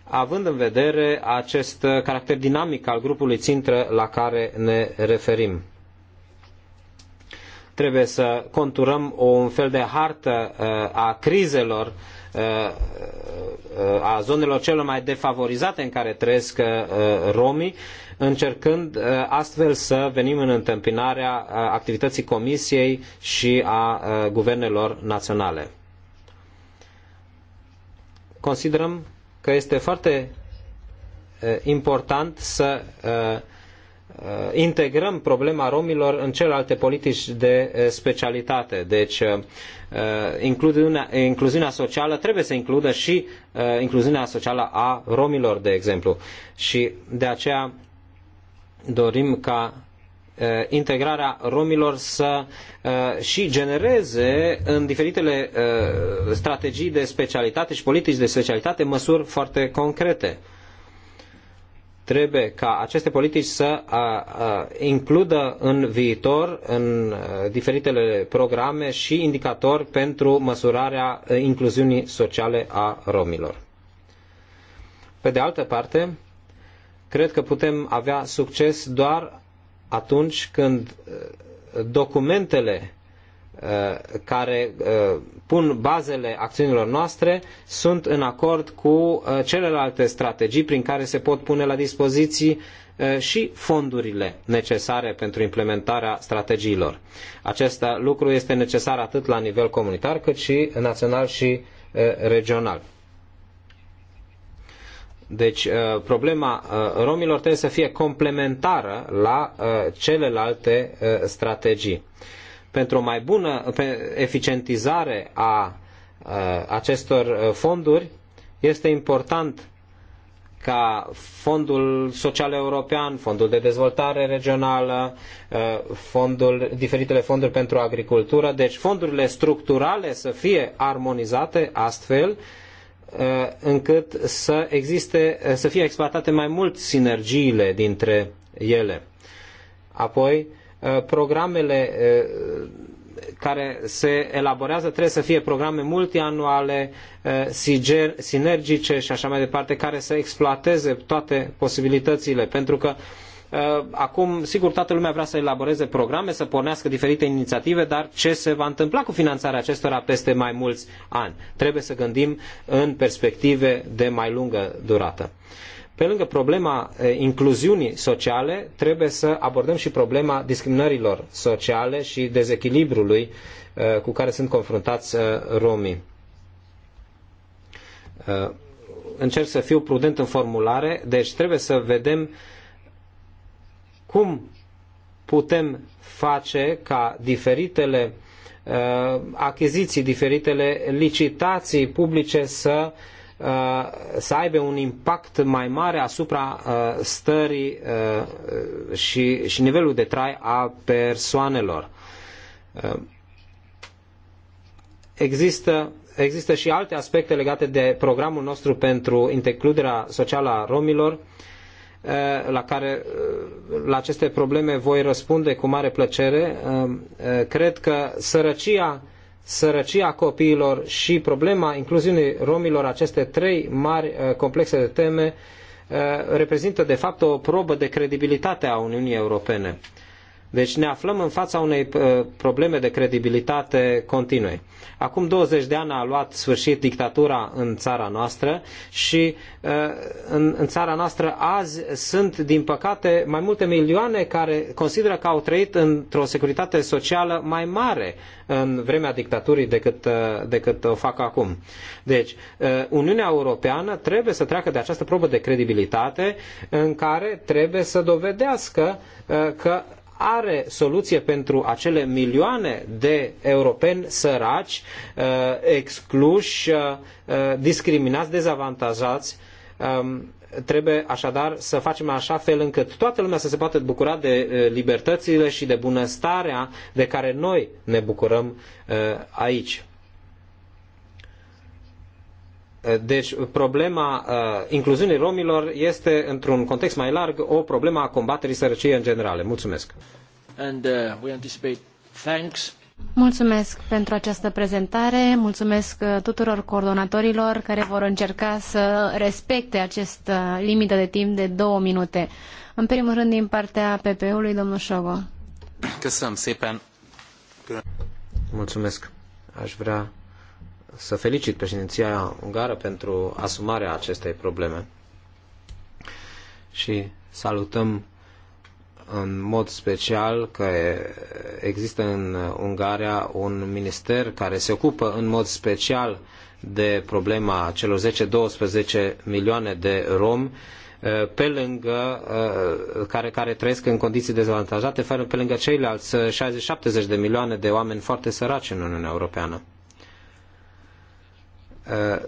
având în vedere acest caracter dinamic al grupului țintă la care ne referim. Trebuie să conturăm un fel de hartă uh, a crizelor, uh, uh, a zonelor celor mai defavorizate în care trăiesc romii, încercând astfel să venim în întâmpinarea activității Comisiei și a guvernelor naționale. Considerăm că este foarte important să Uh, integrăm problema romilor în celelalte politici de uh, specialitate. Deci, uh, incluziunea, socială trebuie să includă și incluziunea socială a romilor, de exemplu. Și de aceea dorim ca integrarea romilor să și genereze în diferitele strategii de specialitate și politici de specialitate măsuri foarte concrete. Trebuie ca aceste politici să includă în viitor, în diferitele programe și indicatori pentru măsurarea incluziunii sociale a romilor. Pe de altă parte, cred că putem avea succes doar atunci când documentele Uh, care uh, pun bazele acțiunilor noastre sunt în acord cu uh, celelalte strategii prin care se pot pune la dispoziții și fondurile necesare pentru implementarea strategiilor. Acest lucru este necesar atât la nivel comunitar cât și național și regional. Deci problema romilor trebuie să fie complementară la celelalte strategii pentru o mai bună eficientizare a acestor fonduri, este important ca Fondul Social European, Fondul de Dezvoltare Regională, fondul, diferitele fonduri pentru agricultură, deci fondurile structurale să fie armonizate astfel încât să existe, să fie exploatate mai mult sinergiile dintre ele. Apoi, Uh, programele uh, care se elaborează trebuie să fie programe multianuale, uh, sinergice și așa mai departe, care să exploateze toate posibilitățile, pentru că Acum, sigur, toată lumea vrea să elaboreze programe, să pornească diferite inițiative, dar ce se va întâmpla cu finanțarea acestora peste mai mulți ani? Trebuie să gândim în perspective de mai lungă durată. Pe lângă problema incluziunii sociale, trebuie să abordăm și problema discriminărilor sociale și dezechilibrului cu care sunt confruntați romii. Încerc să fiu prudent în formulare, deci trebuie să vedem cum putem face ca diferitele achiziții, diferitele licitații publice să Uh, să aibă un impact mai mare asupra uh, stării uh, și, și nivelul de trai a persoanelor. Există există și alte aspecte legate de programul nostru pentru includerea socială a romilor, la care la aceste probleme voi răspunde cu mare plăcere. Cred că sărăcia sărăcia copiilor și problema incluziunii romilor, aceste trei mari uh, complexe de teme, uh, reprezintă de fapt o probă de credibilitate a Uniunii Europene. Deci ne aflăm în fața unei uh, probleme de credibilitate continue. Acum 20 de ani a luat sfârșit dictatura în țara noastră și uh, în, în țara noastră azi sunt, din păcate, mai multe milioane care consideră că au trăit într-o securitate socială mai mare în vremea dictaturii decât, uh, decât o fac acum. Deci, Uniunea Europeană trebuie să treacă de această probă de credibilitate în care trebuie să dovedească că are soluție pentru acele milioane de europeni săraci, uh, excluși, uh, uh, discriminați, dezavantajați. Um, trebuie așadar să facem așa fel încât toată lumea să se poată bucura de libertățile și de bunăstarea de care noi ne bucurăm aici. Eh, deci problema eh, incluziunii romilor este, într-un context mai larg, o problemă a combaterii sărăciei în general. Mulțumesc! And, uh, Mulțumesc pentru această prezentare, mulțumesc uh, tuturor coordonatorilor care vor încerca să respecte această uh, limită de timp de două minute. În primul rând, din partea PP-ului, domnul Șogo. Mulțumesc. Aș vrea să felicit președinția ungară pentru asumarea acestei probleme și salutăm în mod special că există în Ungaria un minister care se ocupă în mod special de problema celor 10-12 milioane de romi pe lângă care, care trăiesc în condiții dezavantajate, fără pe lângă ceilalți 60-70 de milioane de oameni foarte săraci în Uniunea Europeană uh,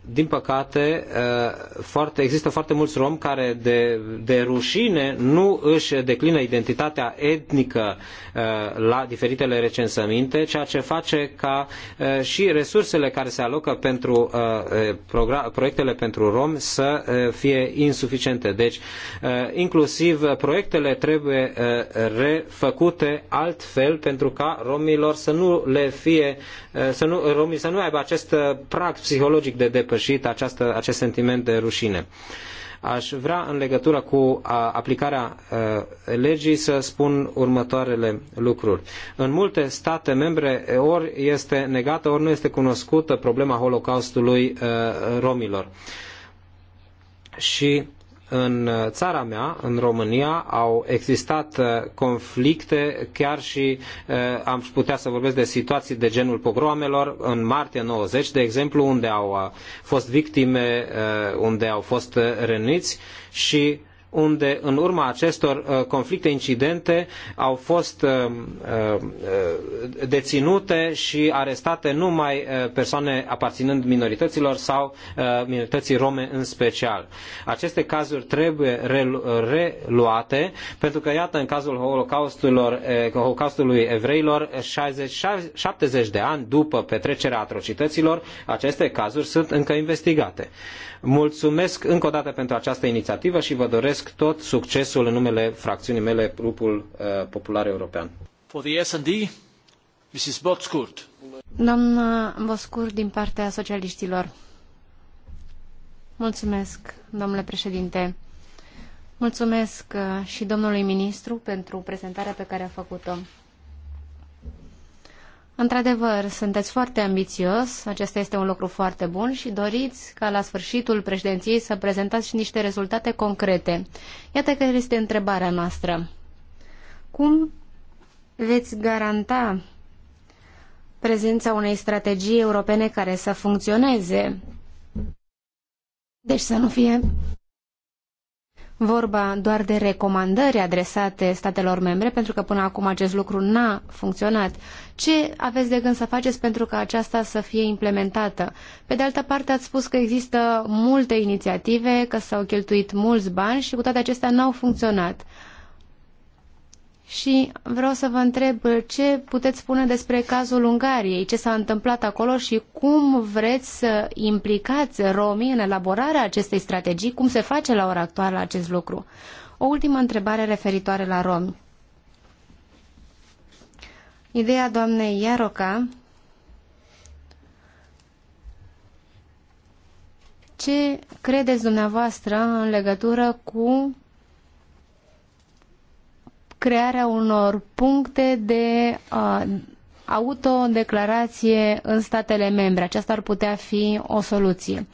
din păcate, eh, foarte, există foarte mulți romi care de, de rușine nu își declină identitatea etnică eh, la diferitele recensăminte, ceea ce face ca eh, și resursele care se alocă pentru proiectele pentru romi să fie insuficiente. Deci, inclusiv proiectele trebuie refăcute altfel pentru ca romilor să nu le fie, să nu, romii să nu aibă acest prag psihologic de deprimare depășit această, acest sentiment de rușine. Aș vrea, în legătură cu aplicarea legii, să spun următoarele lucruri. În multe state membre, ori este negată, ori nu este cunoscută problema Holocaustului romilor. Și în uh, țara mea, în România, au existat uh, conflicte, chiar și uh, am putea să vorbesc de situații de genul pogroamelor în martie 90, de exemplu, unde au fost victime, unde au fost răniți și unde în urma acestor uh, conflicte incidente au fost uh, uh, deținute și arestate numai persoane aparținând minorităților sau minorității rome în special. Aceste cazuri trebuie reluate pentru că, iată, în cazul holocaustului evreilor, 60, 70 de ani după petrecerea atrocităților, aceste cazuri sunt încă investigate. Mulțumesc încă o dată pentru această inițiativă și vă doresc tot succesul în numele fracțiunii mele, grupul uh, popular european. For the S&D, Mrs. Botscourt. Doamna Boscur, din partea socialiștilor. Mulțumesc, domnule președinte. Mulțumesc uh, și domnului ministru pentru prezentarea pe care a făcut-o. Într-adevăr, sunteți foarte ambițios, acesta este un lucru foarte bun și doriți ca la sfârșitul președinției să prezentați și niște rezultate concrete. Iată care este întrebarea noastră. Cum veți garanta prezența unei strategii europene care să funcționeze? Deci să nu fie vorba doar de recomandări adresate statelor membre, pentru că până acum acest lucru n-a funcționat. Ce aveți de gând să faceți pentru ca aceasta să fie implementată? Pe de altă parte, ați spus că există multe inițiative, că s-au cheltuit mulți bani și cu toate acestea n-au funcționat și vreau să vă întreb ce puteți spune despre cazul Ungariei, ce s-a întâmplat acolo și cum vreți să implicați romii în elaborarea acestei strategii, cum se face la ora actuală acest lucru. O ultimă întrebare referitoare la romi. Ideea doamnei Iaroca ce credeți dumneavoastră în legătură cu crearea unor puncte de uh, autodeclarație în statele membre. Aceasta ar putea fi o soluție.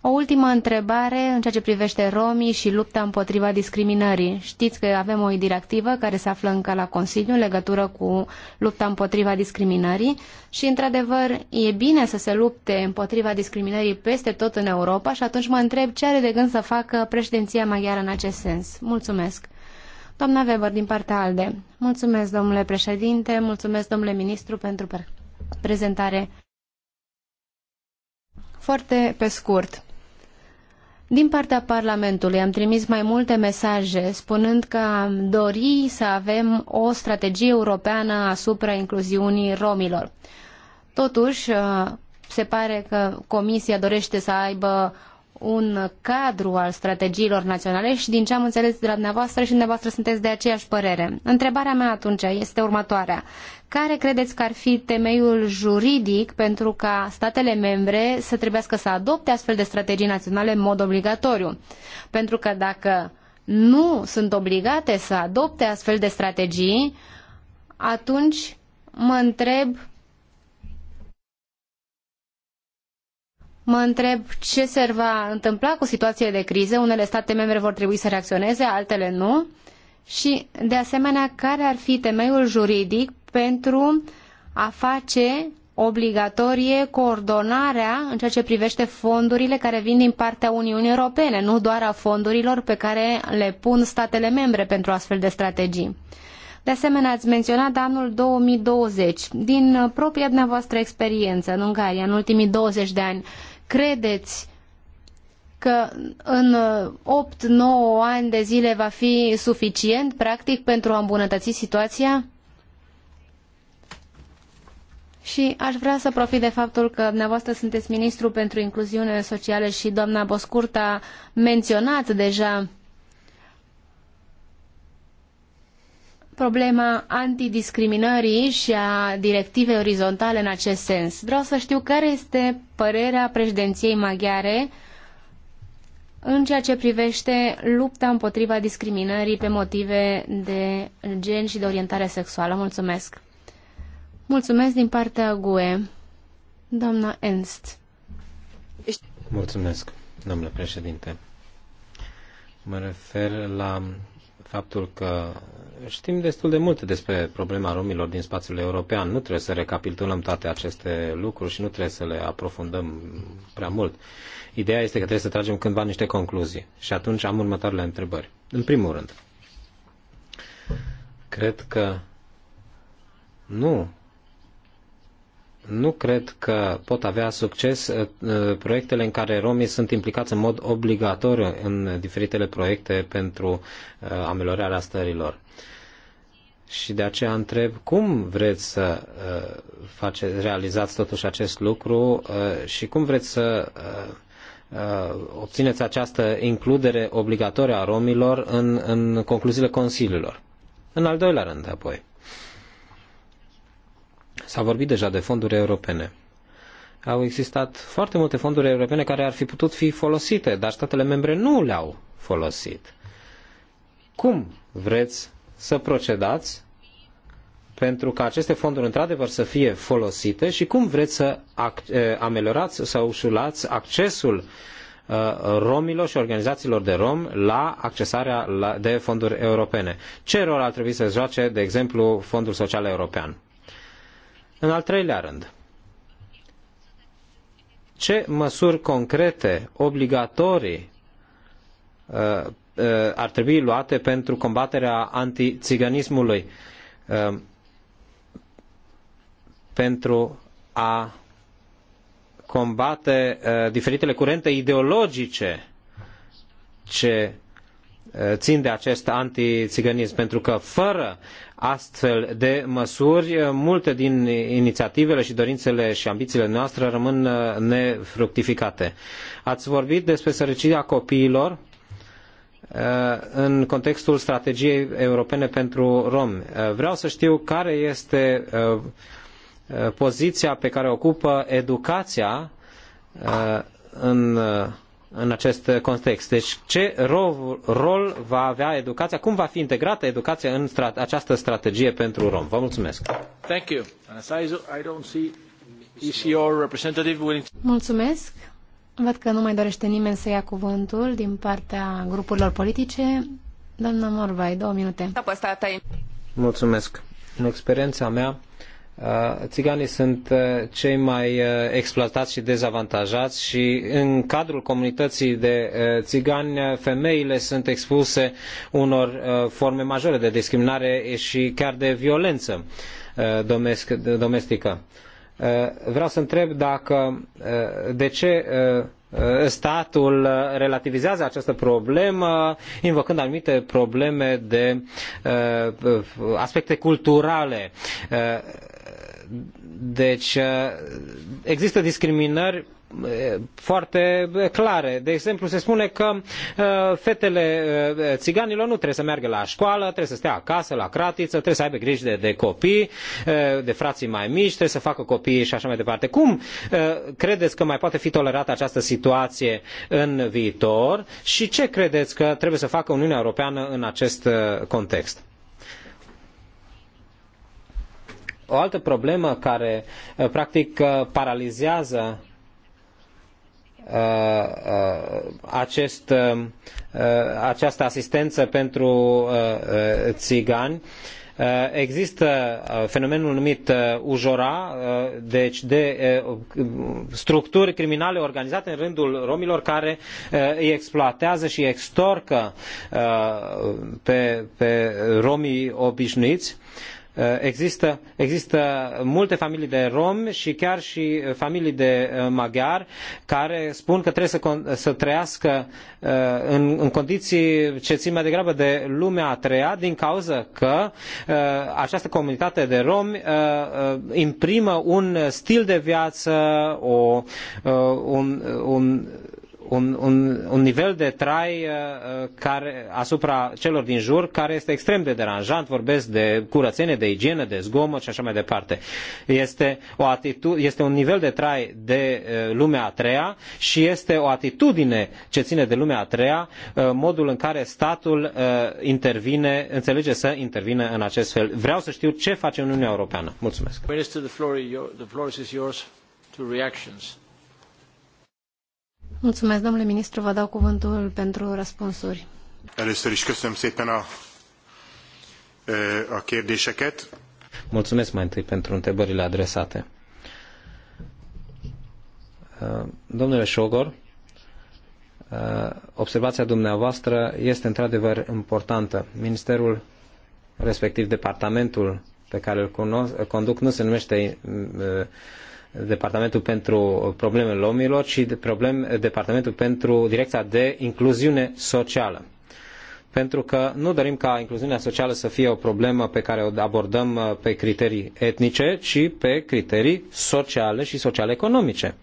O ultimă întrebare în ceea ce privește romii și lupta împotriva discriminării. Știți că avem o directivă care se află încă la Consiliu în legătură cu lupta împotriva discriminării și, într-adevăr, e bine să se lupte împotriva discriminării peste tot în Europa și atunci mă întreb ce are de gând să facă președinția maghiară în acest sens. Mulțumesc! Doamna Weber, din partea ALDE. Mulțumesc, domnule președinte, mulțumesc, domnule ministru, pentru prezentare. Foarte pe scurt. Din partea Parlamentului am trimis mai multe mesaje spunând că am dori să avem o strategie europeană asupra incluziunii romilor. Totuși, se pare că Comisia dorește să aibă un cadru al strategiilor naționale și din ce am înțeles de la dumneavoastră și dumneavoastră sunteți de aceeași părere. Întrebarea mea atunci este următoarea. Care credeți că ar fi temeiul juridic pentru ca statele membre să trebuiască să adopte astfel de strategii naționale în mod obligatoriu? Pentru că dacă nu sunt obligate să adopte astfel de strategii, atunci mă întreb Mă întreb ce se va întâmpla cu situația de criză. Unele state membre vor trebui să reacționeze, altele nu. Și, de asemenea, care ar fi temeiul juridic pentru a face obligatorie coordonarea în ceea ce privește fondurile care vin din partea Uniunii Europene, nu doar a fondurilor pe care le pun statele membre pentru astfel de strategii. De asemenea, ați menționat anul 2020. Din propria dumneavoastră experiență în Ungaria, în ultimii 20 de ani, Credeți că în 8-9 uh, ani de zile va fi suficient, practic, pentru a îmbunătăți situația? Și aș vrea să profit de faptul că dumneavoastră sunteți ministru pentru incluziune socială și doamna Boscurta a menționat deja uh, problema antidiscriminării și a directivei orizontale în acest sens. Vreau să știu care este părerea președinției maghiare în ceea ce privește lupta împotriva discriminării pe motive de gen și de orientare sexuală. Mulțumesc! Mulțumesc din partea GUE, doamna Enst. Mulțumesc, domnule președinte. Mă refer la faptul că Știm destul de multe despre problema romilor din spațiul european. Nu trebuie să recapitulăm toate aceste lucruri și nu trebuie să le aprofundăm prea mult. Ideea este că trebuie să tragem cândva niște concluzii. Și atunci am următoarele întrebări. În primul rând, cred că nu nu cred că pot avea succes uh, proiectele în care romii sunt implicați în mod obligatoriu în diferitele proiecte pentru uh, ameliorarea stărilor. Și de aceea întreb cum vreți să uh, face, realizați totuși acest lucru și cum vreți să obțineți această includere obligatorie a romilor în, în concluziile consiliilor. În al doilea rând, apoi S-a vorbit deja de fonduri europene. Au existat foarte multe fonduri europene care ar fi putut fi folosite, dar statele membre nu le-au folosit. Cum vreți să procedați pentru ca aceste fonduri într-adevăr să fie folosite și cum vreți să eh, ameliorați sau ușulați accesul eh, romilor și organizațiilor de rom la accesarea de fonduri europene. Ce rol ar trebui să joace, de exemplu, Fondul Social European? În al treilea rând, ce măsuri concrete, obligatorii, uh, uh, ar trebui luate pentru combaterea antițiganismului, uh, pentru a combate diferitele curente ideologice ce țin de acest antițiganism, pentru că fără astfel de măsuri, multe din inițiativele și dorințele și ambițiile noastre rămân uh, nefructificate. Ați vorbit despre sărăcia copiilor uh, în contextul strategiei europene pentru romi. Uh, vreau să știu care este poziția pe care o ocupă educația în în acest context. Deci ce rol, va avea educația, cum va fi integrată educația în strat, această strategie pentru rom? Vă mulțumesc. Thank you. I don't see your representative willing. Mulțumesc. Văd că nu mai dorește nimeni să ia cuvântul din partea grupurilor politice. Doamna Morvai, două minute. Mulțumesc. În experiența mea, Uh, țiganii sunt uh, cei mai uh, exploatați și dezavantajați și în cadrul comunității de țigani femeile sunt expuse unor forme majore de discriminare și chiar de violență domestică. Vreau să întreb dacă de ce statul relativizează această problemă, invocând anumite probleme de aspecte culturale. Deci uh, există discriminări uh, foarte uh, clare. De exemplu, se spune că fetele țiganilor nu trebuie să meargă la școală, trebuie să stea acasă, la cratiță, trebuie să aibă grijă de, de copii, de frații mai mici, trebuie să facă copii și așa mai departe. Cum credeți că mai poate fi tolerată această situație în viitor și ce credeți că trebuie să facă Uniunea Europeană în acest context? O altă problemă care uh, practic uh, paralizează uh, acest, această asistență pentru țigani. Există fenomenul numit ujora, deci de structuri criminale organizate în rândul romilor care îi exploatează și extorcă pe, pe romii obișnuiți. Eh, există, există multe familii de romi și chiar și eh, familii de eh, maghiari care spun că trebuie să, să trăiască în, în condiții ce țin mai degrabă de lumea a treia din cauza că această comunitate de romi imprimă un stil de viață, o, un, un un, un, un nivel de trai uh, uh, care, asupra celor din jur care este extrem de deranjant, vorbesc de curățenie, de igienă, de zgomot și așa mai departe. Este, o atitudine, este un nivel de trai de uh, lumea a treia și este o atitudine ce ține de lumea a treia, modul în care statul intervine, înțelege să intervine în acest fel. Vreau să știu ce face Uniunea Europeană. Mulțumesc. Minister, the floor, the floor is yours to reactions. Mulțumesc, domnule ministru, vă dau cuvântul pentru răspunsuri. Először is köszönöm szépen a, a kérdéseket. Mulțumesc mai întâi pentru întrebările adresate. Domnule Șogor, observația dumneavoastră este într-adevăr importantă. Ministerul, respectiv departamentul pe care îl conduc, nu se numește Departamentul pentru Problemele Omilor și problem, Departamentul pentru Direcția de Incluziune Socială. Pentru că nu dorim ca incluziunea socială să fie o problemă pe care o abordăm uh, pe criterii etnice, ci pe criterii sociale și social-economice.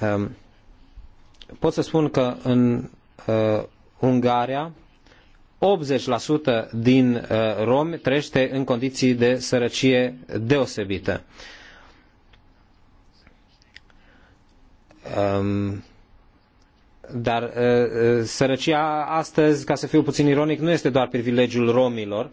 Um, pot să spun că în uh, Ungaria 80% din uh, romi trăiește în condiții de sărăcie deosebită. Um, dar uh, uh, sărăcia astăzi, ca să fiu puțin ironic, nu este doar privilegiul romilor,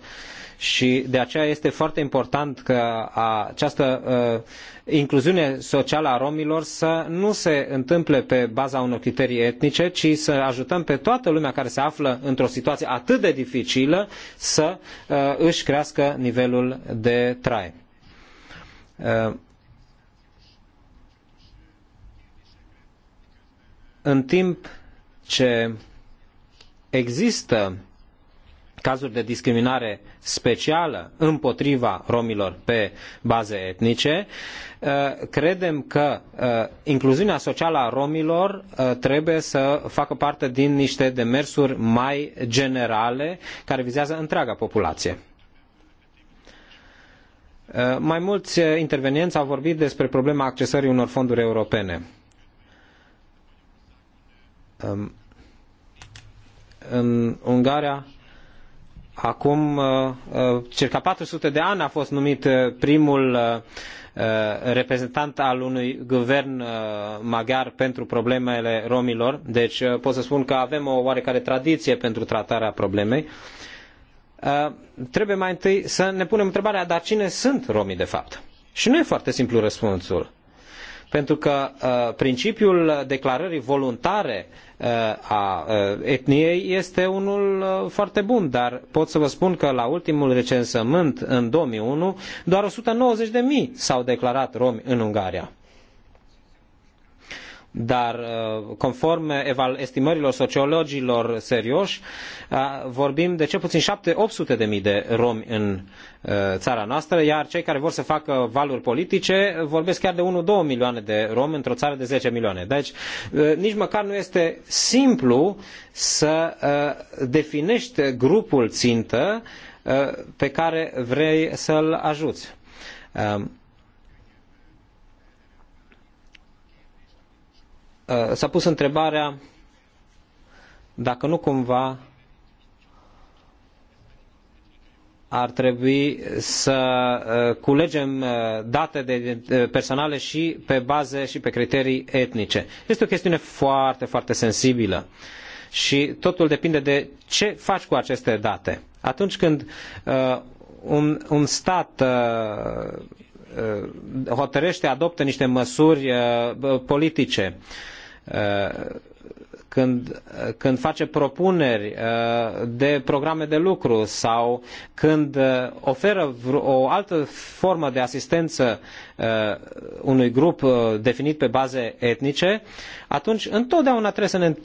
și de aceea este foarte important că această ă, incluziune socială a romilor să nu se întâmple pe baza unor criterii etnice, ci să ajutăm pe toată lumea care se află într-o situație atât de dificilă să ă, își crească nivelul de trai. Ă, în timp ce există cazuri de discriminare specială împotriva romilor pe baze etnice, uh, credem că uh, incluziunea socială a romilor uh, trebuie să facă parte din niște demersuri mai generale care vizează întreaga populație. Mai mulți intervenienți au vorbit despre problema accesării unor fonduri europene. Um, în Ungaria acum uh, uh, circa 400 de ani a fost numit uh, primul reprezentant al unui guvern maghiar pentru problemele romilor, deci pot să spun că avem o oarecare tradiție pentru tratarea problemei. Trebuie mai întâi să ne punem întrebarea, dar cine sunt romii de fapt? Și nu e foarte simplu răspunsul. Pentru că uh, principiul declarării voluntare uh, a uh, etniei este unul foarte bun, dar pot să vă spun că la ultimul recensământ în 2001 doar 190.000 s-au declarat romi în Ungaria. Dar uh, conform estimărilor sociologilor serioși, uh, vorbim de cel puțin 7-800 de mii de romi în uh, țara noastră, iar cei care vor să facă valuri politice vorbesc chiar de 1-2 milioane de romi într-o țară de 10 milioane. Deci nici măcar nu este simplu să definești grupul țintă pe care vrei să-l ajuți. Uh, s-a pus întrebarea dacă nu cumva ar trebui să uh, culegem uh, date de personale și pe baze și pe criterii etnice. Este o chestiune foarte, foarte sensibilă și totul depinde de ce faci cu aceste date. Atunci când un, un stat hotărăște, adoptă niște măsuri politice, Uh, când, când face propuneri uh, de programe de lucru sau când uh, oferă o altă formă de asistență unui grup definit pe baze etnice, atunci întotdeauna trebuie să ne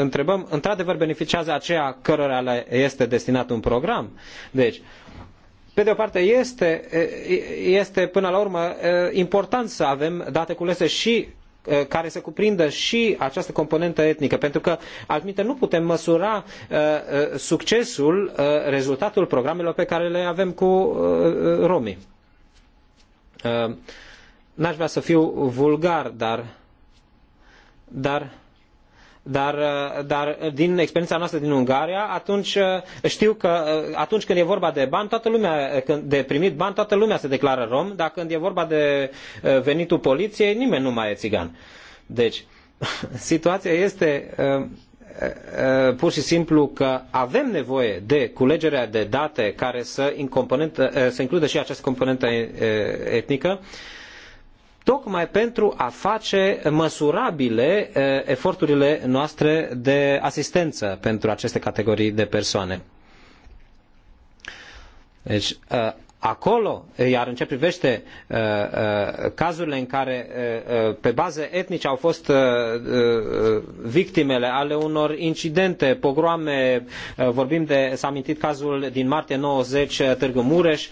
întrebăm, într-adevăr beneficiază aceea cărora le este destinat un program? Deci, pe de o parte este, este până la urmă important să avem date culese și Eh, care să cuprindă și această componentă etnică, pentru că altminte nu putem măsura eh, eh, succesul, rezultatul programelor pe care le avem cu romii. N-aș vrea să fiu vulgar, dar, dar dar, uh, dar din experiența noastră din Ungaria, atunci uh, știu că uh, atunci când e vorba de bani, toată lumea, de primit bani, toată lumea se declară rom, dar când e vorba de venitul poliției, nimeni nu mai e țigan. Deci, situația este pur și simplu că avem nevoie de culegerea de date care să, să includă și această componentă etnică, tocmai pentru a face măsurabile eh, eforturile noastre de asistență pentru aceste categorii de persoane. Deci, eh, acolo, iar în ce privește eh, cazurile în care pe baze etnice au fost victimele ale unor incidente, pogroame, vorbim de, s-a amintit cazul din martie 90, Târgu Mureș,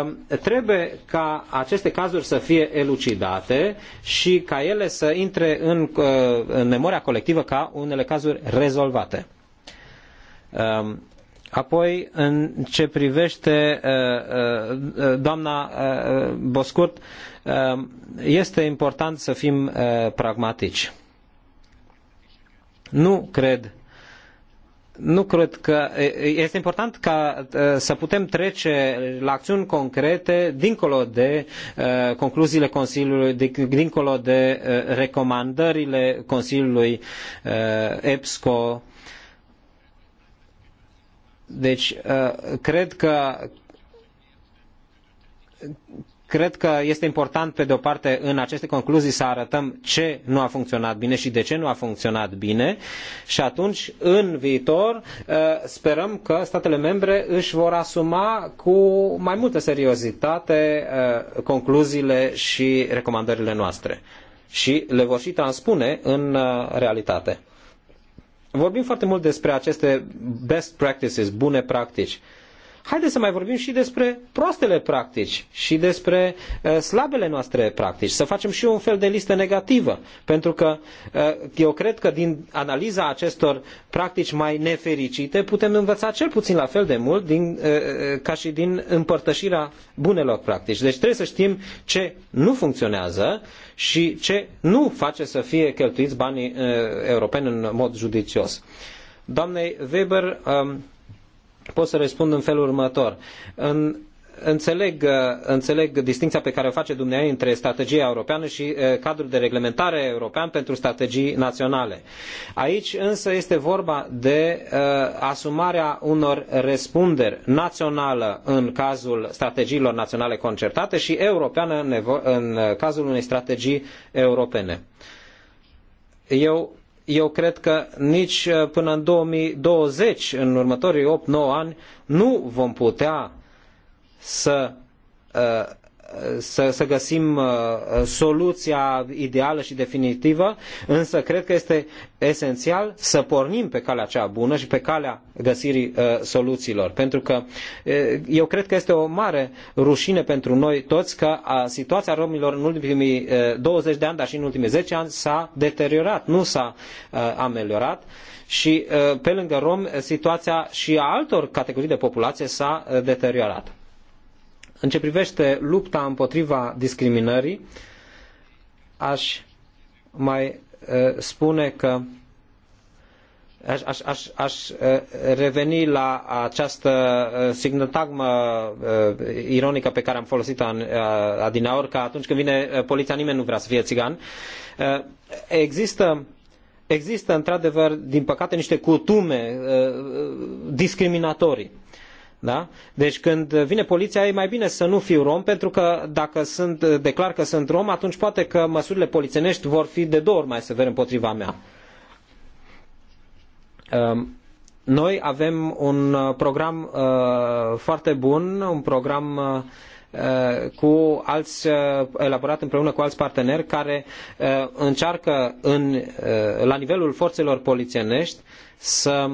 Um, trebuie ca aceste cazuri să fie elucidate și ca ele să intre în, uh, în memoria colectivă ca unele cazuri rezolvate. Um, apoi, în ce privește uh, uh, doamna Boscurt, um, este important să fim pragmatici. Nu cred nu cred că este important ca să putem trece la acțiuni concrete dincolo de concluziile Consiliului, dincolo de recomandările Consiliului EPSCO. Deci, cred că Cred că este important, pe de o parte, în aceste concluzii să arătăm ce nu a funcționat bine și de ce nu a funcționat bine și atunci, în viitor, uh, sperăm că statele membre își vor asuma cu mai multă seriozitate uh, concluziile și recomandările noastre și le vor și transpune în uh, realitate. Vorbim foarte mult despre aceste best practices, bune practici. Uh, haideți să mai vorbim și despre proastele practici și despre uh, slabele noastre practici, să facem și un fel de listă negativă, pentru că uh, eu cred că din analiza acestor practici mai nefericite putem învăța cel puțin la fel de mult din, uh, uh ca și din împărtășirea bunelor practici. Deci trebuie să știm ce nu funcționează și ce nu face să fie cheltuiți banii uh, europeni în mod judicios. Doamnei Weber, um, pot să răspund în felul următor. În Înțeleg, înțeleg distinția pe care o face dumneavoastră între strategia europeană și eh, cadrul de reglementare european pentru strategii naționale. Aici însă este vorba de uh, asumarea unor răspunderi națională în cazul strategiilor naționale concertate și europeană în, în cazul unei strategii europene. Eu eu cred că nici uh, până în 2020, în următorii 8-9 ani, nu vom putea să uh, să, să găsim uh, soluția ideală și definitivă, însă cred că este esențial să pornim pe calea cea bună și pe calea găsirii uh, soluțiilor. Pentru că uh, eu cred că este o mare rușine pentru noi toți că situația romilor în ultimii 20 de ani, dar și în ultimii 10 ani s-a deteriorat, nu s-a ameliorat și pe lângă rom situația și a altor categorii de populație s-a deteriorat. În ce privește lupta împotriva discriminării, aș mai spune că aș, aș, aș, aș reveni la această signotagmă ironică pe care am folosit-o adineaori, că atunci când vine poliția nimeni nu vrea să fie țigan. Există Există, într-adevăr, din păcate, niște cutume discriminatorii da? Deci când vine poliția, e mai bine să nu fiu rom, pentru că dacă sunt, declar că sunt rom, atunci poate că măsurile polițienești vor fi de două ori mai severe împotriva mea. Um, noi avem un uh, program uh, foarte bun, un program uh, cu alți, elaborat împreună cu alți parteneri care încearcă în, la nivelul forțelor polițienești să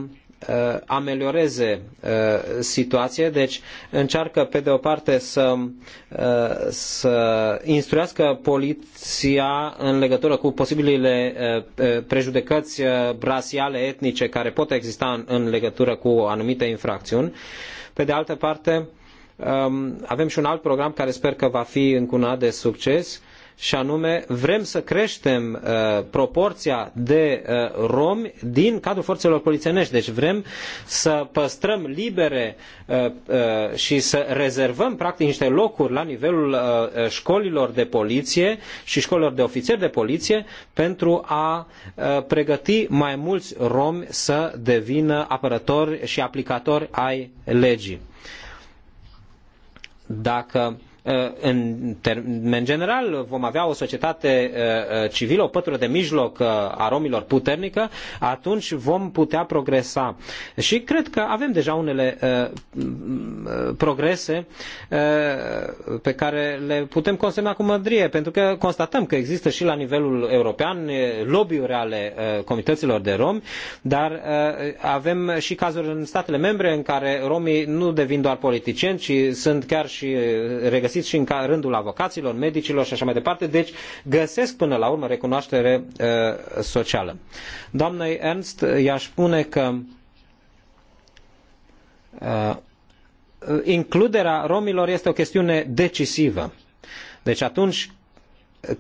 Uh, amelioreze uh, situația, deci încearcă pe de o parte să, uh, să instruiască poliția în legătură cu posibilele prejudecăți rasiale, etnice care pot exista în legătură cu anumite infracțiuni. Pe de altă parte, um, avem și un alt program care sper că va fi încununat de succes, și anume vrem să creștem uh, proporția de uh, romi din cadrul forțelor polițienești. Deci vrem să păstrăm libere uh, uh, și să rezervăm practic niște locuri la nivelul uh, uh școlilor de poliție și școlilor de ofițeri de poliție pentru a uh, pregăti mai mulți romi să devină apărători și aplicatori ai legii. Dacă în termen general vom avea o societate uh, uh, civilă, o pătură de mijloc uh, a romilor puternică, atunci vom putea progresa. Și cred că avem deja unele progrese pe care le putem consemna cu mândrie, pentru că constatăm că există și la nivelul european lobby-uri ale comităților de romi, dar avem și cazuri în statele membre în care romii nu devin doar politicieni, ci sunt chiar și regăsiți găsiți și în rândul avocaților, medicilor și așa mai departe, deci găsesc până la urmă recunoaștere uh, socială. Doamnei Ernst, i-aș spune că uh, includerea romilor este o chestiune decisivă. Deci atunci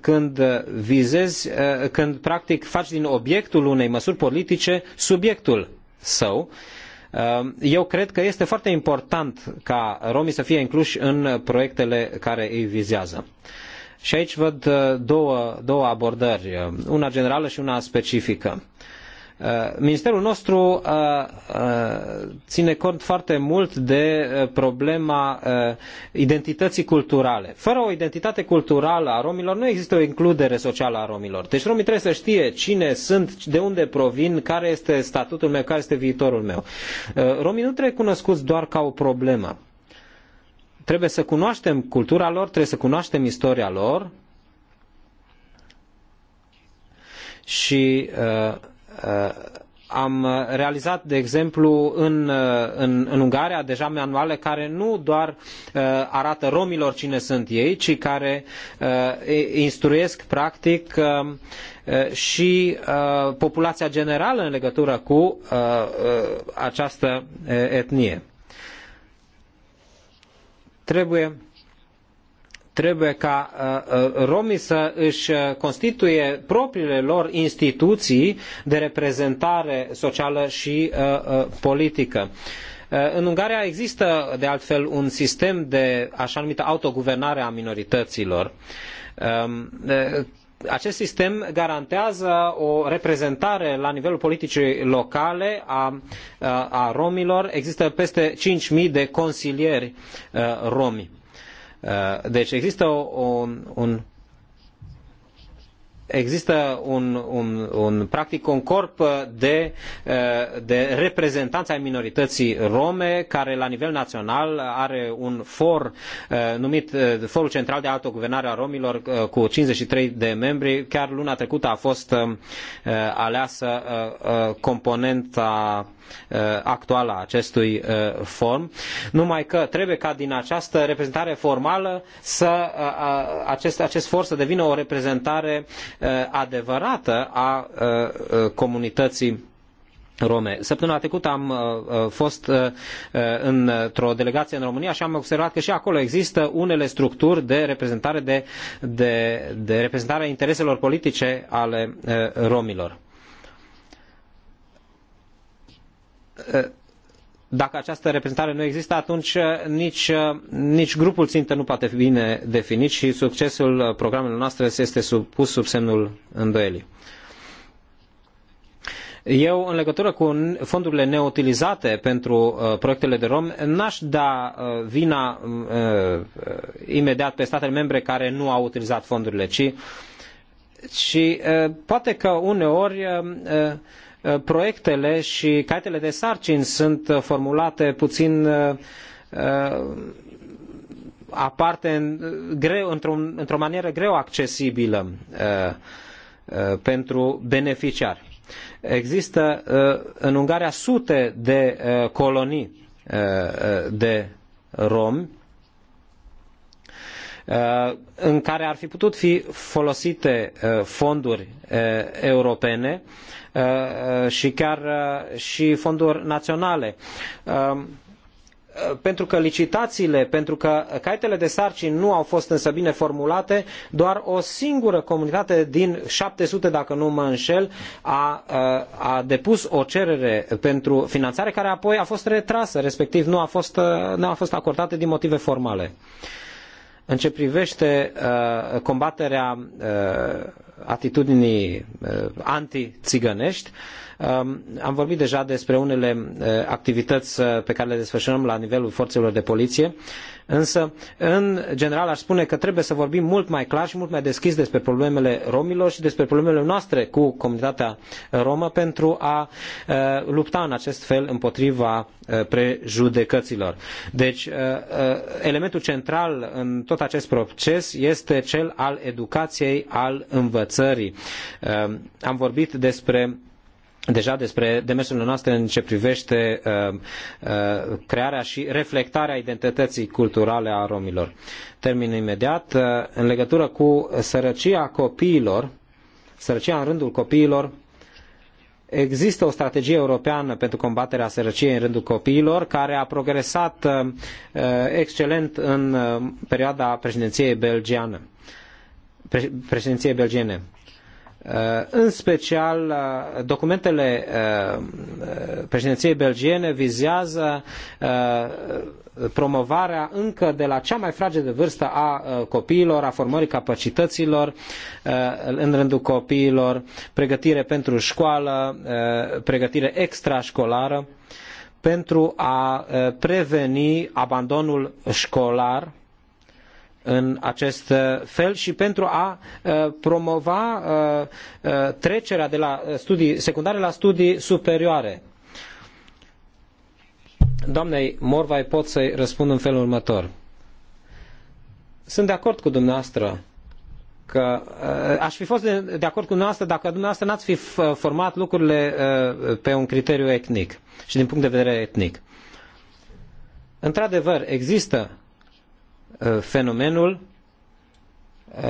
când vizezi, uh, când practic faci din obiectul unei măsuri politice subiectul său, Um, eu cred că este foarte important ca romii să fie incluși în proiectele care îi vizează. Și aici văd uh, două, două abordări, uh, una generală și una specifică. Uh, Uh, Ministerul nostru uh, uh, ține cont foarte mult de problema identității culturale. Fără o identitate culturală a romilor nu există o includere socială a romilor. Deci romii trebuie să știe cine sunt, de unde provin, care este statutul meu, care este viitorul meu. Romii nu trebuie cunoscuți doar ca o problemă. Trebuie să cunoaștem cultura lor, trebuie să cunoaștem istoria lor și uh, am realizat, de exemplu, în, în, în Ungaria deja manuale care nu doar uh, arată romilor cine sunt ei, ci care uh, instruiesc practic uh, uh și uh, populația generală în legătură cu uh, această etnie. Trebuie Trebuie ca uh, uh, romii să își uh, constituie propriile lor instituții de reprezentare socială și politică. În Ungaria există, de altfel, un sistem de așa numită autoguvernare a minorităților. Um, acest sistem garantează o reprezentare la nivelul politicii locale a, a romilor. Există peste 5.000 de consilieri romi Uh, deci există un, un există un, un, un, practic un corp de, uh, de reprezentanți ai minorității rome care la nivel național are un for uh, numit Forul Central de Autoguvernare a Romilor cu 53 de membri. Chiar luna trecută a fost aleasă componenta Uh, actuală a acestui uh, form, numai că trebuie ca din această reprezentare formală să uh, acest, acest for să devină o reprezentare adevărată a comunității rome. Săptămâna trecută am fost într-o delegație în România și am observat că și acolo există unele structuri de reprezentare de, de, de reprezentare a intereselor politice ale romilor. dacă această reprezentare nu există, atunci uh, nici, uh, nici grupul țintă nu poate fi bine definit și succesul uh, programelor noastre este pus sub semnul îndoielii. Eu, în legătură cu fondurile neutilizate pentru uh, proiectele de rom, n-aș da uh, vina uh, imediat pe statele membre care nu au utilizat fondurile, ci, ci poate că uneori Eh, proiectele și caietele de sarcini sunt eh, formulate puțin eh, aparte în, greu, într-o, într manieră greu accesibilă pentru beneficiari. Există în Ungaria sute de colonii de romi în care ar fi putut fi folosite fonduri europene Uh, uh, și chiar uh, și fonduri naționale um, pentru că licitațiile, pentru că caietele de sarcini nu au fost însă bine formulate, doar o singură comunitate din 700, dacă nu mă înșel, a, a depus o cerere pentru finanțare care apoi a fost retrasă, respectiv nu a fost, nu a fost acordată din motive formale. În ce privește combaterea atitudinii eh, antițigănești, Um, am vorbit deja despre unele uh, activități uh, pe care le desfășurăm la nivelul forțelor de poliție, însă, în general, aș spune că trebuie să vorbim mult mai clar și mult mai deschis despre problemele romilor și despre problemele noastre cu comunitatea romă pentru a uh, lupta în acest fel împotriva prejudecăților. Deci, elementul central în tot acest proces este cel al educației, al învățării. Am vorbit despre deja despre demersurile noastre în ce privește uh, uh, crearea și reflectarea identității culturale a romilor. Termin imediat. Uh, în legătură cu sărăcia copiilor, sărăcia în rândul copiilor, Există o strategie europeană pentru combaterea sărăciei în rândul copiilor, care a progresat uh, uh, excelent în uh, perioada președinției belgiană. Pre- belgiene Uh, în special, uh, documentele uh, președinției belgiene vizează promovarea încă de la cea mai fragedă vârstă a copiilor, a formării capacităților în rândul copiilor, pregătire pentru școală, pregătire extrașcolară pentru a preveni abandonul școlar în acest uh, fel și pentru a uh, promova uh, trecerea de la studii secundare la studii superioare. Doamnei Morvai pot să-i răspund în felul următor. Sunt de acord cu dumneavoastră că aș fi fost de, acord cu dumneavoastră dacă dumneavoastră n-ați fi format lucrurile pe un criteriu etnic și din punct de vedere etnic. Într-adevăr, există fenomenul Uh,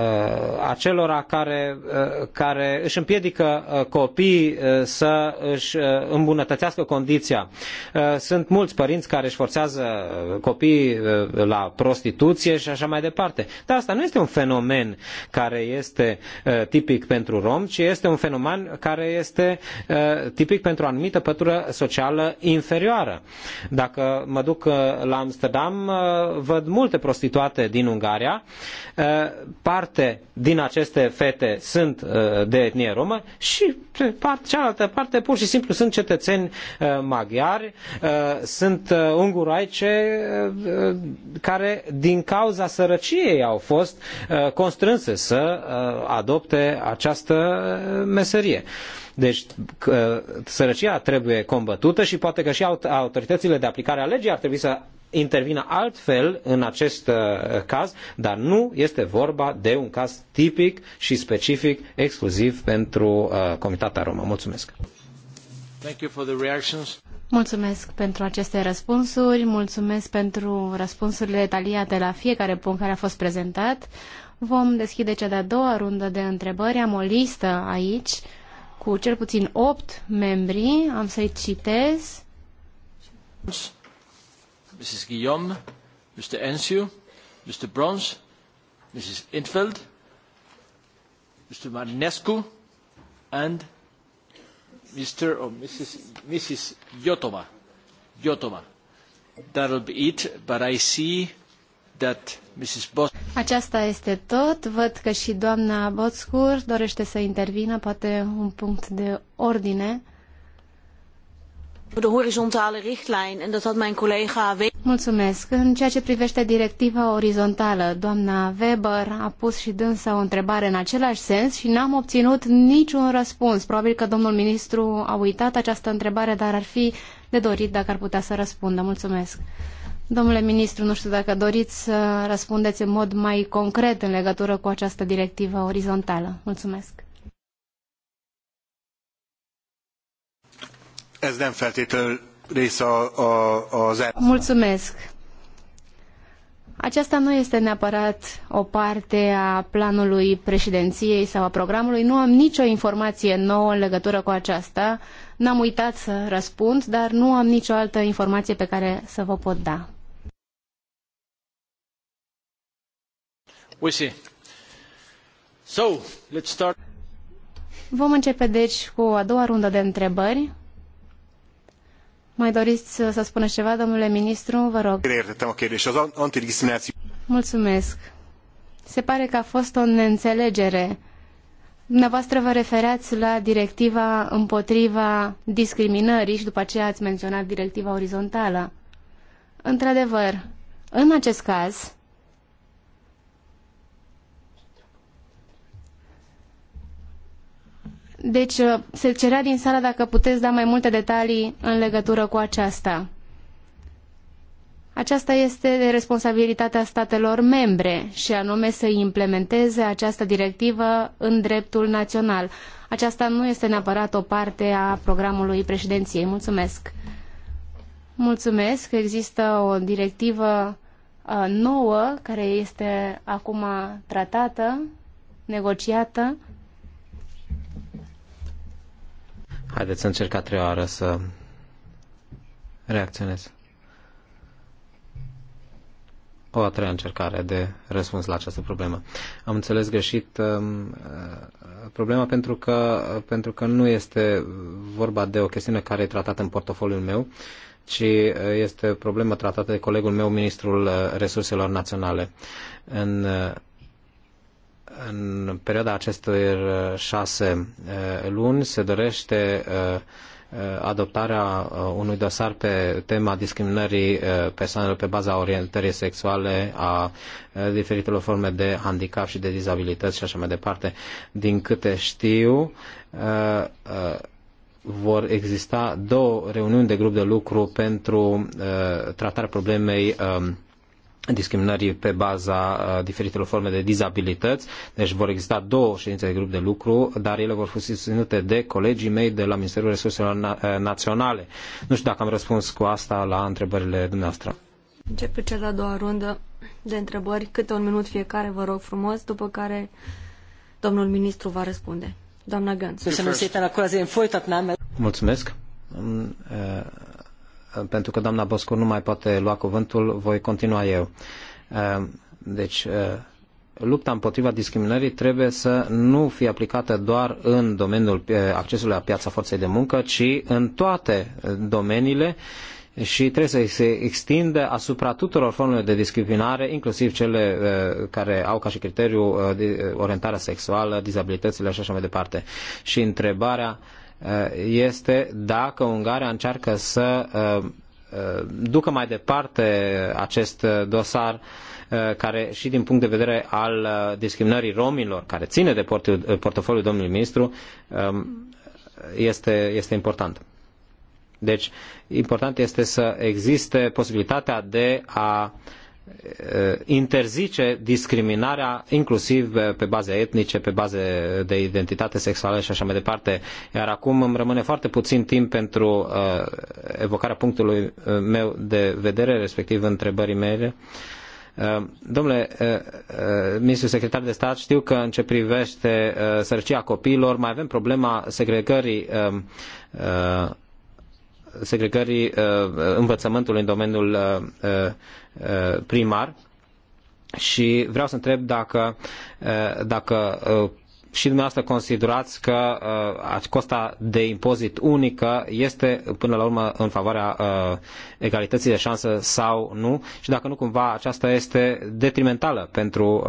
acelora care, uh, care își împiedică uh, copiii să își îmbunătățească condiția. Sunt mulți părinți care își forțează copiii la prostituție și așa mai departe. Dar asta nu este un fenomen care este tipic pentru rom, ci este un fenomen care este tipic pentru o anumită pătură socială inferioară. Dacă mă duc la Amsterdam, văd multe prostituate din Ungaria parte din aceste fete sunt uh, de etnie romă și cealaltă parte pur și simplu sunt cetățeni uh, maghiari, uh, sunt unguroaice care din cauza sărăciei au fost constrânse să adopte această meserie. Deci sărăcia trebuie combătută și poate că și autoritățile de aplicare a legii ar trebui să intervină altfel în acest uh, caz, dar nu este vorba de un caz tipic și specific exclusiv pentru uh, Comitatea Roma. Mulțumesc! Mulțumesc pentru aceste răspunsuri, mulțumesc pentru răspunsurile detaliate la fiecare punct care a fost prezentat. Vom deschide cea de-a doua rundă de întrebări. Am o listă aici cu cel puțin opt membri. Am să-i citez. Mrs. Guillaume, Mr. Ensue, Mr. Bruns, Mrs. Intveld, Mr. Marinescu, and Mr. or Mrs. be it, but I see that Mrs. Bos Aceasta este tot. Văd că și doamna Botscur dorește să intervină, poate un punct de ordine de horizontale richtlijn en dat had mijn collega Mulțumesc. În ceea ce privește directiva orizontală, doamna Weber a pus și dânsa o întrebare în același sens și n-am obținut niciun răspuns. Probabil că domnul ministru a uitat această întrebare, dar ar fi de dorit dacă ar putea să răspundă. Mulțumesc. Domnule ministru, nu știu dacă doriți să răspundeți în mod mai concret în legătură cu această directivă orizontală. Mulțumesc. ez nem feltétlenül része az... Mulțumesc. Aceasta nu este neapărat o parte a planului președinției sau a programului. Nu am nicio informație nouă în legătură cu aceasta. N-am uitat să răspund, dar nu am nicio altă informație pe care să vă pot da. We see. So, let's start. Vom începe deci cu a doua rundă de întrebări. Mai doriți să spuneți ceva, domnule ministru? Vă rog. Mulțumesc. Se pare că a fost o neînțelegere. Dumneavoastră vă refereați la directiva împotriva discriminării și după aceea ați menționat directiva orizontală. Într-adevăr, în acest caz, Deci uh, se cerea din sală dacă puteți da mai multe detalii în legătură cu aceasta. Aceasta este de responsabilitatea statelor membre și anume să implementeze această directivă în dreptul național. Aceasta nu este neapărat o parte a programului președinției. Mulțumesc! Mulțumesc! Există o directivă uh, nouă care este acum tratată, negociată Haideți să încerc a treia oară să reacționez. O a treia încercare de răspuns la această problemă. Am înțeles greșit um, uh, problema pentru că, pentru că nu este vorba de o chestiune care e tratată în portofoliul meu, ci uh, este problemă tratată de colegul meu, ministrul uh, resurselor naționale. În în perioada acestor uh, șase uh, luni se dorește uh, adoptarea unui dosar pe tema discriminării persoanelor pe baza orientării sexuale, a diferitelor forme de handicap și de dizabilități și așa mai departe. Din câte știu, vor exista două reuniuni de grup de lucru pentru tratarea problemei um, discriminării pe baza uh, diferitelor forme de dizabilități. Deci vor exista două ședințe de grup de lucru, dar ele vor fi susținute de colegii mei de la Ministerul Resurselor uh, Naționale. Nu știu dacă am răspuns cu asta la întrebările dumneavoastră. Începe cea de-a doua rundă de întrebări, câte un minut fiecare, vă rog frumos, după care domnul ministru va răspunde. Doamna Gânț. Mulțumesc. Mm, uh, pentru că doamna Boscu nu mai poate lua cuvântul, voi continua eu. Deci, lupta împotriva discriminării trebuie să nu fie aplicată doar în domeniul accesului la piața forței de muncă, ci în toate domeniile și trebuie să se extindă asupra tuturor formelor de discriminare, inclusiv cele care au ca și criteriu orientarea sexuală, dizabilitățile și așa mai departe. Și întrebarea Eh, este dacă Ungaria încearcă să eh, eh, ducă mai departe acest dosar care și din punct de vedere al discriminării romilor, care ține de portofoliul domnului ministru, este, este important. Deci, important este să existe posibilitatea de a uh, Uh, interzice discriminarea inclusiv uh, pe baze etnice, pe baze de identitate sexuală și așa mai departe. Iar acum îmi rămâne foarte puțin timp pentru uh, evocarea punctului meu de vedere, respectiv întrebării mele. Domnule ministru secretar de stat, știu că în ce privește sărăcia copiilor mai avem problema segregării segregării învățământului în domeniul Uh, primar și vreau să întreb dacă, uh, dacă uh, și dumneavoastră considerați că costa de impozit unică este până la urmă în favoarea egalității de șansă sau nu și dacă nu cumva aceasta este detrimentală pentru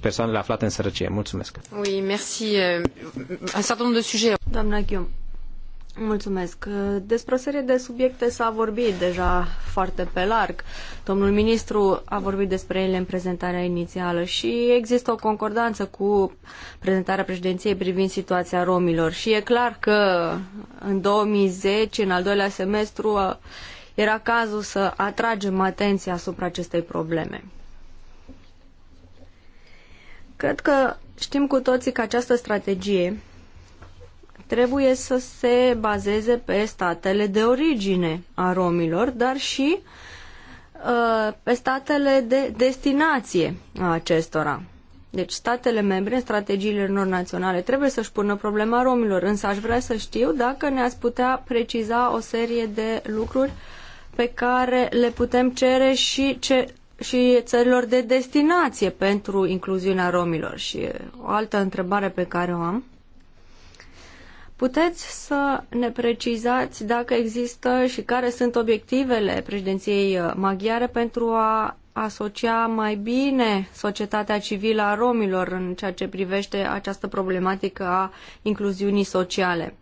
persoanele aflate în sărăcie. Mulțumesc. Oui, merci. Un certain nombre de sujets. Doamna Guillaume. Mulțumesc. Despre o serie de subiecte s-a vorbit deja foarte pe larg. Domnul ministru a vorbit despre ele în prezentarea inițială și există o concordanță cu prezentarea președinției privind situația romilor și e clar că în 2010, în al doilea semestru, era cazul să atragem atenția asupra acestei probleme. Cred că știm cu toții că această strategie trebuie să se bazeze pe statele de origine a romilor, dar și uh, pe statele de destinație a acestora. Deci statele membre în strategiile lor naționale trebuie să-și pună problema romilor, însă aș vrea să știu dacă ne-ați putea preciza o serie de lucruri pe care le putem cere și, ce, și țărilor de destinație pentru incluziunea romilor. Și o altă întrebare pe care o am Puteți să ne precizați dacă există și care sunt obiectivele președinției maghiare pentru a asocia mai bine societatea civilă a romilor în ceea ce privește această problematică a incluziunii sociale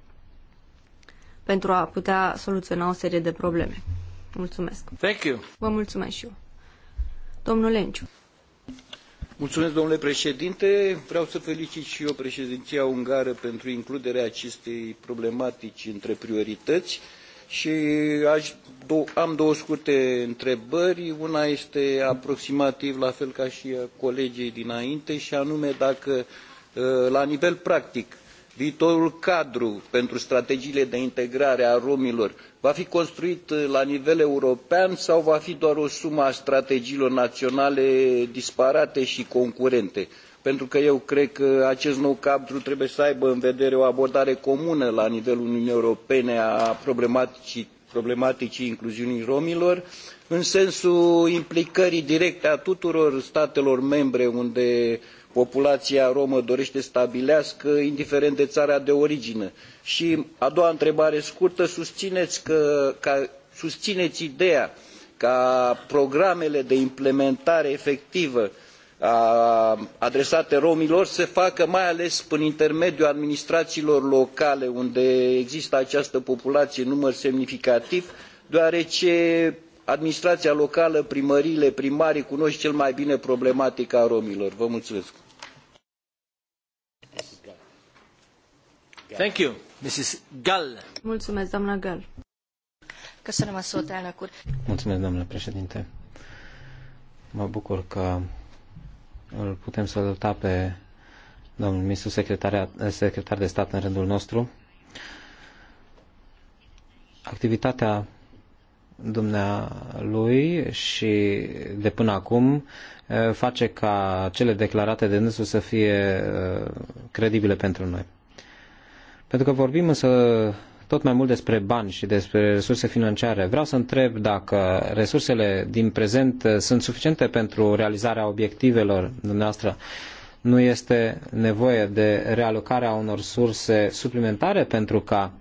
pentru a putea soluționa o serie de probleme. Mulțumesc. Thank you. Vă mulțumesc și eu. Domnul Lenciu. Mulțumesc, domnule președinte. Vreau să felicit și eu președinția ungară pentru includerea acestei problematici între priorități și aș, do, am două scurte întrebări. Una este aproximativ la fel ca și colegii dinainte și anume dacă ă, la nivel practic viitorul cadru pentru strategiile de integrare a romilor va fi construit uh, la nivel european sau va fi doar o sumă a strategiilor naționale disparate și concurente? Pentru că eu cred că acest nou cadru trebuie să aibă în vedere o abordare comună la nivelul Uniunii Europene a problematicii problematicii incluziunii romilor, în sensul implicării directe a tuturor statelor membre unde uh, populația romă dorește să stabilească, indiferent de țara de origine. Și a doua întrebare scurtă, susțineți, că, ca, susțineți ideea ca programele de implementare efectivă a, adresate romilor se facă mai ales prin intermediul administrațiilor locale unde există această populație în număr semnificativ, deoarece administrația locală, primăriile, primarii cunosc cel mai bine problematica romilor. Vă mulțumesc. Mulțumesc, Mulțumesc, președinte. Mă bucur că îl putem saluta pe domnul ministru secretar, secretar de stat în rândul nostru. Activitatea dumnealui și de până acum eh, face ca cele declarate de dânsul să fie eh, credibile pentru noi. Pentru că vorbim însă tot mai mult despre bani și despre resurse financiare. Vreau să întreb dacă resursele din prezent uh, sunt suficiente pentru realizarea obiectivelor dumneavoastră. Nu este nevoie de realocarea unor surse suplimentare pentru ca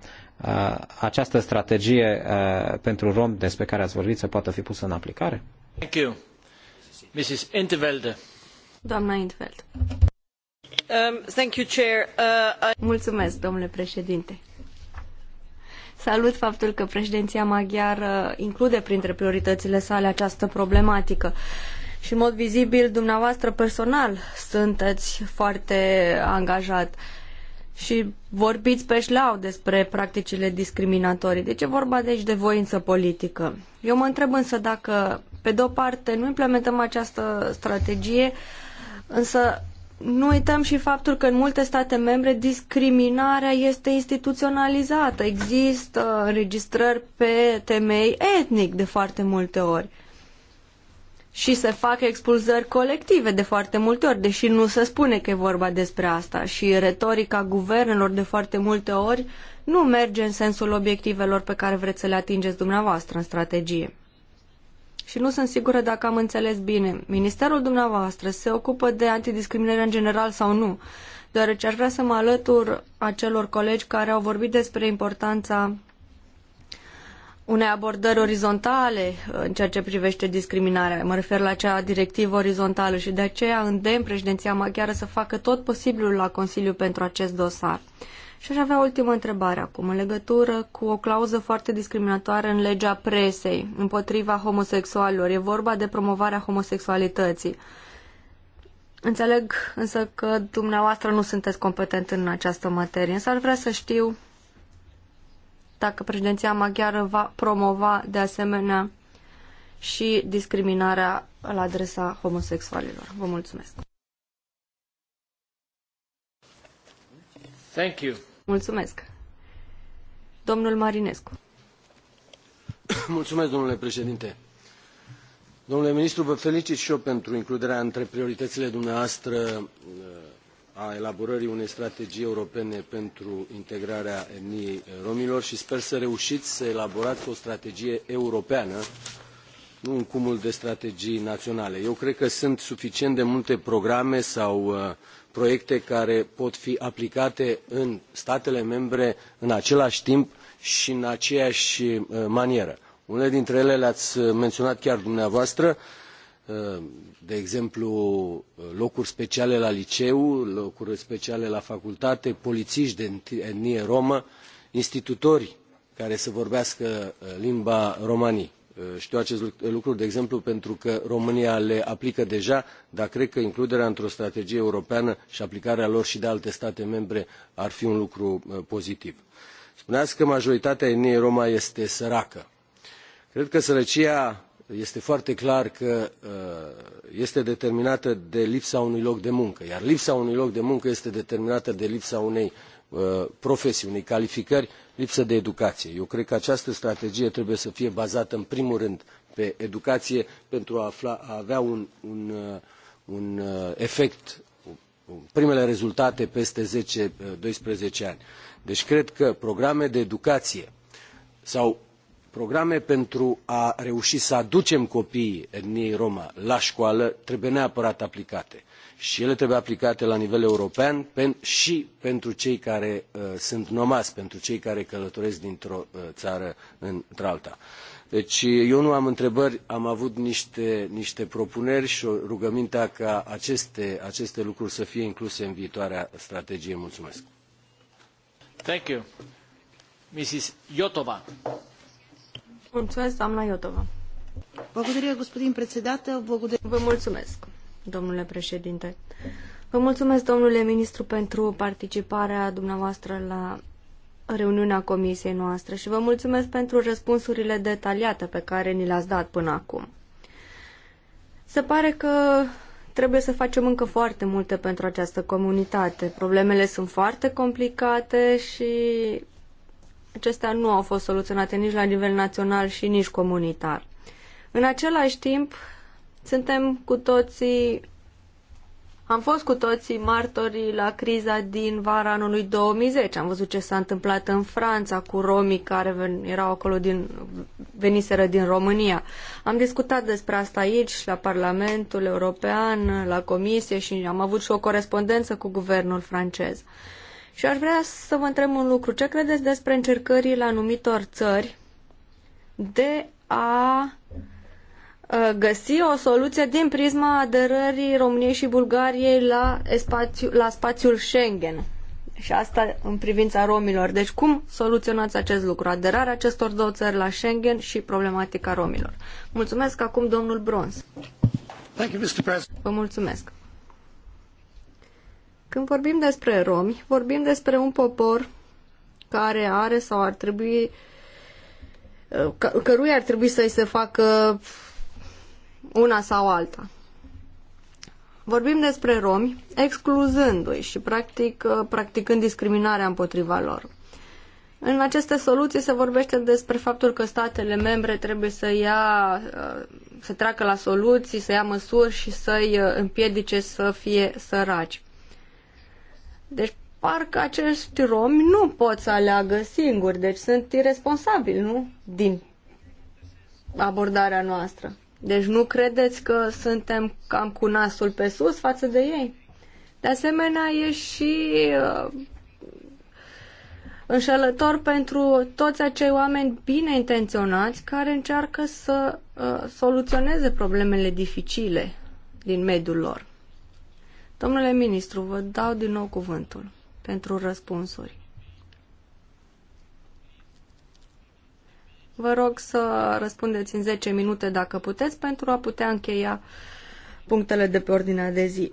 uh, această strategie uh, pentru rom despre care ați vorbit să poată fi pusă în aplicare? Thank you. Mrs. Intervelde. Doamna Intervelde. Um, uh, Mulțumesc, domnule președinte. Salut faptul că președinția maghiară include printre prioritățile sale această problematică. Și în mod vizibil, dumneavoastră personal sunteți foarte angajat și vorbiți pe șleau despre practicile discriminatorii. Deci e vorba deci de voință politică. Eu mă întreb însă dacă, pe de-o parte, nu implementăm această strategie, însă nu uităm și faptul că în multe state membre discriminarea este instituționalizată. Există înregistrări pe temei etnic de foarte multe ori. Și se fac expulzări colective de foarte multe ori, deși nu se spune că e vorba despre asta. Și retorica guvernelor de foarte multe ori nu merge în sensul obiectivelor pe care vreți să le atingeți dumneavoastră în strategie și nu sunt sigură dacă am înțeles bine. Ministerul dumneavoastră se ocupă de antidiscriminare în general sau nu? Deoarece aș vrea să mă alătur acelor colegi care au vorbit despre importanța unei abordări orizontale uh, în ceea ce privește discriminarea. Mă refer la acea directivă orizontală și de aceea îndemn președinția maghiară să facă tot posibilul la Consiliu pentru acest dosar. Și aș avea ultima ultimă întrebare acum, în legătură cu o clauză foarte discriminatoare în legea presei împotriva homosexualilor. E vorba de promovarea homosexualității. Înțeleg însă că dumneavoastră nu sunteți competent în această materie, însă ar vrea să știu dacă președinția maghiară va promova de asemenea și discriminarea la adresa homosexualilor. Vă mulțumesc! Thank you. Mulțumesc. Domnul Marinescu. Mulțumesc, domnule președinte. Domnule ministru, vă felicit și eu pentru includerea între prioritățile dumneavoastră uh, a elaborării unei strategii europene pentru integrarea etniei romilor și sper să reușiți să elaborați o strategie europeană, nu un cumul de strategii naționale. Eu cred că sunt suficient de multe programe sau uh, proiecte care pot fi aplicate în statele membre în același timp și în aceeași uh, manieră. Unele dintre ele le-ați uh, menționat chiar dumneavoastră, uh, de exemplu locuri speciale la liceu, locuri speciale la facultate, polițiști de etnie romă, institutori care să vorbească limba romanii. Eh, știu acest lucru de exemplu pentru că românia le aplică deja dar cred că includerea într o strategie europeană și aplicarea lor și de alte state membre ar fi un lucru eh, pozitiv. spuneați că majoritatea etniei roma este săracă. cred că sărăcia este foarte clar că eh, este determinată de lipsa unui loc de muncă iar lipsa unui loc de muncă este determinată de lipsa unei Uh, unei calificări, lipsă de educație. Eu cred că această strategie trebuie să fie bazată în primul rând pe educație pentru a, afla, a avea un, un, uh, un uh, efect primele rezultate peste zece doisprezece ani. deci cred că programe de educație sau programe pentru a reuși să aducem copiii etniei roma la școală trebuie neapărat aplicate și ele trebuie aplicate la nivel european și pentru cei care uh, sunt nomazi, pentru cei care călătoresc dintr-o uh, țară într-alta. Deci uh, eu nu am întrebări, am avut niște, niște propuneri și rugămintea ca aceste, aceste lucruri să fie incluse în viitoarea strategie. Mulțumesc. Thank you. Mrs. Iotova. Mulțumesc, Iotova. Vă mulțumesc domnule președinte. Vă mulțumesc, domnule ministru, pentru participarea dumneavoastră la reuniunea comisiei noastre și vă mulțumesc pentru răspunsurile detaliate pe care ni le-ați dat până acum. Se pare că trebuie să facem încă foarte multe pentru această comunitate. Problemele sunt foarte complicate și acestea nu au fost soluționate nici la nivel național și nici comunitar. În același timp, suntem cu toții, am fost cu toții martorii la criza din vara anului 2010. Am văzut ce s-a întâmplat în Franța cu romii care ven, erau acolo din, veniseră din România. Am discutat despre asta aici, la Parlamentul European, la Comisie și am avut și o corespondență cu guvernul francez. Și aș vrea să vă întreb un lucru. Ce credeți despre încercările anumitor țări de a Uh, găsi o soluție din prisma aderării României și Bulgariei la, spațiu, la spațiul Schengen. Și asta în privința romilor. Deci cum soluționați acest lucru? Aderarea acestor două țări la Schengen și problematica romilor. Mulțumesc acum domnul Brons. Vă mulțumesc. Când vorbim despre romi, vorbim despre un popor care are sau ar trebui uh, căruia ar trebui să-i se facă una sau alta. Vorbim despre romi, excluzându-i și practic, uh, practicând discriminarea împotriva lor. În aceste soluții se vorbește despre faptul că statele membre trebuie să ia, uh, să treacă la soluții, să ia măsuri și să-i uh, împiedice să fie săraci. Deci, parcă acești romi nu pot să aleagă singuri, deci sunt irresponsabili, nu? Din abordarea noastră. Deci nu credeți că suntem cam cu nasul pe sus față de ei? De asemenea, e și uh, înșelător pentru toți acei oameni bine intenționați care încearcă să uh, soluționeze problemele dificile din mediul lor. Domnule ministru, vă dau din nou cuvântul pentru răspunsuri. Vă rog să răspundeți în 10 minute dacă puteți pentru a putea încheia punctele de pe ordinea de zi.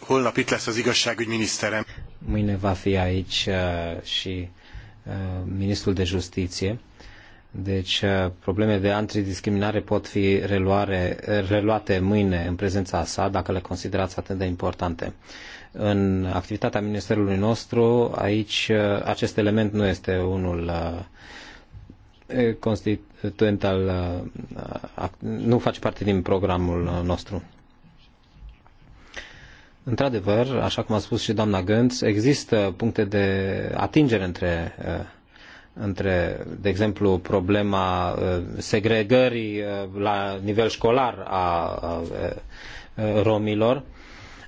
Holnap itt lesz az igazságügy miniszterem. Mâine va fi aici uh, și uh, ministrul de justiție. Deci uh, probleme de antidiscriminare pot fi reluare, reluate mâine în prezența sa, dacă le considerați atât de importante în activitatea Ministerului nostru, aici uh, acest element nu este unul uh, constituent al, uh, nu face parte din programul nostru. Într-adevăr, așa cum a spus și doamna Gânț, există puncte de atingere între, între de exemplu, problema segregării la nivel școlar a romilor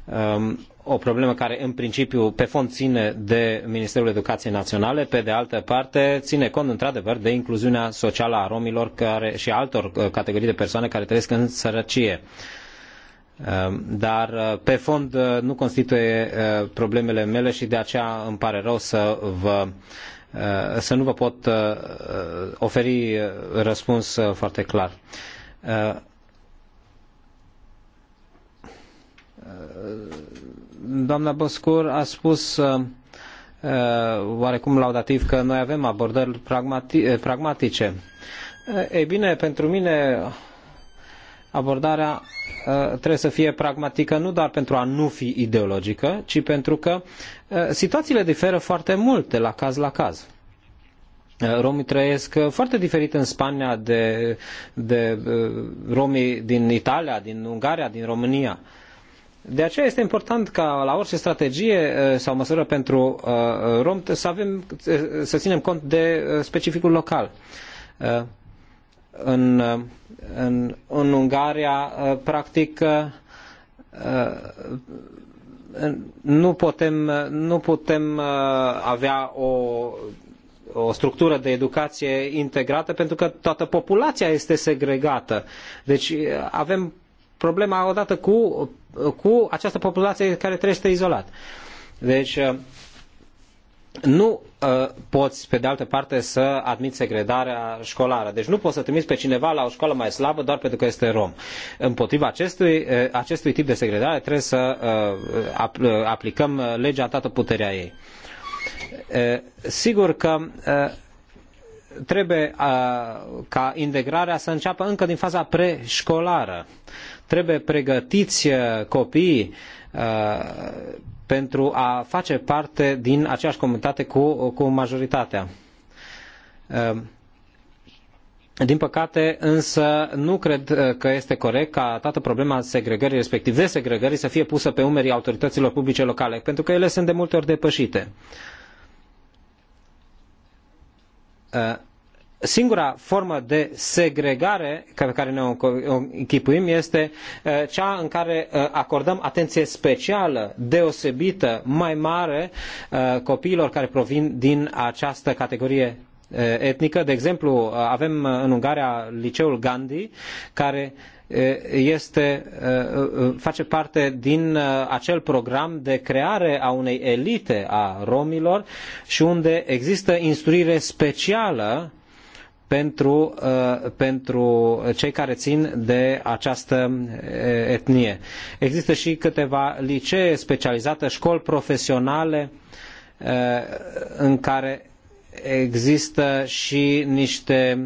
um, o problemă care în principiu pe fond ține de Ministerul Educației Naționale, pe de altă parte ține cont într-adevăr de incluziunea socială a romilor care, și altor uh, categorii de persoane care trăiesc în sărăcie. Um, dar uh, pe fond uh, nu constituie problemele mele și de aceea îmi pare rău să vă să nu vă pot oferi răspuns foarte clar. Doamna Boscur a spus uh, uh, oarecum laudativ că noi avem abordări pragmati eh, pragmatice. Eh, ei bine, pentru mine abordarea eh, trebuie să fie pragmatică nu doar pentru a nu fi ideologică, ci pentru că situațiile diferă foarte mult de la caz la caz. Romii trăiesc foarte diferit în Spania de, de romii din Italia, din Ungaria, din România. Uh, de aceea este important ca la orice strategie uh, sau măsură pentru uh, rom să, avem, uh, să ținem cont de specificul local. În, în, în Ungaria, practic, nu putem, nu putem avea o, o structură de educație integrată pentru că toată populația este segregată. Deci avem problema odată cu, cu această populație care trăiește izolat. Deci, uh, nu uh, poți, pe de altă parte, să admiți segredarea școlară. Deci nu poți să trimiți pe cineva la o școală mai slabă doar pentru că este rom. Împotriva acestui, uh, acestui tip de segredare trebuie să uh, ap uh, aplicăm legea toată puterea ei. Uh, sigur că trebuie ca integrarea să înceapă încă din faza preșcolară Trebuie pregătiți uh, copiii uh, pentru a face parte din aceeași comunitate cu, cu majoritatea. Uh, din păcate, însă, nu cred că este corect ca toată problema segregării, respectiv desegregării, să fie pusă pe umerii autorităților publice locale, pentru că ele sunt de multe ori depășite singura formă de segregare pe care ne o închipuim este uh, cea în care uh, acordăm atenție specială, deosebită, mai mare uh, copiilor care provin din această categorie etnică. De exemplu, avem în Ungaria liceul Gandhi, care este, face parte din acel program de creare a unei elite a romilor și unde există instruire specială pentru, uh, pentru cei care țin de această uh, etnie. Există și câteva licee specializate, școli profesionale uh, în care există și niște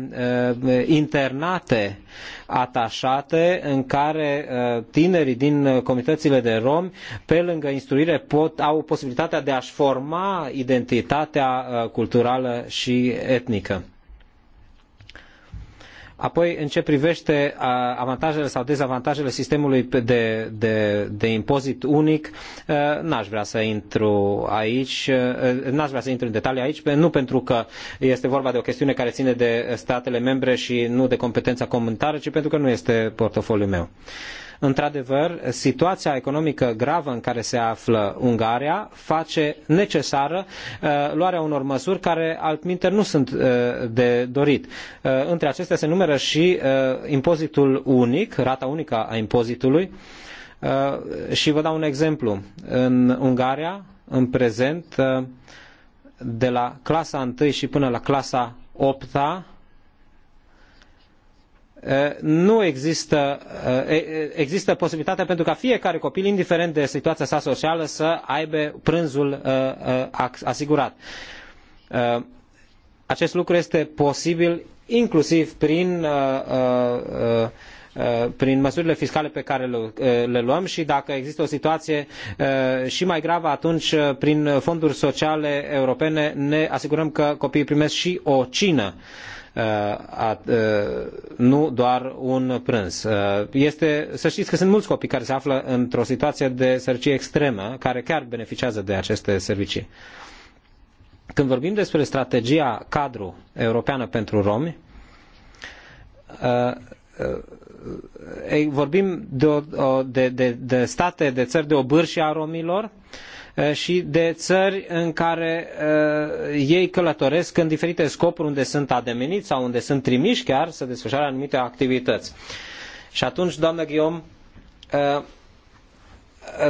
internate atașate în care tinerii din comunitățile de romi, pe lângă instruire, pot, au posibilitatea de a-și forma identitatea culturală și etnică. Apoi, în ce privește avantajele sau dezavantajele sistemului de, de, de impozit unic, n-aș vrea să intru aici, n-aș vrea să intru în detalii aici, nu pentru că este vorba de o chestiune care ține de statele membre și nu de competența comunitară, ci pentru că nu este portofoliul meu. Uh, Într-adevăr, situația economică gravă în care se află Ungaria face necesară uh, luarea unor măsuri care altminte nu sunt uh, de dorit. Uh, între acestea se numără și impozitul unic, rata unică a impozitului. Și vă dau un exemplu. În Ungaria, în prezent, de la clasa 1 și până la clasa 8 -a, Uh, nu există, uh, există posibilitatea pentru ca fiecare copil, indiferent de situația sa socială, să aibă prânzul uh, asigurat. Acest lucru este posibil inclusiv prin, prin măsurile fiscale pe care le luăm și dacă există o situație și mai gravă, atunci prin fonduri sociale europene ne asigurăm că copiii primesc și o cină Uh, uh, nu doar un prânz. Uh, este, să știți că sunt mulți copii care se află într-o situație de sărăcie extremă, care chiar beneficiază de aceste servicii. Când vorbim despre strategia cadru europeană pentru romi, vorbim de, de, de, de state, de țări de obârșie a romilor, Eh, și de țări în care eh, ei călătoresc în diferite scopuri unde sunt ademeniți sau unde sunt trimiși chiar să desfășoare anumite activități. Și atunci, doamnă Guillaume, eh,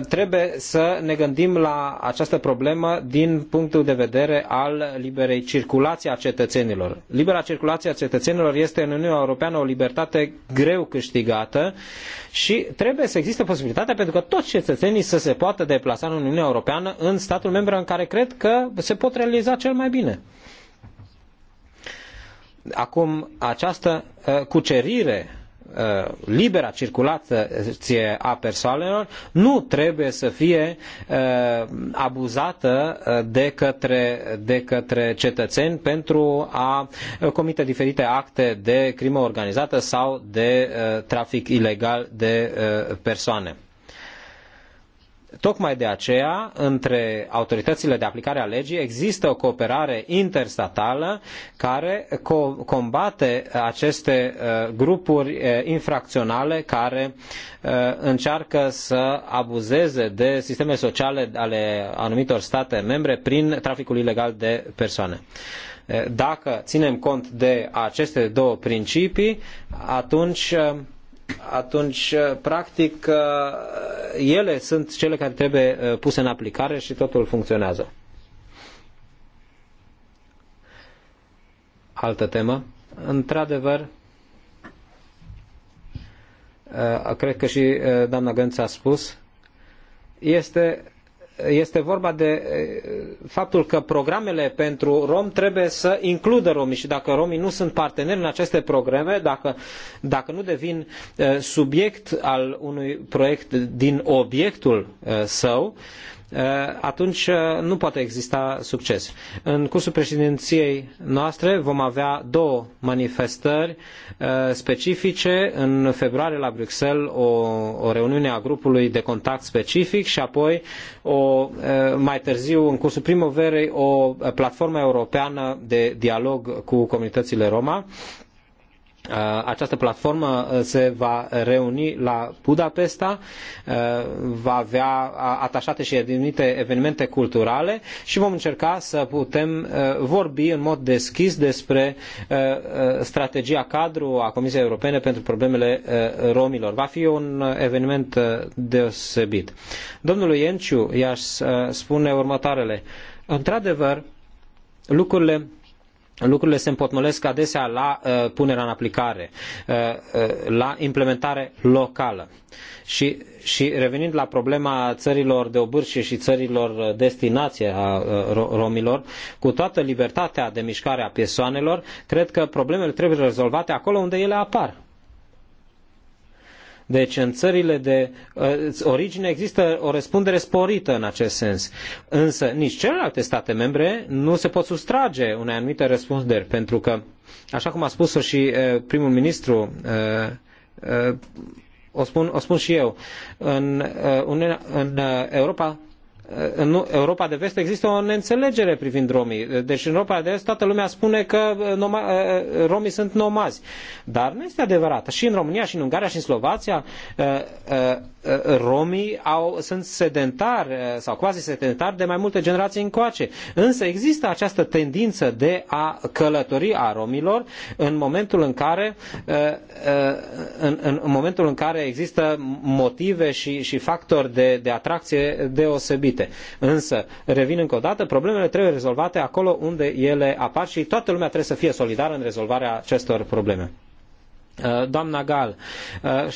trebuie să ne gândim la această problemă din punctul de vedere al liberei circulații a cetățenilor. Libera circulație a cetățenilor este în Uniunea Europeană o libertate greu câștigată și trebuie să existe posibilitatea pentru că toți cetățenii să se poată deplasa în Uniunea Europeană în statul membru în care cred că se pot realiza cel mai bine. Acum, această uh, cucerire Uh, libera circulație a persoanelor nu trebuie să fie uh, abuzată uh, de către, de către cetățeni pentru a comite diferite acte de crimă organizată sau de trafic ilegal de persoane. Tocmai de aceea, între autoritățile de aplicare a legii există o cooperare interstatală care co- combate aceste uh, grupuri uh, infracționale care uh, încearcă să abuzeze de sisteme sociale ale anumitor state membre prin traficul ilegal de persoane. Dacă ținem cont de aceste două principii, atunci atunci, uh, practic, uh, ele sunt cele care trebuie uh, puse în aplicare și totul funcționează. Altă temă. Într-adevăr, cred că și doamna Gânț a spus, este este vorba de faptul că programele pentru romi trebuie să includă romii și dacă romii nu sunt parteneri în aceste programe, dacă, dacă nu devin subiect al unui proiect din obiectul său, Eh, atunci eh, nu poate exista succes. În cursul președinției noastre vom avea două manifestări eh, specifice. În februarie la Bruxelles o, o reuniune a grupului de contact specific și apoi o, mai târziu, în cursul primăverii, o platformă europeană de dialog cu comunitățile Roma Uh, această platformă uh, se va reuni la Budapesta, uh, va avea atașate și edinite evenimente culturale și vom încerca să putem vorbi în mod deschis despre strategia cadru a Comisiei Europene pentru problemele romilor. Va fi un eveniment deosebit. Domnului Enciu i-aș spune următoarele. Într-adevăr, lucrurile lucrurile se împotmolesc adesea la uh, punerea în aplicare, uh, uh, la implementare locală. Și, și revenind la problema țărilor de obârșie și țărilor uh, destinație a uh, romilor, cu toată libertatea de mișcare a persoanelor, cred că problemele trebuie rezolvate acolo unde ele apar deci în țările de uh, origine există o răspundere sporită în acest sens. Însă nici celelalte state membre nu se pot sustrage unei anumite răspunderi, pentru că, așa cum a spus-o și uh, primul ministru, uh, o spun, o spun și eu, în, în Europa în Europa de Vest există o neînțelegere privind romii. Deci în Europa de Vest toată lumea spune că uh, uh, uh, romii sunt nomazi. Dar nu este adevărat. Și în România, și în Ungaria, și în Slovația romii au, sunt sedentari sau quasi sedentari de mai multe generații încoace. Însă există această tendință de a călători a romilor în momentul în care, în, în momentul în care există motive și, și factori de, de atracție deosebit diferite. Însă, revin încă o dată, problemele trebuie rezolvate acolo unde ele apar și toată lumea trebuie să fie solidară în rezolvarea acestor probleme. Uh, doamna Gal, uh,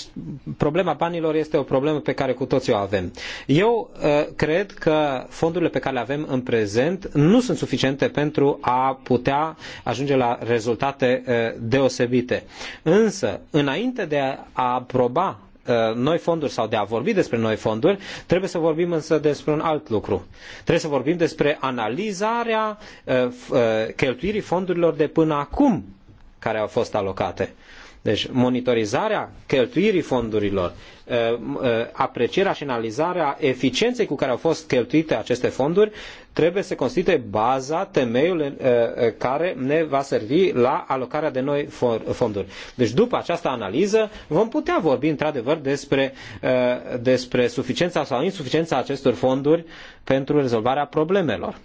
problema banilor este o problemă pe care cu toții o avem. Eu uh, cred că fondurile pe care le avem în prezent nu sunt suficiente pentru a putea ajunge la rezultate deosebite. Însă, înainte de a aproba Uh, noi fonduri sau de a vorbi despre noi fonduri, trebuie să vorbim însă despre un alt lucru. Trebuie să vorbim despre analizarea uh, uh, cheltuirii fondurilor de până acum care au fost alocate. Deci monitorizarea cheltuirii fondurilor, uh, uh, aprecierea și analizarea eficienței cu care au fost cheltuite aceste fonduri trebuie să constituie baza, temeiul uh, care ne va servi la alocarea de noi fonduri. Deci după această analiză vom putea vorbi într-adevăr despre, despre suficiența sau insuficiența acestor fonduri pentru rezolvarea problemelor.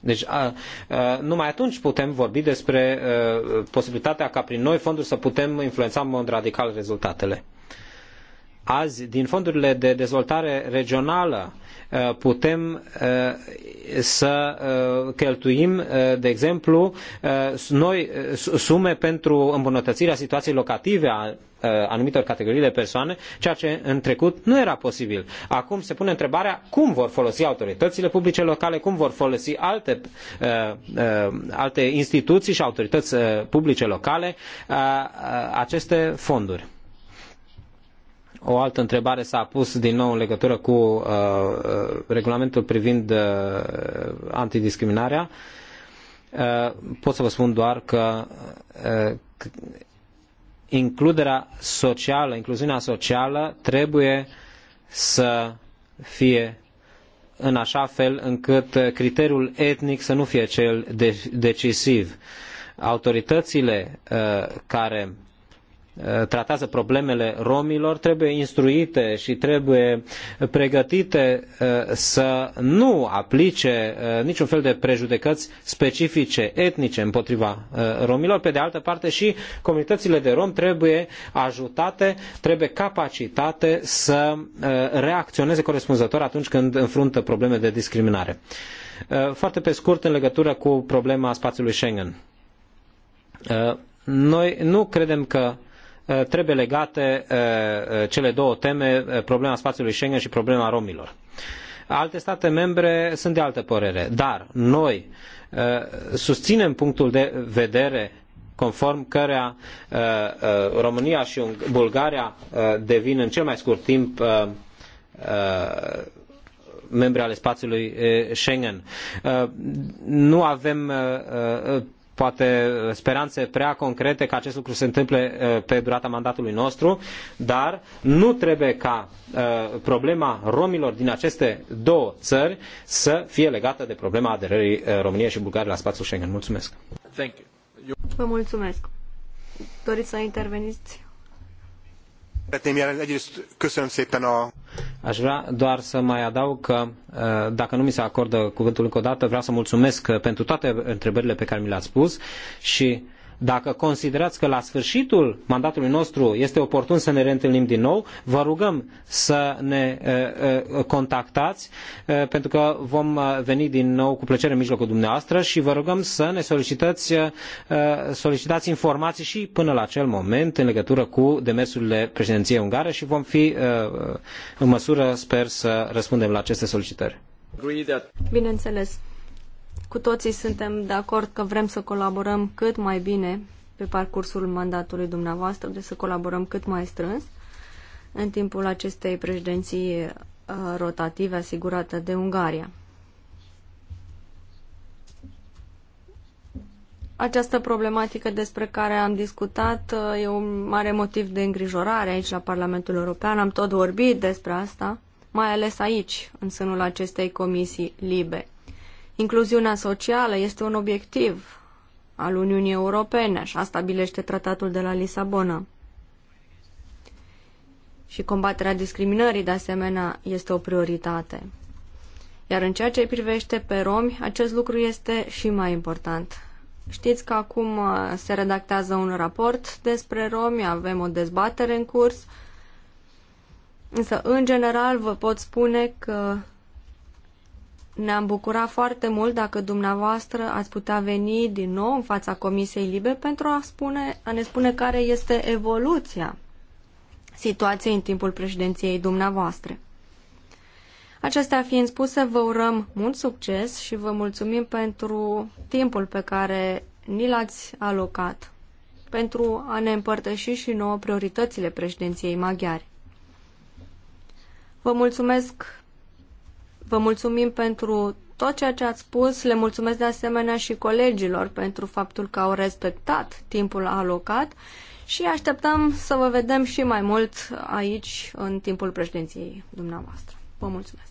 Deci a, a, numai atunci putem vorbi despre a, posibilitatea ca prin noi fonduri să putem influența în mod radical rezultatele. Azi, din fondurile de dezvoltare regională, uh, putem uh, să uh, cheltuim, de exemplu, noi sume pentru îmbunătățirea situației locative a anumitor categorii de persoane, ceea ce în trecut nu era posibil. Acum se pune întrebarea cum vor folosi autoritățile publice locale, cum vor folosi alte, alte instituții și autorități publice locale aceste fonduri. O altă întrebare s-a pus din nou în legătură cu uh, uh, regulamentul privind uh, antidiscriminarea. Uh, pot să vă spun doar că uh, includerea socială, incluziunea socială trebuie să fie în așa fel încât criteriul etnic să nu fie cel de decisiv. Autoritățile uh, care tratează problemele romilor trebuie instruite și trebuie pregătite uh, să nu aplice uh, niciun fel de prejudecăți specifice etnice împotriva uh, romilor. Pe de altă parte și comunitățile de rom trebuie ajutate, trebuie capacitate să reacționeze corespunzător atunci când înfruntă probleme de discriminare. Foarte pe scurt în legătură cu problema spațiului Schengen. Noi nu credem că Eh, trebuie legate eh, eh, cele două teme, problema spațiului Schengen și problema romilor. Alte state membre sunt de altă părere, dar noi susținem punctul de vedere conform cărea România și Bulgaria devin în cel mai scurt timp membre ale spațiului Schengen. Nu avem poate speranțe prea concrete că acest lucru se întâmple uh, pe durata mandatului nostru, dar nu trebuie ca uh, problema romilor din aceste două țări să fie legată de problema aderării uh, României și Bulgariei la spațiul Schengen. Mulțumesc! Vă mulțumesc! Doriți să interveniți Aș vrea doar să mai adaug că, eh, dacă nu mi se acordă cuvântul încă o dată, vreau să mulțumesc pentru toate întrebările pe care mi le-ați pus și dacă considerați că la sfârșitul mandatului nostru este oportun să ne reîntâlnim din nou, vă rugăm să ne contactați, pentru că vom veni din nou cu plăcere în mijlocul dumneavoastră și vă rugăm să ne solicitați, solicitați informații și până la acel moment în legătură cu demersurile președinției ungare și vom fi în măsură, sper, să răspundem la aceste solicitări. Bineînțeles, cu toții suntem de acord că vrem să colaborăm cât mai bine pe parcursul mandatului dumneavoastră, de să colaborăm cât mai strâns în timpul acestei președinții uh, rotative asigurată de Ungaria. Această problematică despre care am discutat uh, e un mare motiv de îngrijorare aici la Parlamentul European. Am tot vorbit despre asta, mai ales aici, în sânul acestei comisii libe. Incluziunea socială este un obiectiv al Uniunii Europene, așa stabilește tratatul de la Lisabona. Și combaterea discriminării, de asemenea, este o prioritate. Iar în ceea ce privește pe romi, acest lucru este și mai important. Știți că acum uh, se redactează un raport despre romi, avem o dezbatere în curs, însă, în general, vă pot spune că ne-am bucurat foarte mult dacă dumneavoastră ați putea veni din nou în fața Comisiei Libe pentru a, spune, a ne spune care este evoluția situației în timpul președinției dumneavoastră. Acestea fiind spuse, vă urăm mult succes și vă mulțumim pentru timpul pe care ni l-ați alocat pentru a ne împărtăși și nouă prioritățile președinției maghiare. Vă mulțumesc Vă mulțumim pentru tot ceea ce ați spus. Le mulțumesc de asemenea și colegilor pentru faptul că au respectat timpul alocat și așteptăm să vă vedem și mai mult aici în timpul președinției dumneavoastră. Vă mulțumesc!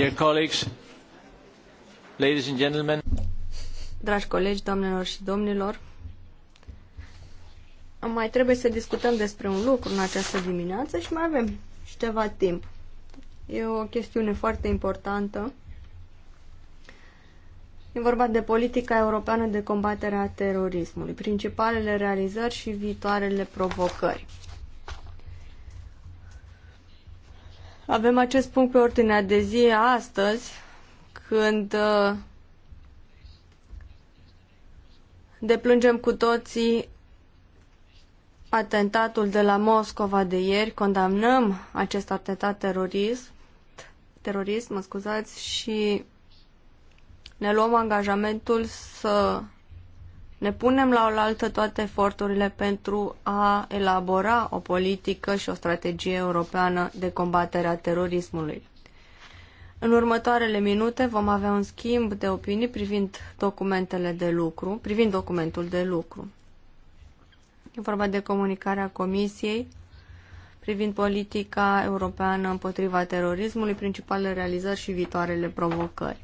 Dear colleagues, ladies and gentlemen. Dragi colegi, doamnelor și domnilor, mai trebuie să discutăm despre un lucru în această dimineață și mai avem și ceva timp. E o chestiune foarte importantă. E vorba de politica europeană de combatere a terorismului, principalele realizări și viitoarele provocări. Avem acest punct pe ordinea de zi astăzi, când uh, deplângem cu toții atentatul de la Moscova de ieri, condamnăm acest atentat terorist, terorism, mă scuzați, și ne luăm angajamentul să ne punem la oaltă toate eforturile pentru a elabora o politică și o strategie europeană de combatere a terorismului. În următoarele minute vom avea un schimb de opinii privind documentele de lucru, privind documentul de lucru. E vorba de comunicarea Comisiei privind politica europeană împotriva terorismului, principalele realizări și viitoarele provocări.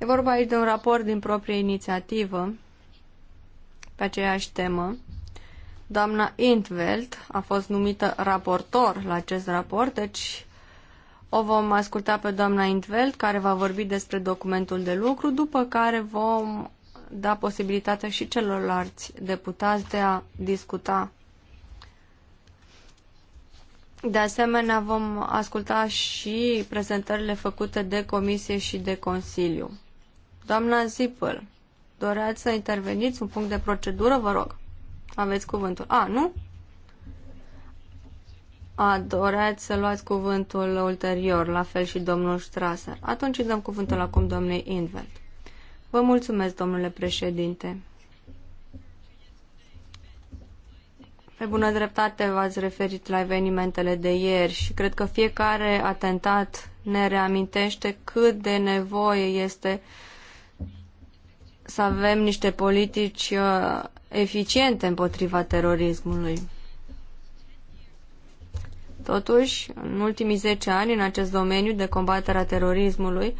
E vorba aici de un raport din proprie inițiativă pe aceeași temă. Doamna Intveld a fost numită raportor la acest raport, deci o vom asculta pe doamna Intveld, care va vorbi despre documentul de lucru, după care vom da posibilitatea și celorlalți deputați de a discuta. De asemenea, vom asculta și prezentările făcute de Comisie și de Consiliu. Doamna Zipăl, doreați să interveniți un punct de procedură, vă rog. Aveți cuvântul. A, nu? A, doreați să luați cuvântul ulterior, la fel și domnul Strasser. Atunci îi dăm cuvântul acum domnului Invert. Vă mulțumesc, domnule președinte. Pe bună dreptate v-ați referit la evenimentele de ieri și cred că fiecare atentat ne reamintește cât de nevoie este uh, să avem niște politici uh, eficiente împotriva terorismului. Totuși, în ultimii 10 ani, în acest domeniu de combatere a terorismului,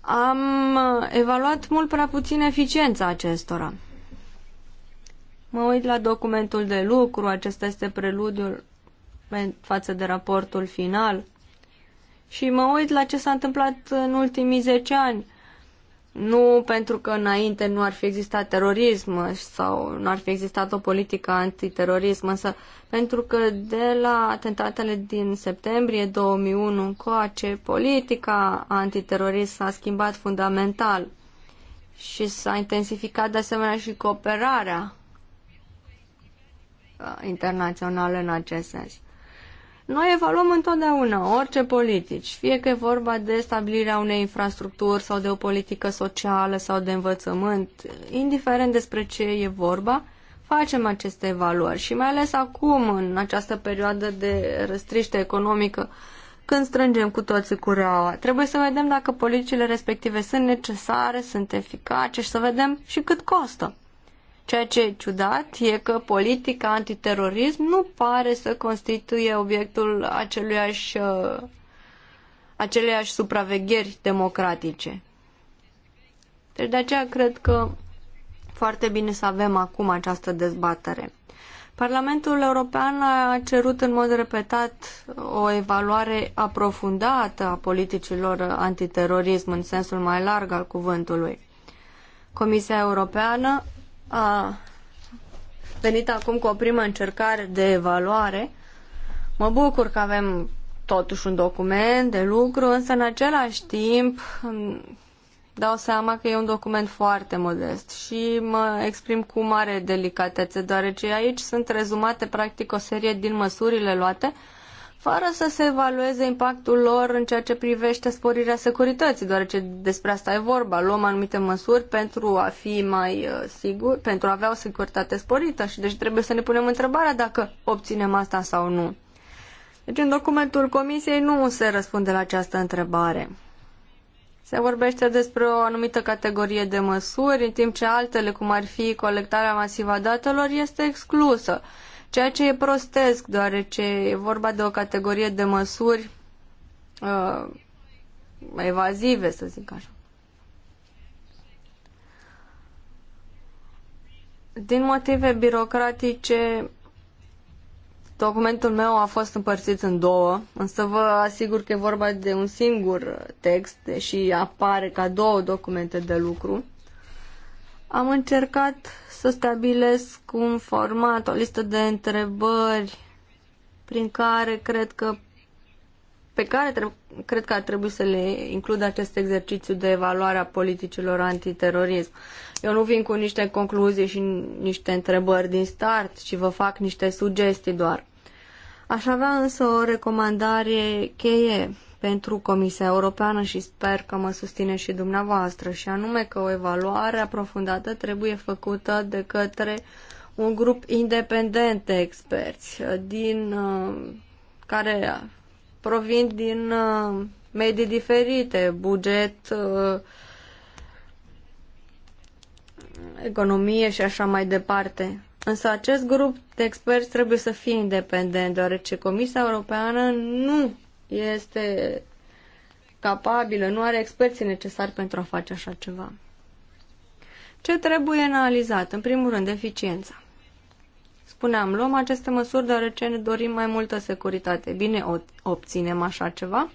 am uh, evaluat mult prea puțin eficiența acestora. Mă uit la documentul de lucru, acesta este preludiul față de raportul final și mă uit la ce s-a întâmplat în ultimii 10 ani – nu pentru că înainte nu ar fi existat terorism sau nu ar fi existat o politică antiterorism, însă pentru că de la atentatele din septembrie 2001 încoace, politica antiterorism s-a schimbat fundamental și s-a intensificat de asemenea și cooperarea uh, internațională în acest sens. Noi evaluăm întotdeauna orice politici, fie că e vorba de stabilirea unei infrastructuri sau de o politică socială sau de învățământ, indiferent despre ce e vorba, facem aceste evaluări și mai ales acum, în această perioadă de răstriște economică, când strângem cu toții cureaua. Trebuie să vedem dacă politicile respective sunt necesare, sunt eficace și să vedem și cât costă. Ceea ce e ciudat e că politica antiterorism nu pare să constituie obiectul aceluiași, uh, aceleiași supravegheri democratice. Deci de aceea cred că foarte bine să avem acum această dezbatere. Parlamentul European a cerut în mod repetat o evaluare aprofundată a politicilor antiterorism în sensul mai larg al cuvântului. Comisia Europeană a venit acum cu o primă încercare de evaluare. Mă bucur că avem totuși un document de lucru, însă în același timp dau seama că e un document foarte modest și mă exprim cu mare delicatețe, deoarece aici sunt rezumate practic o serie din măsurile luate fără să se evalueze impactul lor în ceea ce privește sporirea securității, deoarece despre asta e vorba. Luăm anumite măsuri pentru a fi mai uh, sigur, pentru a avea o securitate sporită și deci trebuie să ne punem întrebarea dacă obținem asta sau nu. Deci în documentul comisiei nu se răspunde la această întrebare. Se vorbește despre o anumită categorie de măsuri, în timp ce altele, cum ar fi colectarea masivă a datelor, este exclusă ceea ce e prostesc, deoarece e vorba de o categorie de măsuri uh, evazive, să zic așa. Din motive birocratice, documentul meu a fost împărțit în două, însă vă asigur că e vorba de un singur text, deși apare ca două documente de lucru. Am încercat să stabilesc un format, o listă de întrebări prin care cred că pe care cred că ar trebui să le includ acest exercițiu de evaluare a politicilor antiterorism. Eu nu vin cu niște concluzii și niște întrebări din start, ci vă fac niște sugestii doar. Aș avea însă o recomandare cheie pentru Comisia Europeană și sper că mă susține și dumneavoastră, și anume că o evaluare aprofundată trebuie făcută de către un grup independent de experți uh, din, uh, care provin din uh, medii diferite, buget, economie și așa mai departe. Însă acest grup de experți trebuie să fie independent, deoarece Comisia Europeană nu este capabilă, nu are experții necesari pentru a face așa ceva. Ce trebuie analizat? În primul rând, eficiența. Spuneam, luăm aceste măsuri deoarece ne dorim mai multă securitate. Bine, obținem așa ceva.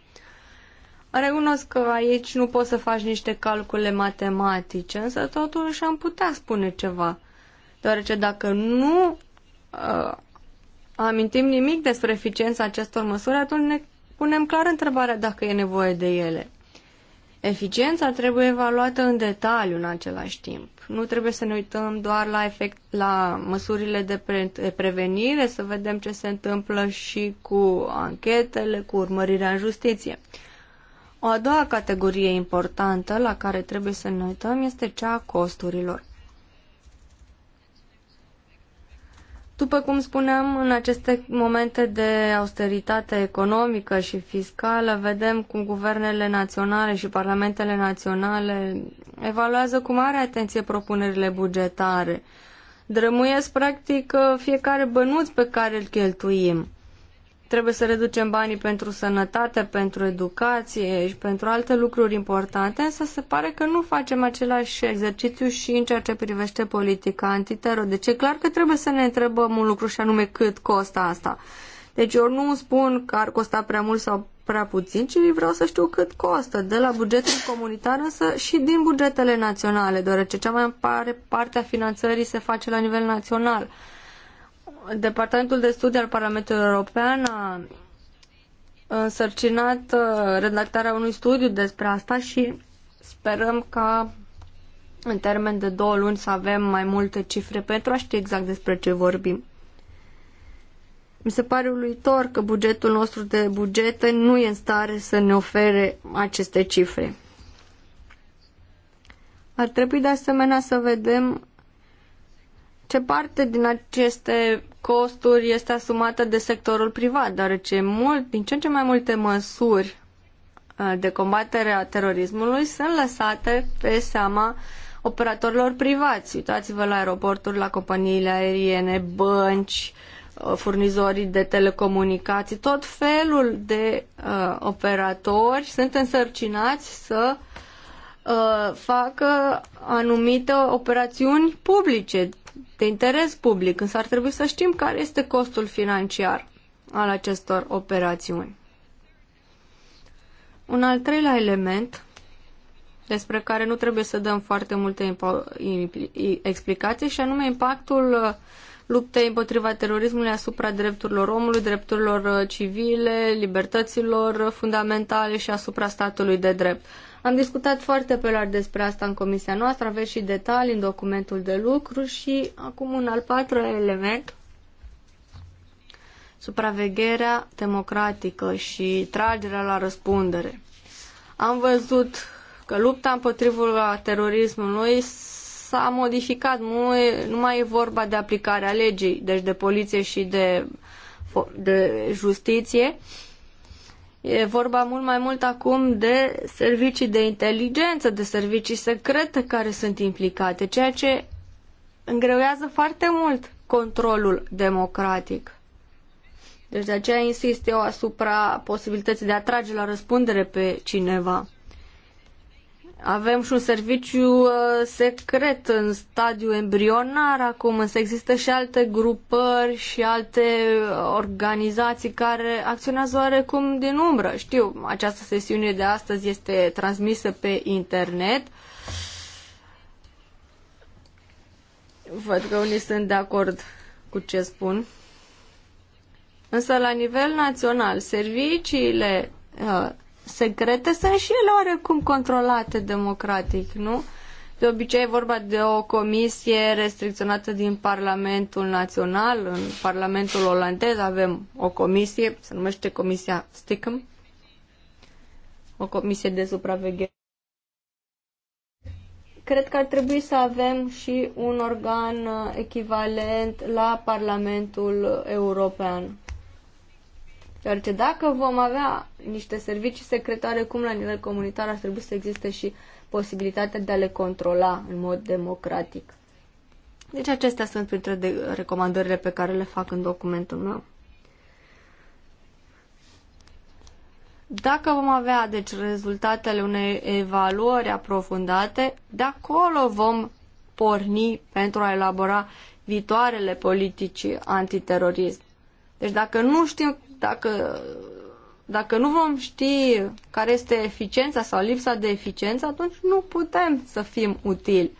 Recunosc că aici nu poți să faci niște calcule matematice, însă totuși am putea spune ceva. Deoarece dacă nu uh, amintim nimic despre eficiența acestor măsuri, atunci ne punem clar întrebarea dacă e nevoie de ele. Eficiența trebuie evaluată în detaliu în același timp. Nu trebuie să ne uităm doar la, efect, la măsurile de, pre, prevenire, să vedem ce se întâmplă și cu anchetele, cu urmărirea în justiție. O a doua categorie importantă la care trebuie să ne uităm este cea a costurilor. După cum spuneam, în aceste momente de austeritate economică și fiscală, vedem cum guvernele naționale și parlamentele naționale evaluează cu mare atenție propunerile bugetare. Drămuiesc, practic, fiecare bănuț pe care îl cheltuim trebuie să reducem banii pentru sănătate, pentru educație și pentru alte lucruri importante, însă se pare că nu facem același exercițiu și în ceea ce privește politica antiteror. Deci e clar că trebuie să ne întrebăm un lucru și anume cât costă asta. Deci eu nu spun că ar costa prea mult sau prea puțin, ci vreau să știu cât costă de la bugetul comunitar, însă și din bugetele naționale, deoarece cea mai mare parte a finanțării se face la nivel național. Departamentul de Studii al Parlamentului European a însărcinat uh, redactarea unui studiu despre asta și sperăm ca în termen de două luni să avem mai multe cifre pentru a ști exact despre ce vorbim. Mi se pare uluitor că bugetul nostru de bugete nu e în stare să ne ofere aceste cifre. Ar trebui de asemenea să vedem ce parte din aceste costuri este asumată de sectorul privat, deoarece mult, din ce în ce mai multe măsuri uh, de combatere a terorismului sunt lăsate pe seama operatorilor privați. Uitați-vă la aeroporturi, la companiile aeriene, bănci, uh, furnizorii de telecomunicații, tot felul de uh, operatori sunt însărcinați să uh, facă anumite operațiuni publice de interes public, însă ar trebui să știm care este costul financiar al acestor operațiuni. Un al treilea element despre care nu trebuie să dăm foarte multe explicații și anume impactul uh, luptei împotriva terorismului asupra drepturilor omului, drepturilor uh, civile, libertăților uh, fundamentale și asupra statului de drept. Am discutat foarte pe larg despre asta în comisia noastră, aveți și detalii în documentul de lucru și acum un al patrulea element, supravegherea democratică și tragerea la răspundere. Am văzut că lupta împotriva terorismului s-a modificat, nu, nu mai e vorba de aplicarea legii, deci de poliție și de, de justiție, uh, E vorba mult mai mult acum de servicii de inteligență, de servicii secrete care sunt implicate, ceea ce îngreuează foarte mult controlul democratic. Deci de aceea insist eu asupra posibilității de a trage la răspundere pe cineva. Avem și un serviciu uh, secret în stadiu embrionar acum, însă există și alte grupări și alte uh, organizații care acționează oarecum din umbră. Știu, această sesiune de astăzi este transmisă pe internet. Văd că unii sunt de acord cu ce spun. Însă, la nivel național, serviciile uh, secrete sunt și ele oarecum controlate democratic, nu? De obicei e vorba de o comisie restricționată din Parlamentul Național. În Parlamentul olandez avem o comisie, se numește Comisia Stickham, o comisie de supraveghere. Cred că ar trebui să avem și un organ echivalent la Parlamentul European. Deoarece dacă vom avea niște servicii secretare, cum la nivel comunitar ar trebui să existe și posibilitatea de a le controla în mod democratic. Deci acestea sunt printre de recomandările pe care le fac în documentul meu. Dacă vom avea, deci, rezultatele unei evaluări aprofundate, de acolo vom porni pentru a elabora viitoarele politici antiterorism. Deci dacă nu știm dacă, dacă nu vom ști care este eficiența sau lipsa de eficiență, atunci nu putem să fim utili.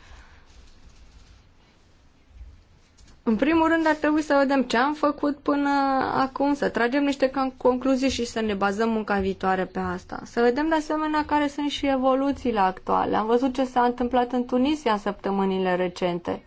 În primul rând ar trebui să vedem ce am făcut până acum, să tragem niște concluzii și să ne bazăm munca viitoare pe asta. Să vedem de asemenea care sunt și evoluțiile actuale. Am văzut ce s-a întâmplat în Tunisia în săptămânile recente.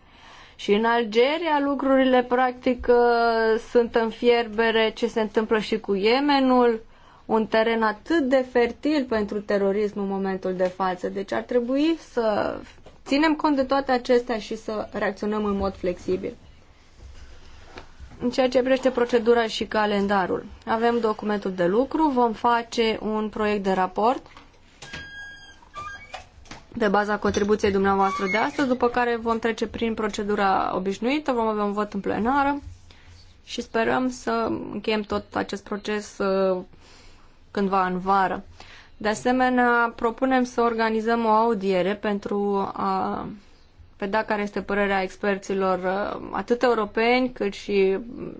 Și în Algeria lucrurile practic uh, sunt în fierbere, ce se întâmplă și cu Yemenul, un teren atât de fertil pentru terorism în momentul de față. Deci ar trebui să ținem cont de toate acestea și să reacționăm în mod flexibil. În ceea ce privește procedura și calendarul, avem documentul de lucru, vom face un proiect de raport pe baza contribuției dumneavoastră de astăzi, după care vom trece prin procedura obișnuită, vom avea un vot în plenară și sperăm să încheiem tot acest proces uh, cândva în vară. De asemenea, propunem să organizăm o audiere pentru a vedea care este părerea experților uh, atât europeni cât și mm,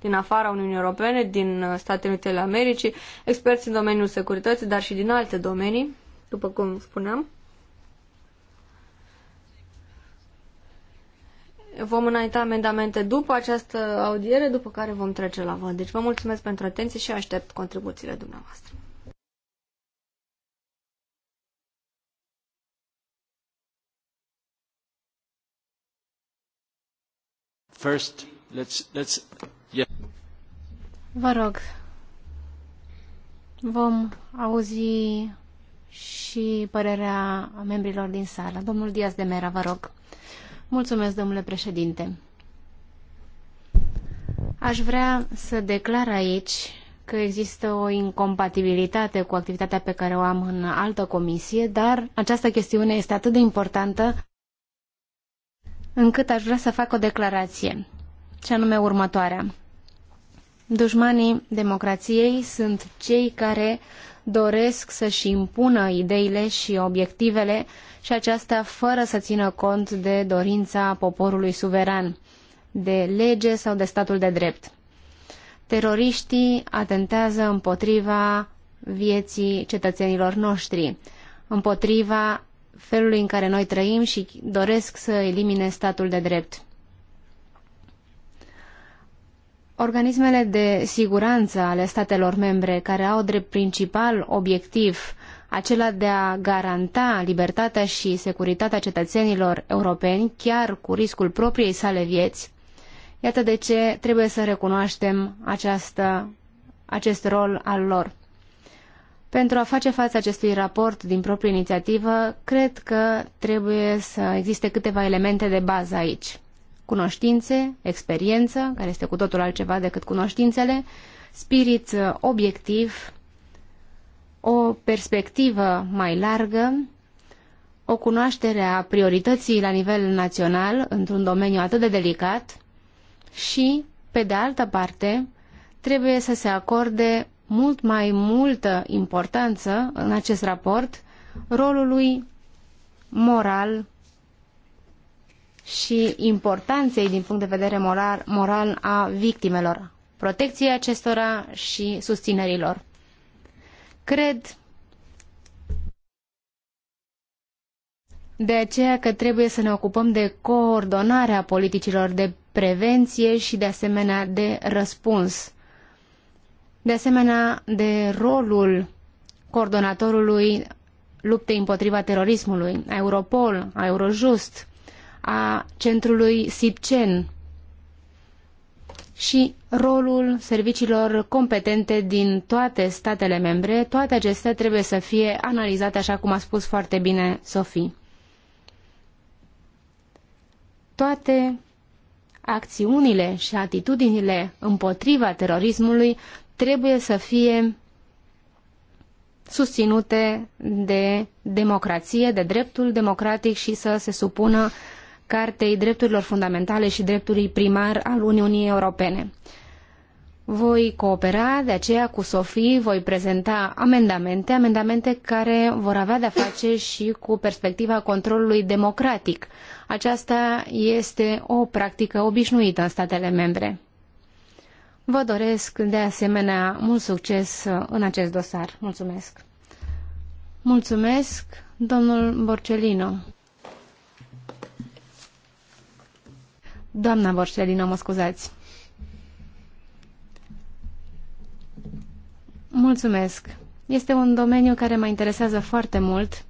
din afara Uniunii Europene, din uh, Statele Unite ale Americii, experți în domeniul securității, dar și din alte domenii, după cum spuneam. Vom înainta amendamente după această audiere, după care vom trece la vot. Deci vă mulțumesc pentru atenție și aștept contribuțiile dumneavoastră. First, let's, let's, yeah. Vă rog, vom auzi și părerea membrilor din sală. Domnul Diaz de Mera, vă rog. Mulțumesc, domnule președinte. Aș vrea să declar aici că există o incompatibilitate cu activitatea pe care o am în altă comisie, dar această chestiune este atât de importantă încât aș vrea să fac o declarație, ce anume următoarea. Dușmanii democrației sunt cei care doresc să-și impună ideile și obiectivele și aceasta fără să țină cont de dorința poporului suveran, de lege sau de statul de drept. Teroriștii atentează împotriva vieții cetățenilor noștri, împotriva felului în care noi trăim și doresc să elimine statul de drept. Organismele de siguranță ale statelor membre, care au drept principal obiectiv acela de a garanta libertatea și securitatea cetățenilor europeni, chiar cu riscul propriei sale vieți, iată de ce trebuie să recunoaștem această, acest rol al lor. Pentru a face față acestui raport din proprie inițiativă, cred că trebuie să existe câteva elemente de bază aici cunoștințe, experiență, care este cu totul altceva decât cunoștințele, spirit uh, obiectiv, o perspectivă mai largă, o cunoaștere a priorității la nivel național într-un domeniu atât de delicat și, pe de altă parte, trebuie să se acorde mult mai multă importanță în acest raport rolului moral și importanței din punct de vedere moral, moral a victimelor, protecției acestora și susținerilor. Cred de aceea că trebuie să ne ocupăm de coordonarea politicilor de prevenție și de asemenea de răspuns. De asemenea, de rolul coordonatorului luptei împotriva terorismului, a Europol, a Eurojust, a centrului SIPCEN și rolul serviciilor competente din toate statele membre, toate acestea trebuie să fie analizate așa cum a spus foarte bine Sofie. Toate acțiunile și atitudinile împotriva terorismului trebuie să fie susținute de democrație, de dreptul democratic și să se supună Cartei Drepturilor Fundamentale și Dreptului Primar al Uniunii Europene. Voi coopera de aceea cu Sofie, voi prezenta amendamente, amendamente care vor avea de-a face și cu perspectiva controlului democratic. Aceasta este o practică obișnuită în statele membre. Vă doresc de asemenea mult succes în acest dosar. Mulțumesc! Mulțumesc, domnul Borcelino. Doamna Borșelină, mă scuzați. Mulțumesc. Este un domeniu care mă interesează foarte mult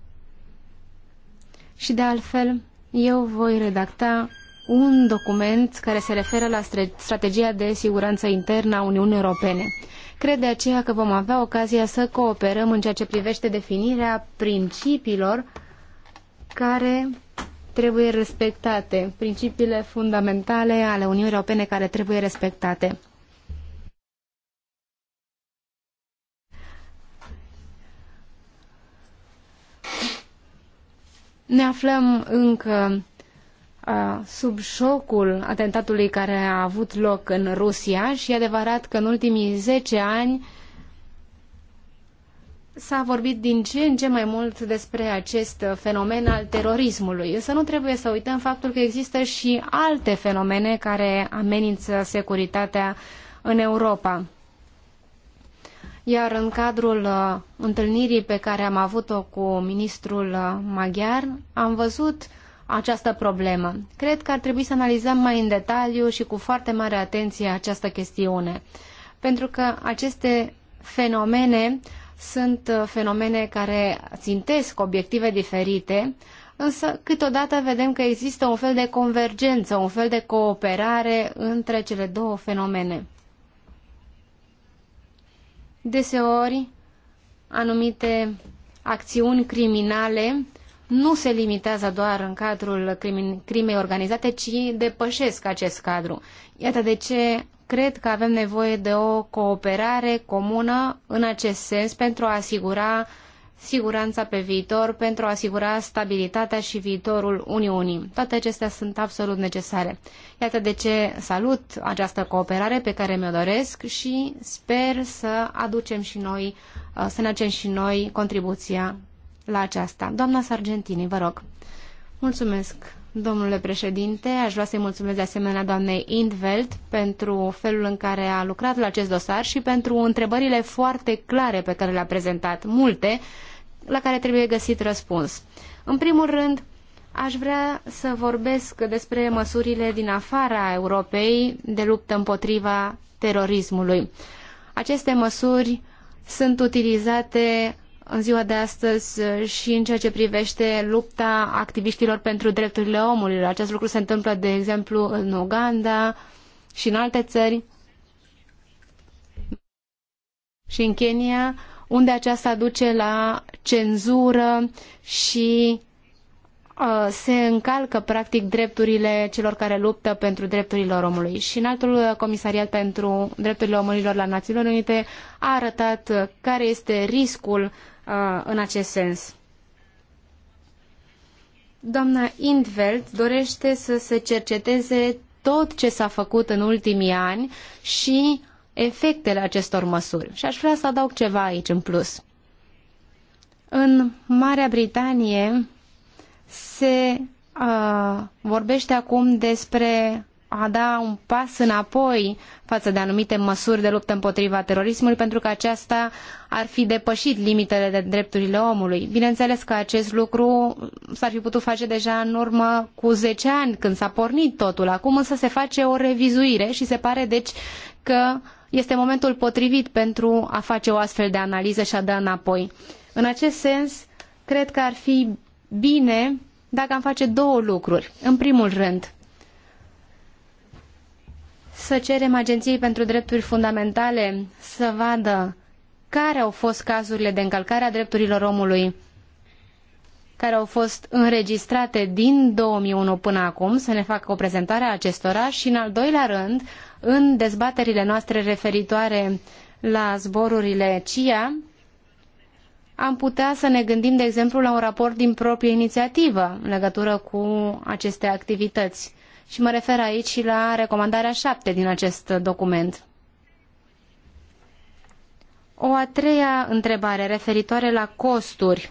și de altfel eu voi redacta un document care se referă la strategia de siguranță internă a Uniunii Europene. Cred de aceea că vom avea ocazia să cooperăm în ceea ce privește definirea principiilor care trebuie respectate, principiile fundamentale ale Uniunii Europene care trebuie respectate. Ne aflăm încă sub șocul atentatului care a avut loc în Rusia și e adevărat că în ultimii zece ani s-a vorbit din ce în ce mai mult despre acest fenomen al terorismului, însă nu trebuie să uităm faptul că există și alte fenomene care amenință securitatea în Europa. Iar în cadrul uh, întâlnirii pe care am avut-o cu ministrul uh, maghiar, am văzut această problemă. Cred că ar trebui să analizăm mai în detaliu și cu foarte mare atenție această chestiune, pentru că aceste fenomene sunt uh, fenomene care țintesc obiective diferite, însă câteodată vedem că există un fel de convergență, un fel de cooperare între cele două fenomene. Deseori, anumite acțiuni criminale nu se limitează doar în cadrul crimei organizate, ci depășesc acest cadru. Iată de ce cred că avem nevoie de o cooperare comună în acest sens pentru a asigura siguranța pe viitor, pentru a asigura stabilitatea și viitorul Uniunii. Toate acestea sunt absolut necesare. Iată de ce salut această cooperare pe care mi-o doresc și sper să aducem și noi, uh, să ne aducem și noi contribuția la aceasta. Doamna Sargentini, vă rog. Mulțumesc, Domnule președinte, aș vrea să-i mulțumesc de asemenea doamnei Indveld pentru felul în care a lucrat la acest dosar și pentru întrebările foarte clare pe care le-a prezentat, multe, la care trebuie găsit răspuns. În primul rând, aș vrea să vorbesc despre măsurile din afara Europei de luptă împotriva terorismului. Aceste măsuri sunt utilizate în ziua de astăzi uh, și în ceea ce privește lupta activiștilor pentru drepturile omului. Acest lucru se întâmplă, de exemplu, în Uganda și în alte țări și în Kenya, unde aceasta duce la cenzură și uh, se încalcă practic drepturile celor care luptă pentru drepturile omului. Și în altul comisariat pentru drepturile omului la Națiunile Unite a arătat care este riscul Uh, în acest sens. Doamna Indveld dorește să se cerceteze tot ce s-a făcut în ultimii ani și efectele acestor măsuri. Și aș vrea să adaug ceva aici în plus. În Marea Britanie se uh, vorbește acum despre a da un pas înapoi față de anumite măsuri de luptă împotriva terorismului, pentru că aceasta ar fi depășit limitele de drepturile omului. Bineînțeles că acest lucru s-ar fi putut face deja în urmă cu zece ani, când s-a pornit totul. Acum însă se face o revizuire și se pare deci că este momentul potrivit pentru a face o astfel de analiză și a da înapoi. În acest sens, cred că ar fi bine dacă am face două lucruri. În primul rând, să cerem Agenției pentru Drepturi Fundamentale să vadă care au fost cazurile de încălcare a drepturilor omului care au fost înregistrate din 2001 până acum, să ne facă o prezentare a acestora și, în al doilea rând, în dezbaterile noastre referitoare la zborurile CIA, am putea să ne gândim, de exemplu, la un raport din proprie inițiativă în legătură cu aceste activități și mă refer aici și la recomandarea 7 din acest document. O a treia întrebare referitoare la costuri.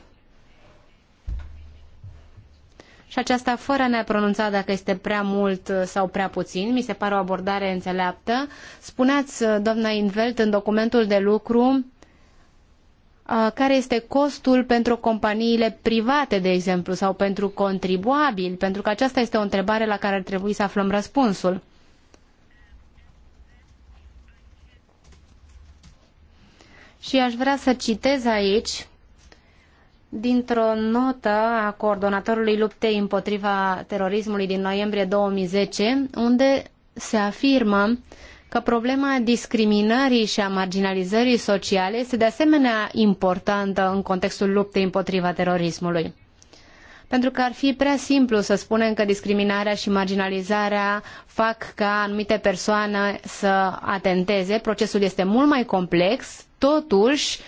Și aceasta fără a ne pronunța dacă este prea mult sau prea puțin, mi se pare o abordare înțeleaptă. Spuneați, doamna Invelt, în documentul de lucru Uh, care este costul pentru companiile private, de exemplu, sau pentru contribuabili, pentru că aceasta este o întrebare la care ar trebui să aflăm răspunsul. Și aș vrea să citez aici dintr-o notă a coordonatorului luptei împotriva terorismului din noiembrie 2010, unde se afirmă că problema discriminării și a marginalizării sociale este de asemenea importantă în contextul luptei împotriva terorismului. Pentru că ar fi prea simplu să spunem că discriminarea și marginalizarea fac ca anumite persoane să atenteze. Procesul este mult mai complex, totuși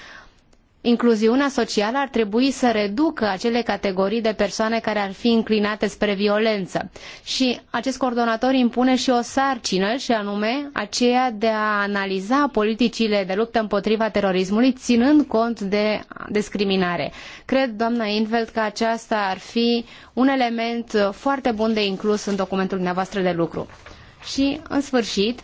Incluziunea socială ar trebui să reducă acele categorii de persoane care ar fi inclinate spre violență. Și acest coordonator impune și o sarcină, și anume aceea de a analiza politicile de luptă împotriva terorismului, ținând cont de discriminare. Cred, doamna Invelt, că aceasta ar fi un element foarte bun de inclus în documentul dumneavoastră de lucru. Și, în sfârșit,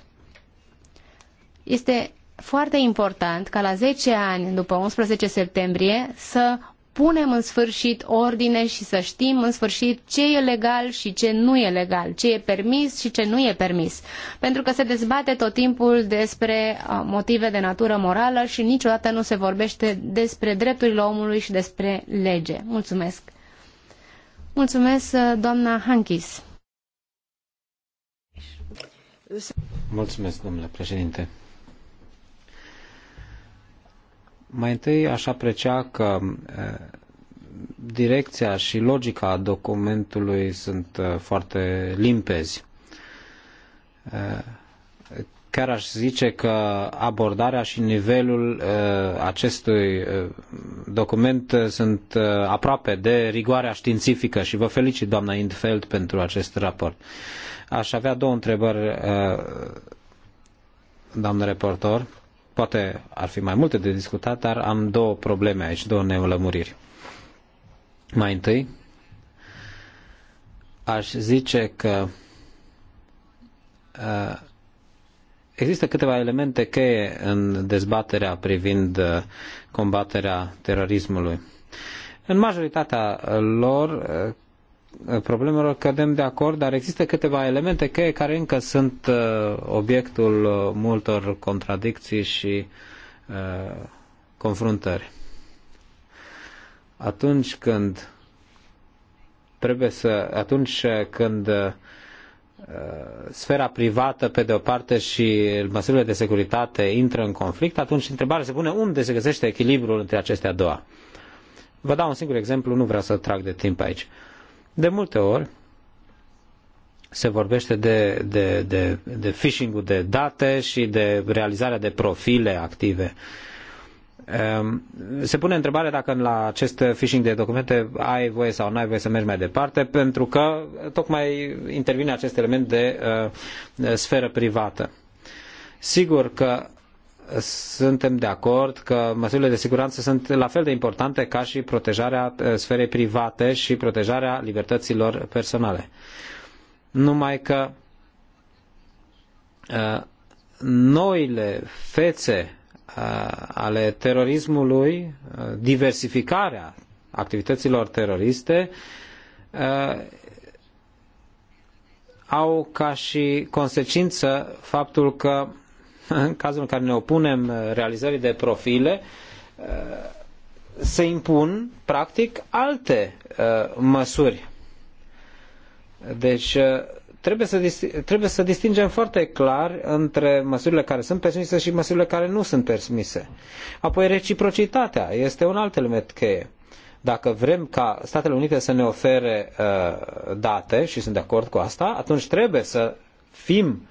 este foarte important ca la 10 ani după 11 septembrie să punem în sfârșit ordine și să știm în sfârșit ce e legal și ce nu e legal, ce e permis și ce nu e permis. Pentru că se dezbate tot timpul despre uh, motive de natură morală și niciodată nu se vorbește despre drepturile omului și despre lege. Mulțumesc! Mulțumesc, uh, doamna Hankis! Mulțumesc, domnule președinte! Mai întâi aș aprecia că uh, direcția și logica documentului sunt uh, foarte limpezi. Uh, chiar aș zice că abordarea și nivelul acestui document sunt aproape de rigoarea științifică și vă felicit, doamna Indfeld, pentru acest raport. Aș avea două întrebări, doamnă reportor Poate ar fi mai multe de discutat, dar am două probleme aici, două neulămuriri. Mai întâi, aș zice că uh, Există câteva elemente cheie în dezbaterea privind uh, combaterea terorismului. În majoritatea lor, uh, problemelor cădem de acord, dar există câteva elemente cheie care încă sunt uh, obiectul uh, multor contradicții și uh, confruntări. Atunci când trebuie să atunci când sfera privată pe de o parte și măsurile de securitate intră în conflict, atunci întrebarea se pune unde se găsește echilibrul între acestea două. Vă dau un singur exemplu, nu vreau să trag de timp aici. Uh, de multe ori se vorbește de, de, de, de phishing-ul de date și de realizarea de profile active. Ehm, se pune întrebarea dacă la acest phishing de documente ai voie sau nu ai voie să mergi mai departe, pentru că tocmai intervine acest element de uh, sferă privată. Sigur că suntem de acord că măsurile de siguranță sunt la fel de importante ca și protejarea eh, sferei private și protejarea libertăților personale. Numai că eh, noile fețe eh, ale terorismului, diversificarea activităților teroriste, au ca și consecință faptul că în cazul în care ne opunem realizării de profile, se impun, practic, alte uh, măsuri. Deci, uh, trebuie să, trebuie să distingem foarte clar între măsurile care sunt permise și măsurile care nu sunt permise. Apoi, reciprocitatea este un alt element cheie dacă vrem ca Statele Unite să ne ofere uh, date și sunt de acord cu asta, atunci trebuie să fim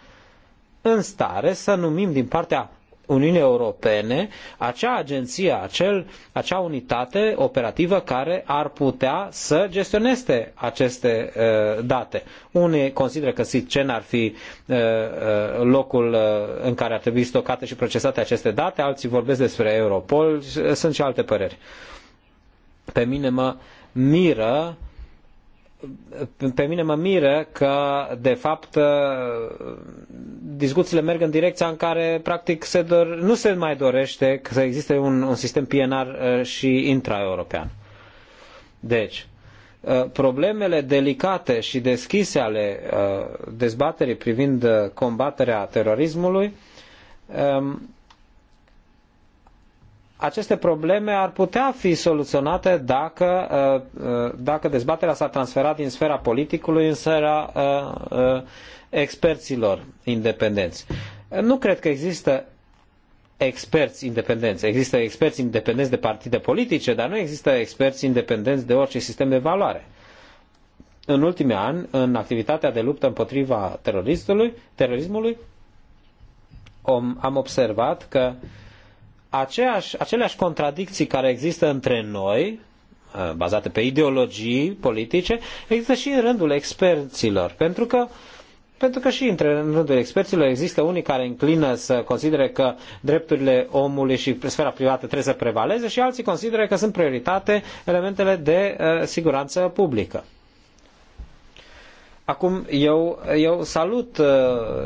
în stare să numim din partea Uniunii Europene acea agenție, acel, acea unitate operativă care ar putea să gestioneze aceste uh, date. Unii consideră că SITCEN ar fi uh, uh, locul uh, în care ar trebui stocate și procesate aceste date, alții vorbesc despre Europol, sunt și alte păreri. Pe mine mă miră uh, pe mine mă miră că, de fapt, ă, discuțiile merg în direcția în care, practic, se dor, nu se mai dorește să existe un, un sistem PNR ă, și intraeuropean. Deci, ă, problemele delicate și deschise ale dezbaterii privind combaterea terorismului aceste probleme ar putea fi soluționate dacă, uh, uh, dacă dezbaterea s-ar transfera din sfera politicului în sfera uh, experților independenți. Nu cred că există experți independenți. Există experți independenți de partide politice, dar nu există experți independenți de orice sistem de valoare. În ultimii ani, în activitatea de luptă împotriva terorismului, am observat că uh, aceeași, aceleași contradicții care există între noi, uh, bazate pe ideologii politice, există și în rândul experților. Pentru că pentru că și între, în rândul experților există unii care înclină să considere că drepturile omului și sfera privată trebuie să prevaleze și alții consideră că sunt prioritate elementele de uh, siguranță publică. Acum, eu, eu salut uh,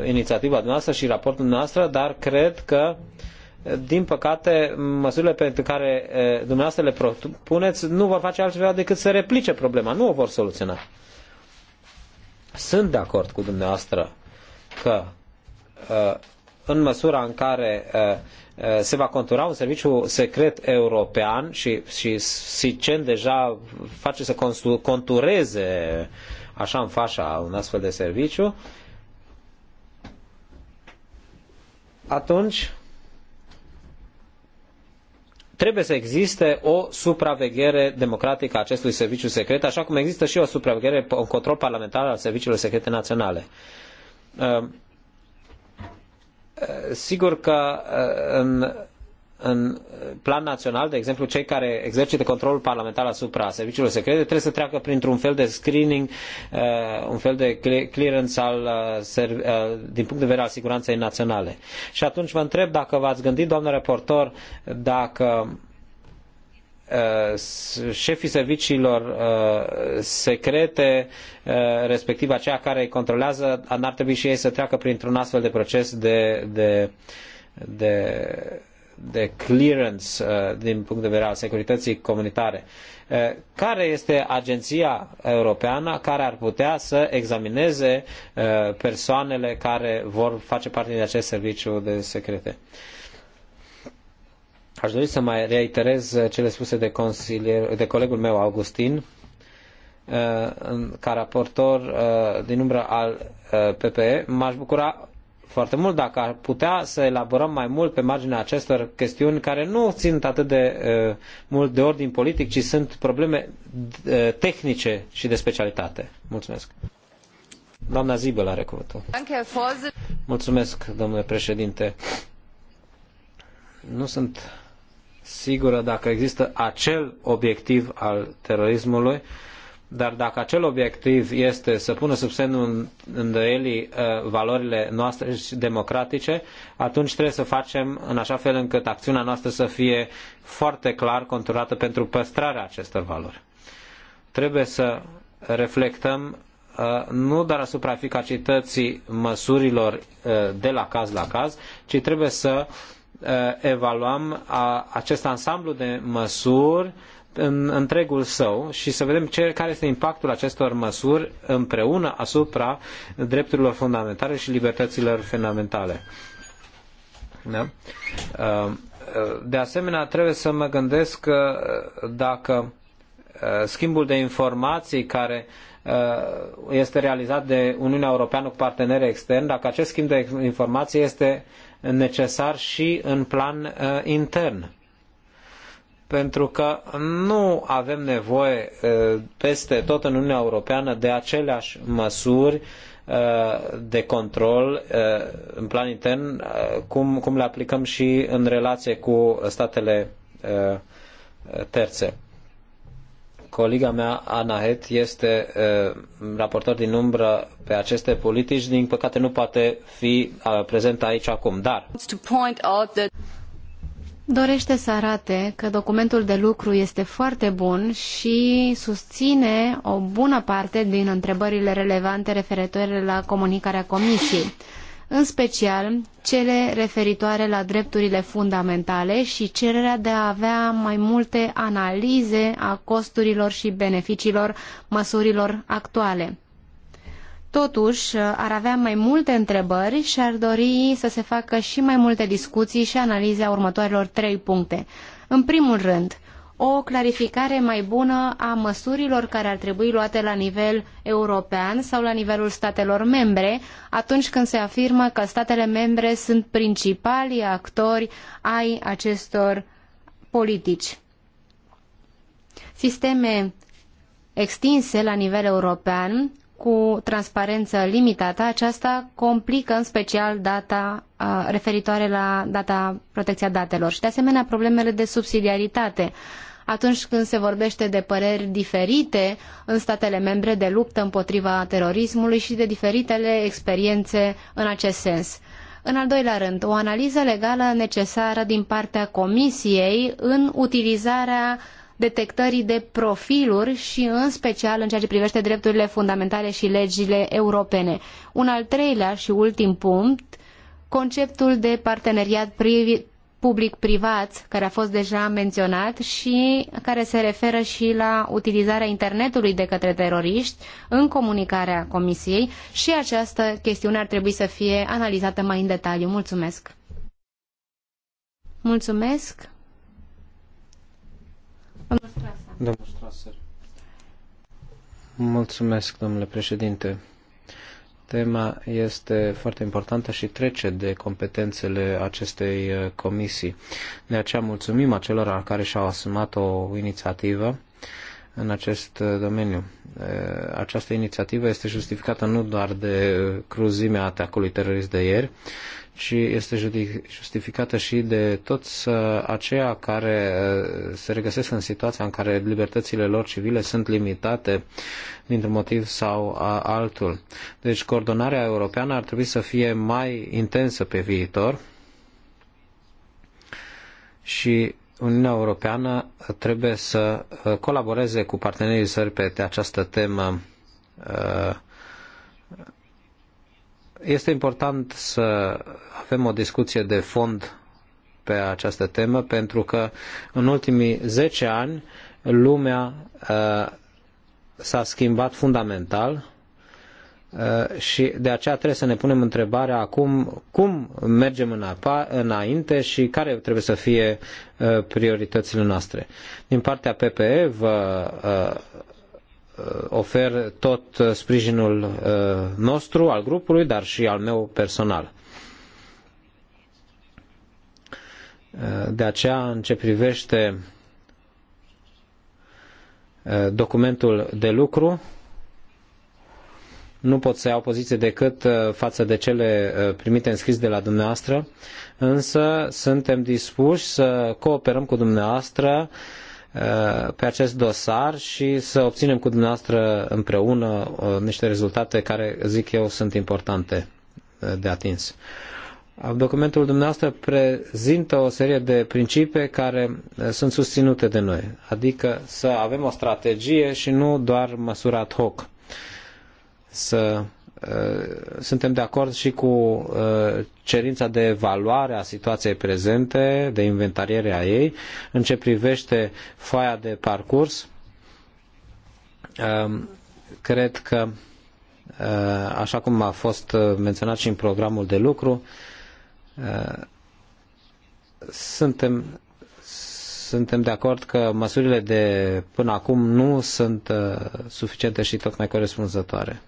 inițiativa noastră și raportul noastră, dar cred că uh, din păcate, măsurile pentru care dumneavoastră le propuneți nu vor face altceva decât să replice problema, nu o vor soluționa. Sunt de acord cu dumneavoastră că în măsura în care se va contura un serviciu secret european și, și SICEN deja face să contureze așa în fașa un astfel de serviciu, atunci trebuie să existe o supraveghere democratică a acestui serviciu secret, așa cum există și o supraveghere, un control parlamentar al serviciilor secrete naționale. Ehm, eh, sigur că eh, în în plan național, de exemplu, cei care exercită controlul parlamentar asupra serviciilor secrete trebuie să treacă printr-un fel de screening, uh, un fel de clearance al, uh, uh, din punct de vedere al siguranței naționale. Și atunci vă întreb dacă v-ați gândit, doamnă reportor, dacă șefii serviciilor secrete, respectiv aceia care îi controlează, n-ar trebui și ei să treacă printr-un astfel de proces de, de, de de clearance uh, din punct de vedere al securității comunitare. Uh, care este agenția europeană care ar putea să examineze uh, persoanele care vor face parte din acest serviciu de secrete? Aș dori să mai reiterez cele spuse de, consilier, de colegul meu, Augustin, ca raportor din umbra al PPE, m-aș bucura foarte mult dacă ar putea să elaborăm mai mult pe marginea acestor chestiuni care nu țin atât de uh, mult de ordin politic, ci sunt probleme uh, tehnice și de specialitate. Mulțumesc. Doamna Zibel are cuvântul. Mulțumesc, domnule președinte. Nu sunt sigură dacă există acel obiectiv al terorismului uh, dar dacă acel obiectiv este să pună sub semnul îndoielii uh, valorile noastre democratice, atunci trebuie să facem în așa fel încât acțiunea noastră să fie foarte clar conturată pentru păstrarea acestor valori. Trebuie să reflectăm uh, nu doar asupra eficacității măsurilor uh, de la caz la caz, ci trebuie să evaluăm acest ansamblu de măsuri uh, în întregul său și să vedem ce, care este impactul acestor măsuri împreună asupra drepturilor fundamentale și libertăților fundamentale. Da? Uh, de asemenea, trebuie să mă gândesc că dacă uh, schimbul de informații care uh, este realizat de Uniunea Europeană cu parteneri externi, dacă acest schimb de informații este necesar și în plan intern pentru că nu avem nevoie peste tot în Uniunea Europeană de aceleași măsuri de control în plan intern, cum, cum le aplicăm și în relație cu statele terțe. Colega mea, Ana Het, este raportor din umbră pe aceste politici, din păcate nu poate fi prezentă aici acum, dar dorește să arate că documentul de lucru este foarte bun și susține o bună parte din întrebările relevante referitoare la comunicarea Comisiei, în special cele referitoare la drepturile fundamentale și cererea de a avea mai multe analize a costurilor și beneficiilor măsurilor actuale. Totuși, ar avea mai multe întrebări și ar dori să se facă și mai multe discuții și analize a următoarelor trei puncte. În primul rând, o clarificare mai bună a măsurilor care ar trebui luate la nivel european sau la nivelul statelor membre atunci când se afirmă că statele membre sunt principalii actori ai acestor politici. Sisteme extinse la nivel european cu transparență limitată, aceasta complică în special data referitoare la data protecția datelor și de asemenea problemele de subsidiaritate. Atunci când se vorbește de păreri diferite în statele membre de luptă împotriva terorismului și de diferitele experiențe în acest sens. În al doilea rând, o analiză legală necesară din partea Comisiei în utilizarea uh, detectării de profiluri și în special în ceea ce privește drepturile fundamentale și legile europene. Un al treilea și ultim punct, conceptul de parteneriat public-privat, care a fost deja menționat și care se referă și la utilizarea internetului de către teroriști în comunicarea Comisiei și această chestiune ar trebui să fie analizată mai în detaliu. Mulțumesc! Mulțumesc! Domnul Strasser. Mulțumesc, domnule președinte. Tema este foarte importantă și trece de competențele acestei uh, comisii. De aceea mulțumim acelora care și-au asumat o inițiativă în acest uh, domeniu. Uh, această inițiativă este justificată nu doar de cruzimea atacului terorist de ieri, ci este justificată și de toți uh, aceia care uh, se regăsesc în situația în care libertățile lor civile sunt limitate dintr-un motiv sau altul. Deci coordonarea europeană ar trebui să fie mai intensă pe viitor și Uniunea Europeană trebuie să uh, colaboreze cu partenerii sări pe această temă este important să avem o discuție de fond pe această temă, pentru că în ultimii 10 ani lumea uh, s-a schimbat fundamental uh, și de aceea trebuie să ne punem întrebarea acum cum mergem înainte și care trebuie să fie uh, prioritățile noastre. Din partea PPE vă Uh, ofer tot uh, sprijinul uh, nostru, al grupului, dar și al meu personal. De aceea, în ce privește documentul de lucru, nu pot să iau poziție decât față de cele primite în scris de la dumneavoastră, însă suntem dispuși să cooperăm cu dumneavoastră Uh, pe acest dosar și să obținem cu dumneavoastră împreună uh, niște rezultate care, zic eu, sunt importante uh, de atins. Documentul dumneavoastră prezintă o serie de principii care sunt susținute de noi, adică să avem o strategie și nu doar măsura ad hoc. Să Uh, suntem de acord și cu uh, cerința de evaluare a situației prezente, de inventariere a ei, în ce privește foaia de parcurs. Um, cred că, uh, așa cum a fost menționat și în programul de lucru, suntem, suntem de acord că măsurile de până acum nu sunt suficiente și tocmai corespunzătoare.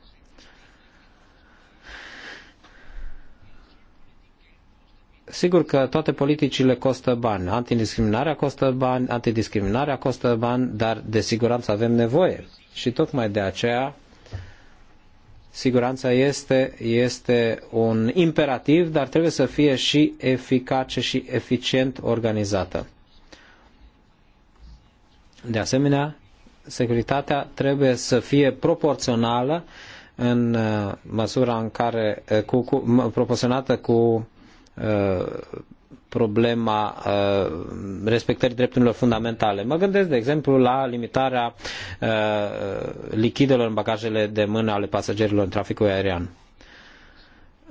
Sigur că toate politicile costă bani. Antidiscriminarea costă bani, antidiscriminarea costă bani, dar de siguranță avem nevoie. Și tocmai de aceea siguranța este, este un imperativ, dar trebuie să fie și eficace și eficient organizată. De asemenea, securitatea trebuie să fie proporțională în uh, măsura în care, uh, cu, cu, proporționată cu Uh, problema uh, respectării drepturilor fundamentale. Mă gândesc, de exemplu, la limitarea uh, lichidelor în bagajele de mână ale pasagerilor în traficul aerian.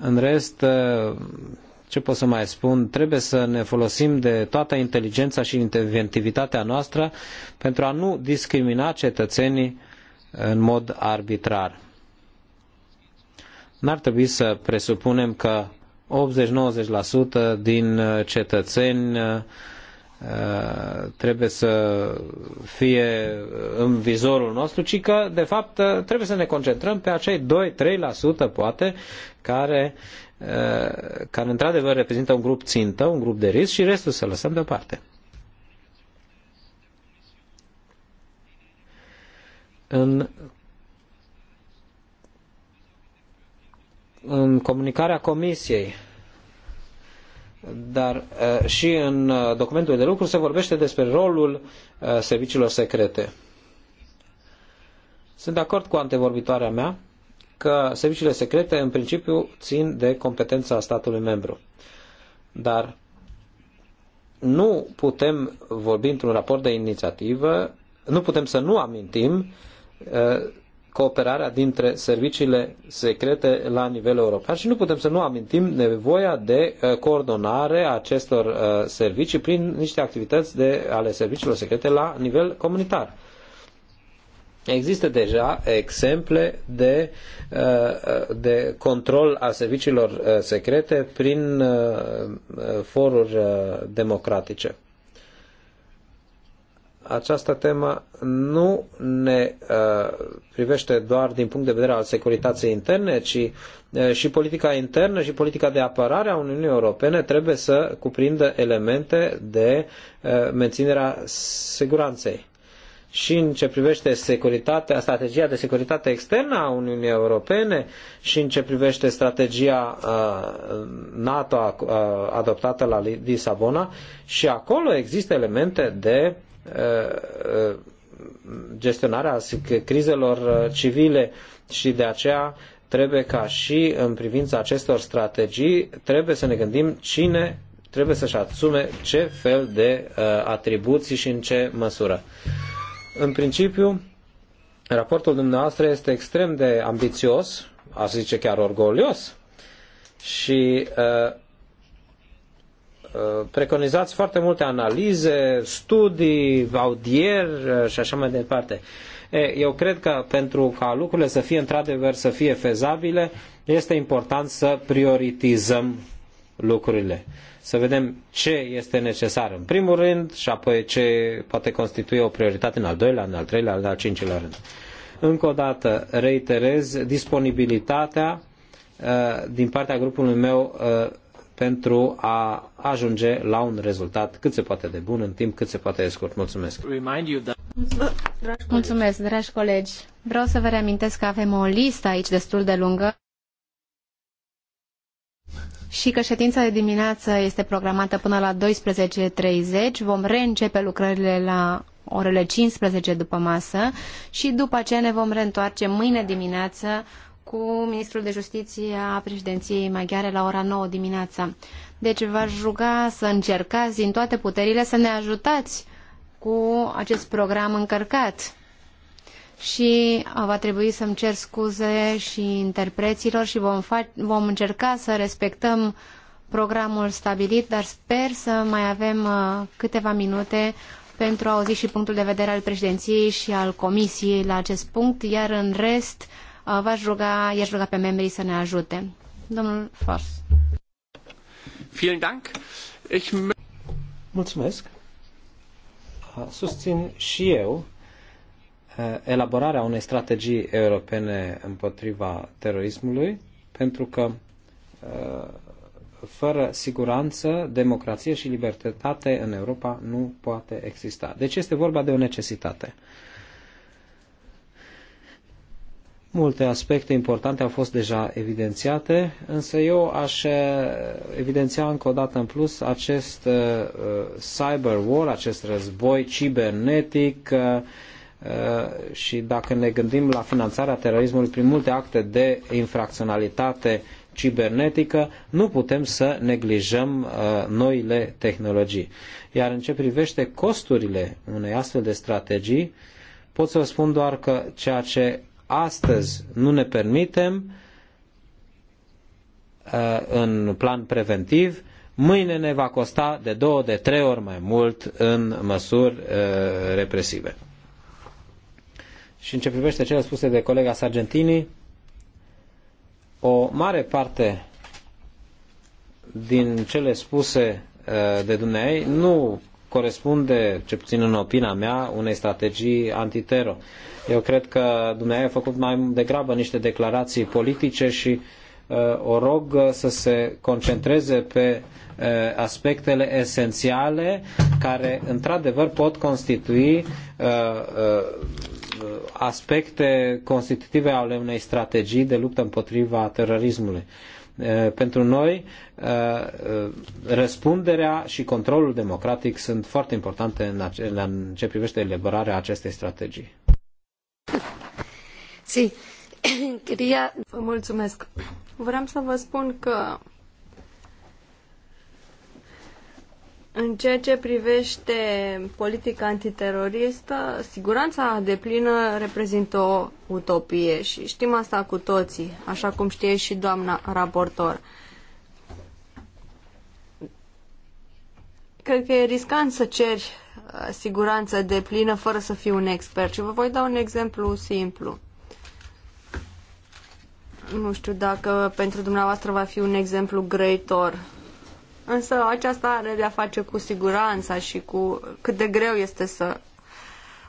În rest, ce pot să mai spun, trebuie să ne folosim de toată inteligența și inventivitatea noastră pentru a nu discrimina cetățenii în mod arbitrar. N-ar trebui să presupunem că 80-90% din uh, cetățeni uh, trebuie să fie uh, în vizorul nostru, ci că, de fapt, trebuie să ne concentrăm pe acei 2-3% poate care, care într-adevăr reprezintă un grup țintă, un grup de risc și restul să lăsăm deoparte. În în comunicarea Comisiei, dar și în documentul de lucru se vorbește despre rolul serviciilor secrete. Sunt de acord cu antevorbitoarea mea că serviciile secrete în principiu țin de competența statului membru. Dar nu putem vorbi într-un raport de inițiativă, nu putem să nu amintim cooperarea dintre serviciile secrete la nivel european și nu putem să nu amintim nevoia de uh, coordonare a acestor uh, servicii prin niște activități de, ale serviciilor secrete la nivel comunitar. Există deja exemple de, uh, de control a serviciilor secrete prin foruri democratice această temă nu ne uh, privește doar din punct de vedere al securității interne, ci uh, și politica internă și politica de apărare a Uniunii Europene trebuie să cuprindă elemente de uh, menținerea siguranței. Și în ce privește securitatea, strategia de securitate externă a Uniunii Europene și în ce privește strategia uh, NATO uh, adoptată la Lisabona, și acolo există elemente de uh, gestionarea crizelor uh, civile și de aceea trebuie ca și în privința acestor strategii, trebuie să ne gândim cine trebuie să-și asume ce fel de uh, atribuții și în ce măsură. În principiu, raportul dumneavoastră este extrem de ambițios, aș zice chiar orgolios, și uh, Uh, preconizați foarte multe analize, studii, audieri uh, și așa mai departe. Eu cred că pentru ca lucrurile să fie într-adevăr să fie fezabile, este important să prioritizăm lucrurile. Să vedem ce este necesar în primul rând și apoi ce poate constitui o prioritate în al doilea, în al treilea, în al cincilea rând. Încă o dată reiterez disponibilitatea uh, din partea grupului meu pentru a ajunge la un rezultat cât se poate de bun în timp cât se poate de scurt. Mulțumesc! Mulțumesc, dragi colegi! Vreau să vă reamintesc că avem o listă aici destul de lungă și că ședința de dimineață este programată până la 12.30. Vom reîncepe lucrările la orele 15 după masă și după aceea ne vom reîntoarce mâine dimineață cu ministrul de justiție a președinției maghiare la ora 9 dimineața. Deci v-aș ruga să încercați din toate puterile să ne ajutați cu acest program încărcat. Și va trebui să-mi cer scuze și interpreților și vom, vom încerca să respectăm programul stabilit, dar sper să mai avem câteva minute pentru a auzi și punctul de vedere al președinției și al comisiei la acest punct, iar în rest v-aș ruga, i-aș ruga pe membrii să ne ajute. Domnul Fors. Mulțumesc. Susțin și eu elaborarea unei strategii europene împotriva terorismului, pentru că fără siguranță, democrație și libertate în Europa nu poate exista. Deci este vorba de o necesitate. Multe aspecte importante au fost deja evidențiate, însă eu aș eh, evidenția încă o dată în plus acest eh, cyber war, acest război cibernetic eh, și dacă ne gândim la finanțarea terorismului prin multe acte de infracționalitate cibernetică, nu putem să neglijăm noile tehnologii. Iar în ce privește costurile unei astfel de strategii, pot să vă spun doar că ceea ce astăzi nu ne permitem uh, în plan preventiv, mâine ne va costa de două, de trei ori mai mult în măsuri uh, represive. Și în ce privește cele spuse de colega Sargentini, o mare parte din cele spuse uh, de dumneai nu corespunde, ce puțin în opinia mea, unei strategii antitero. Eu cred că dumneavoastră a făcut mai degrabă niște declarații politice și uh, o rog uh, să se concentreze pe uh, aspectele esențiale care, într-adevăr, pot constitui uh, uh aspecte constitutive ale unei strategii de luptă împotriva terorismului. Eh, pentru noi, eh, răspunderea și controlul democratic sunt foarte importante în ce privește elaborarea acestei strategii. Sí. Vă mulțumesc. Vreau să vă spun că În ceea ce privește politica antiteroristă, siguranța de plină reprezintă o utopie și știm asta cu toții, așa cum știe și doamna raportor. Cred că e riscant să ceri uh, siguranță de plină fără să fii un expert și vă voi da un exemplu simplu. Nu știu dacă pentru dumneavoastră va fi un exemplu greitor. Însă aceasta are de a face cu siguranța și cu cât de greu este să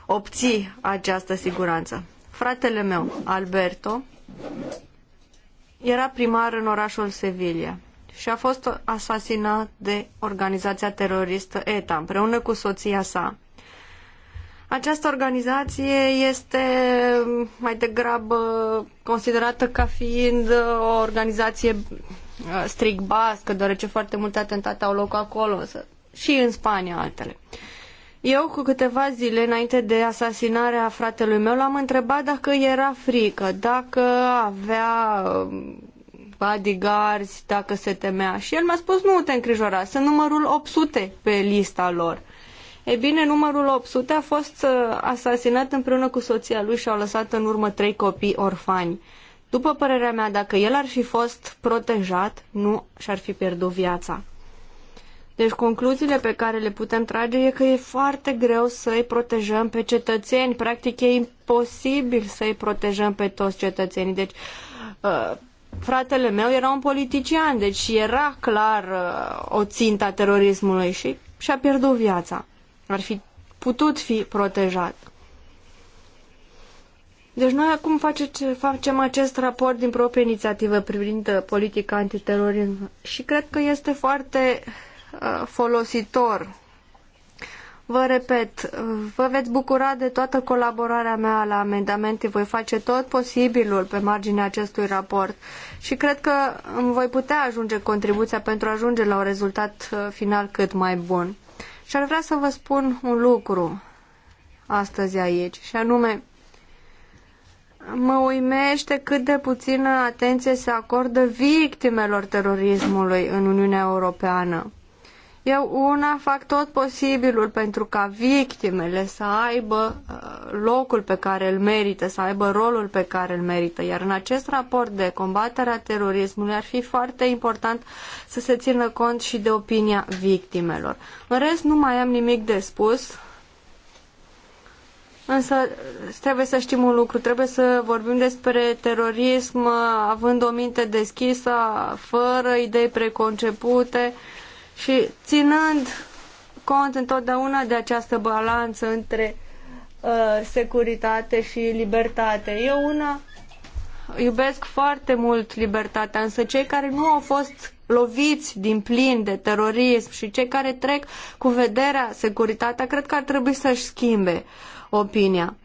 obții această siguranță. Fratele meu, Alberto, era primar în orașul Sevilla și a fost asasinat de organizația teroristă ETA împreună cu soția sa. Această organizație este mai degrabă considerată ca fiind o organizație Uh, strict bască, deoarece foarte multe atentate au loc acolo, și în Spania altele. Eu, cu câteva zile înainte de asasinarea fratelui meu, l-am întrebat dacă era frică, dacă avea um, bodyguards, dacă se temea. Și el mi-a spus, nu te îngrijora, sunt numărul 800 pe lista lor. E bine, numărul 800 a fost uh, asasinat împreună cu soția lui și au lăsat în urmă trei copii orfani. După părerea mea, dacă el ar fi fost protejat, nu și-ar fi pierdut viața. Deci concluziile pe care le putem trage e că e foarte greu să-i protejăm pe cetățeni. Practic e imposibil să-i protejăm pe toți cetățenii. Deci uh, fratele meu era un politician, deci era clar uh, o țintă a terorismului și și-a pierdut viața. Ar fi putut fi protejat. Deci noi acum face, facem acest raport din proprie inițiativă privind uh, politica antiterorism și cred că este foarte uh, folositor. Vă repet, vă veți bucura de toată colaborarea mea la amendamente, voi face tot posibilul pe marginea acestui raport și cred că îmi voi putea ajunge contribuția pentru a ajunge la un rezultat uh, final cât mai bun. Și ar vrea să vă spun un lucru astăzi aici, și anume, Mă uimește cât de puțină atenție se acordă victimelor terorismului în Uniunea Europeană. Eu una fac tot posibilul pentru ca victimele să aibă uh, locul pe care îl merită, să aibă rolul pe care îl merită. Iar în acest raport de combatere a terorismului ar fi foarte important să se țină cont și de opinia victimelor. În rest, nu mai am nimic de spus. Însă trebuie să știm un lucru, trebuie să vorbim despre terorism având o minte deschisă, fără idei preconcepute și ținând cont întotdeauna de această balanță între uh, securitate și libertate. Eu una iubesc foarte mult libertatea, însă cei care nu au fost loviți din plin de terorism și cei care trec cu vederea securitatea, cred că ar trebui să-și schimbe opinia.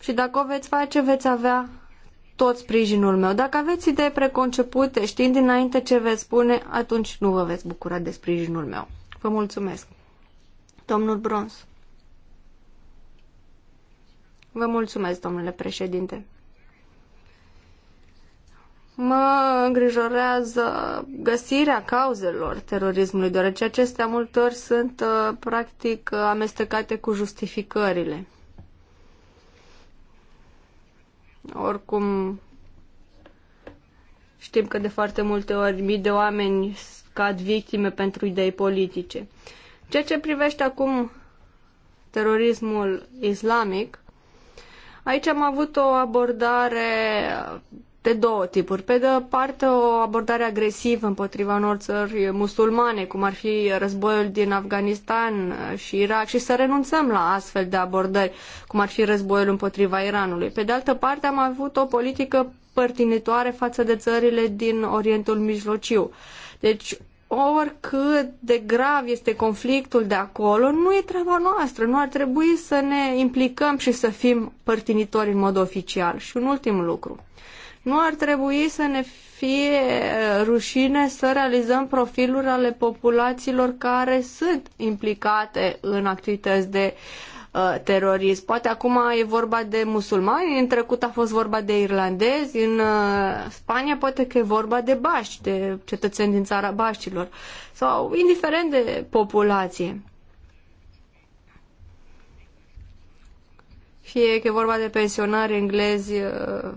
Și dacă o veți face, veți avea tot sprijinul meu. Dacă aveți idei preconcepute, știind dinainte ce veți spune, atunci nu vă veți bucura de sprijinul meu. Vă mulțumesc. Domnul Brons. Vă mulțumesc, domnule președinte. Mă îngrijorează găsirea cauzelor terorismului, deoarece acestea multe ori sunt uh, practic uh, amestecate cu justificările. Oricum, știm că de foarte multe ori mii de oameni cad victime pentru idei politice. Ceea ce privește acum terorismul islamic, aici am avut o abordare de două tipuri. Pe de o parte, o abordare agresivă împotriva unor țări musulmane, cum ar fi războiul din Afganistan și Irak, și să renunțăm la astfel de abordări, cum ar fi războiul împotriva Iranului. Pe de altă parte, am avut o politică părtinitoare față de țările din Orientul Mijlociu. Deci, oricât de grav este conflictul de acolo, nu e treaba noastră. Nu ar trebui să ne implicăm și să fim părtinitori în mod oficial. Și un ultim lucru. Nu ar trebui să ne fie rușine să realizăm profiluri ale populațiilor care sunt implicate în activități de terorism. Poate acum e vorba de musulmani, în trecut a fost vorba de irlandezi, în uh, Spania poate că e vorba de baști, de cetățeni din țara baștilor, sau indiferent de populație. Fie că e vorba de pensionari englezi uh,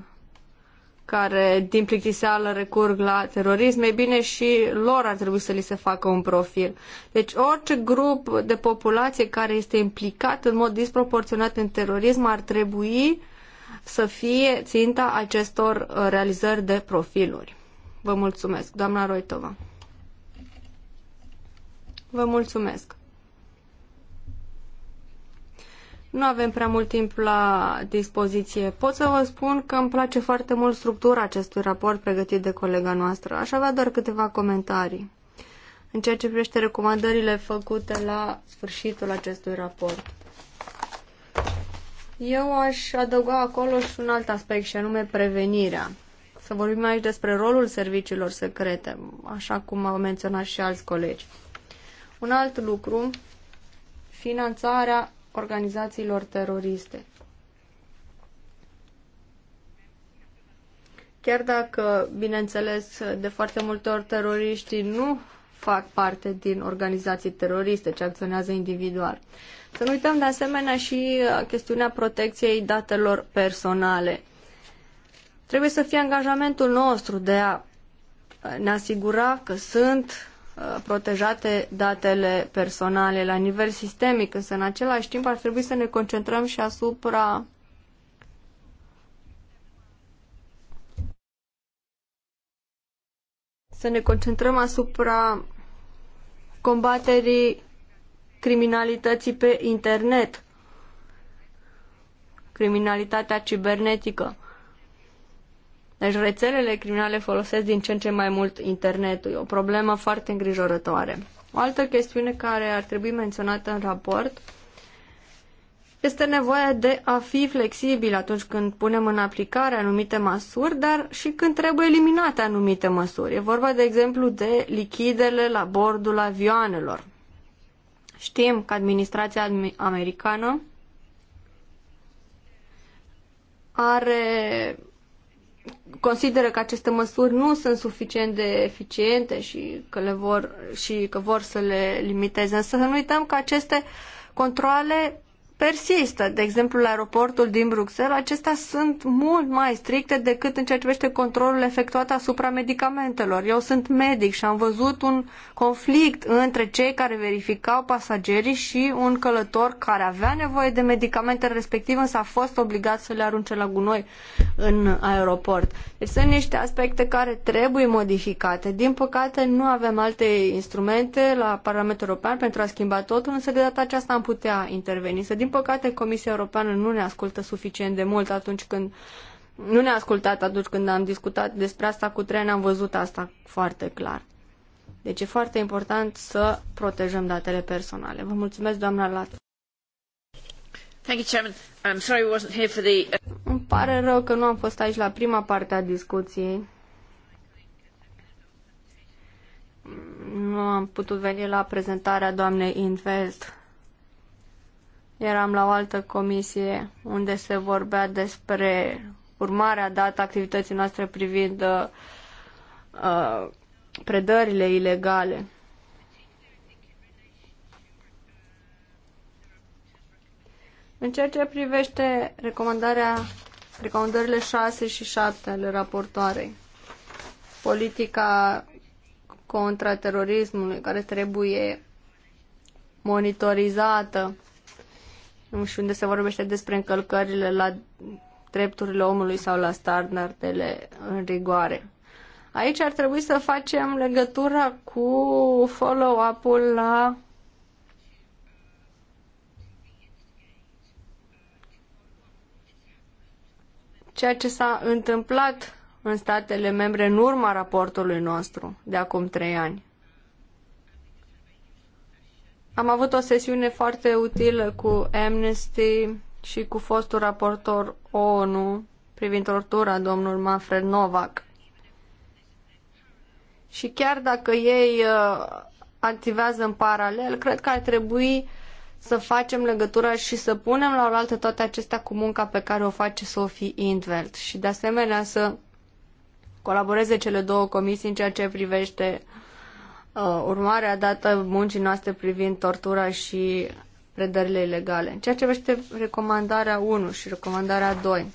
care din plictiseală recurg la terorism, e bine și lor ar trebui să li se facă un profil. Deci orice grup de populație care este implicat în mod disproporționat în terorism ar trebui să fie ținta acestor uh, realizări de profiluri. Vă mulțumesc, doamna Roitova. Vă mulțumesc. Nu avem prea mult timp la dispoziție. Pot să vă spun că îmi place foarte mult structura acestui raport pregătit de colega noastră. Aș avea doar câteva comentarii în ceea ce privește recomandările făcute la sfârșitul acestui raport. Eu aș adăuga acolo și un alt aspect, și anume prevenirea. Să vorbim aici despre rolul serviciilor secrete, așa cum au menționat și alți colegi. Un alt lucru, finanțarea organizațiilor teroriste. Chiar dacă, bineînțeles, de foarte multe ori teroriștii nu fac parte din organizații teroriste, ce acționează individual. Să nu uităm de asemenea și uh, chestiunea protecției datelor personale. Trebuie să fie angajamentul nostru de a uh, ne asigura că sunt Uh, protejate datele personale la nivel sistemic, însă în același timp ar trebui să ne concentrăm și asupra să ne concentrăm asupra combaterii criminalității pe internet, criminalitatea cibernetică. Deci rețelele criminale folosesc din ce în ce mai mult internetul. E o problemă foarte îngrijorătoare. O altă chestiune care ar trebui menționată în raport este nevoia de a fi flexibil atunci când punem în aplicare anumite măsuri, dar și când trebuie eliminate anumite măsuri. E vorba, de exemplu, de lichidele la bordul avioanelor. Știm că administrația americană are consideră că aceste măsuri nu sunt suficient de eficiente și că, le vor, și că vor să le limiteze. Însă să nu uităm că aceste controle persistă. De exemplu, la aeroportul din Bruxelles, acestea sunt mult mai stricte decât în ceea ce privește controlul efectuat asupra medicamentelor. Eu sunt medic și am văzut un conflict între cei care verificau pasagerii și un călător care avea nevoie de medicamente respective însă a fost obligat să le arunce la gunoi în aeroport. Deci sunt niște aspecte care trebuie modificate. Din păcate, nu avem alte instrumente la Parlamentul European pentru a schimba totul, însă de data aceasta am putea interveni. Să din din păcate, Comisia Europeană nu ne ascultă suficient de mult atunci când nu ne-a ascultat atunci când am discutat despre asta cu tren, am văzut asta foarte clar. Deci e foarte important să protejăm datele personale. Vă mulțumesc, doamna Lat. Thank you, Chairman. I'm sorry I wasn't here for the... Îmi pare rău că nu am fost aici la prima parte a discuției. Nu am putut veni la prezentarea doamnei Invest. Eram la o altă comisie unde se vorbea despre urmarea dată activității noastre privind uh, uh predările ilegale. În ceea ce privește recomandarea, recomandările 6 și 7 ale raportoarei, politica contra terorismului care trebuie monitorizată nu știu unde se vorbește despre încălcările la drepturile omului sau la standardele în rigoare. Aici ar trebui să facem legătura cu follow-up-ul la ceea ce s-a întâmplat în statele membre în urma raportului nostru de acum trei ani. Am avut o sesiune foarte utilă cu Amnesty și cu fostul raportor ONU privind tortura, domnul Manfred Novak. Și chiar dacă ei uh, activează în paralel, cred că ar trebui să facem legătura și să punem la oaltă toate acestea cu munca pe care o face Sophie Intveld și de asemenea să colaboreze cele două comisii în ceea ce privește uh, urmare a dată muncii noastre privind tortura și predările ilegale. Ceea ce vește recomandarea 1 și recomandarea 2.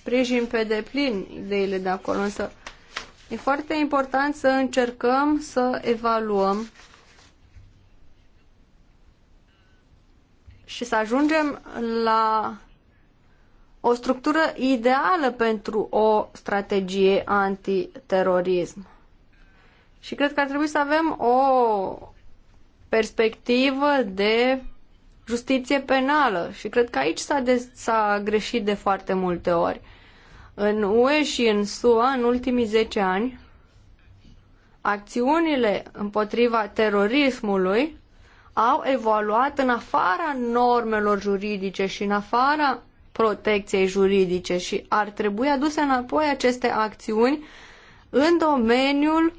Sprijin pe deplin ideile de acolo, însă e foarte important să încercăm să evaluăm și să ajungem la o structură ideală pentru o strategie antiterorism. Și cred că ar trebui să avem o perspectivă de justiție penală și cred că aici s-a, de- greșit de foarte multe ori. În UE și în SUA, în ultimii 10 ani, acțiunile împotriva terorismului au evoluat în afara normelor juridice și în afara protecției juridice și ar trebui aduse înapoi aceste acțiuni în domeniul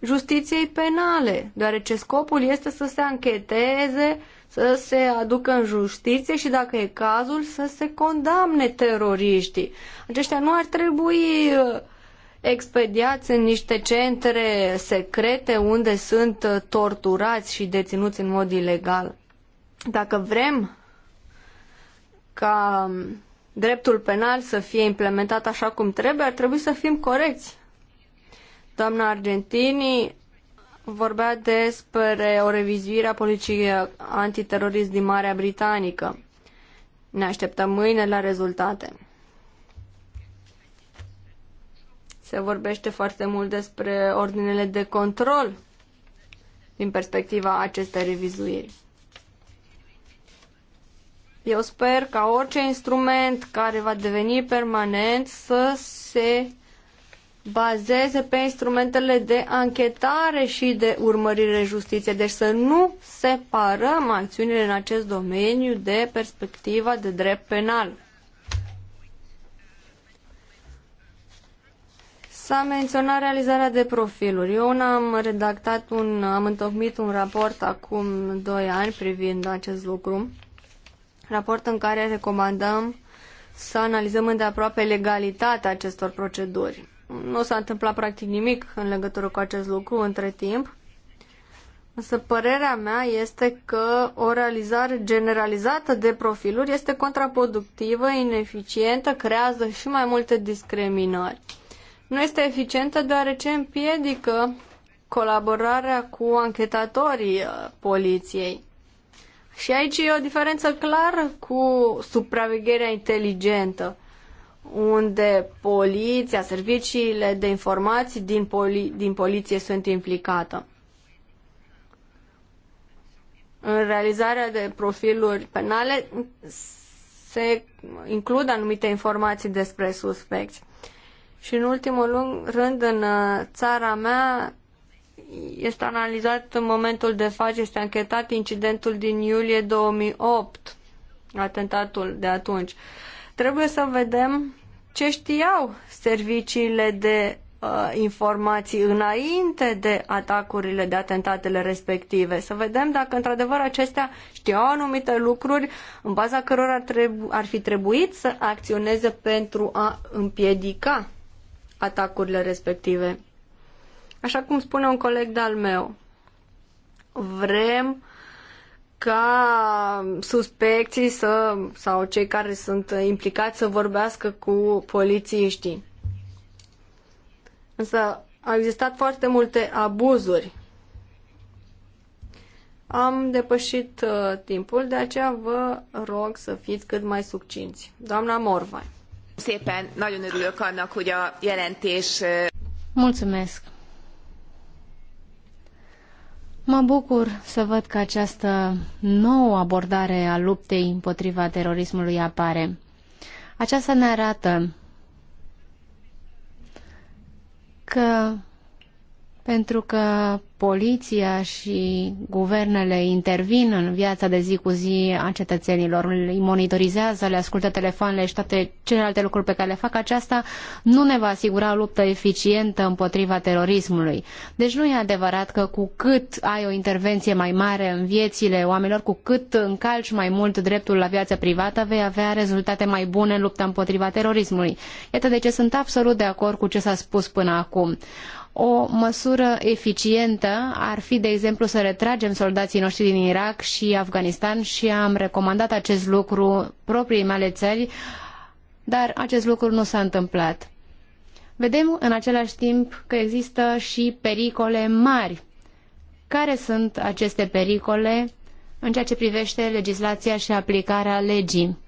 justiției penale, deoarece scopul este să se ancheteze, să se aducă în justiție și, dacă e cazul, să se condamne teroriștii. Aceștia nu ar trebui uh, expediați în niște centre secrete unde sunt uh, torturați și deținuți în mod ilegal. Dacă vrem ca dreptul penal să fie implementat așa cum trebuie, ar trebui să fim corecți. Doamna Argentini vorbea despre o revizuire a politicii antiterorist din Marea Britanică. Ne așteptăm mâine la rezultate. Se vorbește foarte mult despre ordinele de control din perspectiva acestei revizuiri. Eu sper ca orice instrument care va deveni permanent să se bazeze pe instrumentele de anchetare și de urmărire justiție. Deci să nu separăm acțiunile în acest domeniu de perspectiva de drept penal. S-a menționat realizarea de profiluri. Eu am redactat un, am întocmit un raport acum 2 ani privind acest lucru raport în care recomandăm să analizăm îndeaproape legalitatea acestor proceduri. Nu s-a întâmplat practic nimic în legătură cu acest lucru între timp, însă părerea mea este că o realizare generalizată de profiluri este contraproductivă, ineficientă, creează și mai multe discriminări. Nu este eficientă deoarece împiedică colaborarea cu anchetatorii uh, poliției și aici e o diferență clară cu supravegherea inteligentă, unde poliția, serviciile de informații din, poli- din poliție sunt implicată. În realizarea de profiluri penale se includ anumite informații despre suspecți. Și în ultimul rând, în uh, țara mea, este analizat în momentul de față, este anchetat incidentul din iulie 2008, atentatul de atunci. Trebuie să vedem ce știau serviciile de uh, informații înainte de atacurile, de atentatele respective. Să vedem dacă într-adevăr acestea știau anumite lucruri în baza cărora ar, trebu- ar fi trebuit să acționeze pentru a împiedica atacurile respective. Așa cum spune un coleg de-al meu, vrem ca suspecții să, sau cei care sunt implicați să vorbească cu polițiștii. Însă au existat foarte multe abuzuri. Am depășit uh, timpul, de aceea vă rog să fiți cât mai succinți. Doamna Morvai. Szépen, nagyon örülök annak, hogy a jelentés... Uh, Mulțumesc. Mă bucur să văd că această nouă abordare a luptei împotriva terorismului apare. Aceasta ne arată că pentru că poliția și guvernele intervin în viața de zi cu zi a cetățenilor, îi monitorizează, le ascultă telefoanele și toate celelalte lucruri pe care le fac, aceasta nu ne va asigura o luptă eficientă împotriva terorismului. Deci nu e adevărat că cu cât ai o intervenție mai mare în viețile oamenilor, cu cât încalci mai mult dreptul la viață privată, vei avea rezultate mai bune în lupta împotriva terorismului. Iată de ce sunt absolut de acord cu ce s-a spus până acum. O măsură eficientă ar fi, de exemplu, să retragem soldații noștri din Irak și Afganistan și am recomandat acest lucru proprii mele țări, dar acest lucru nu s-a întâmplat. Vedem în același timp că există și pericole mari. Care sunt aceste pericole în ceea ce privește legislația și aplicarea legii?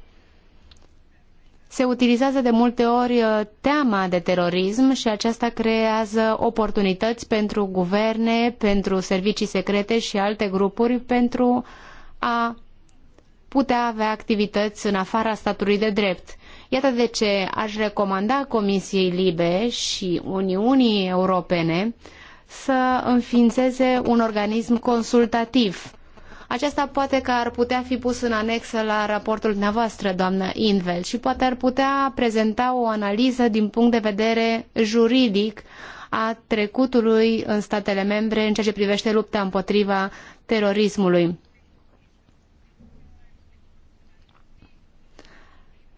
se utilizează de multe ori uh, teama de terorism și aceasta creează oportunități pentru guverne, pentru servicii secrete și alte grupuri pentru a putea avea activități în afara statului de drept. Iată de ce aș recomanda Comisiei Libe și Uniunii Europene să înființeze un organism consultativ aceasta poate că ar putea fi pus în anexă la raportul dumneavoastră, doamnă Invel, și poate ar putea prezenta o analiză din punct de vedere juridic a trecutului în statele membre în ceea ce privește lupta împotriva terorismului.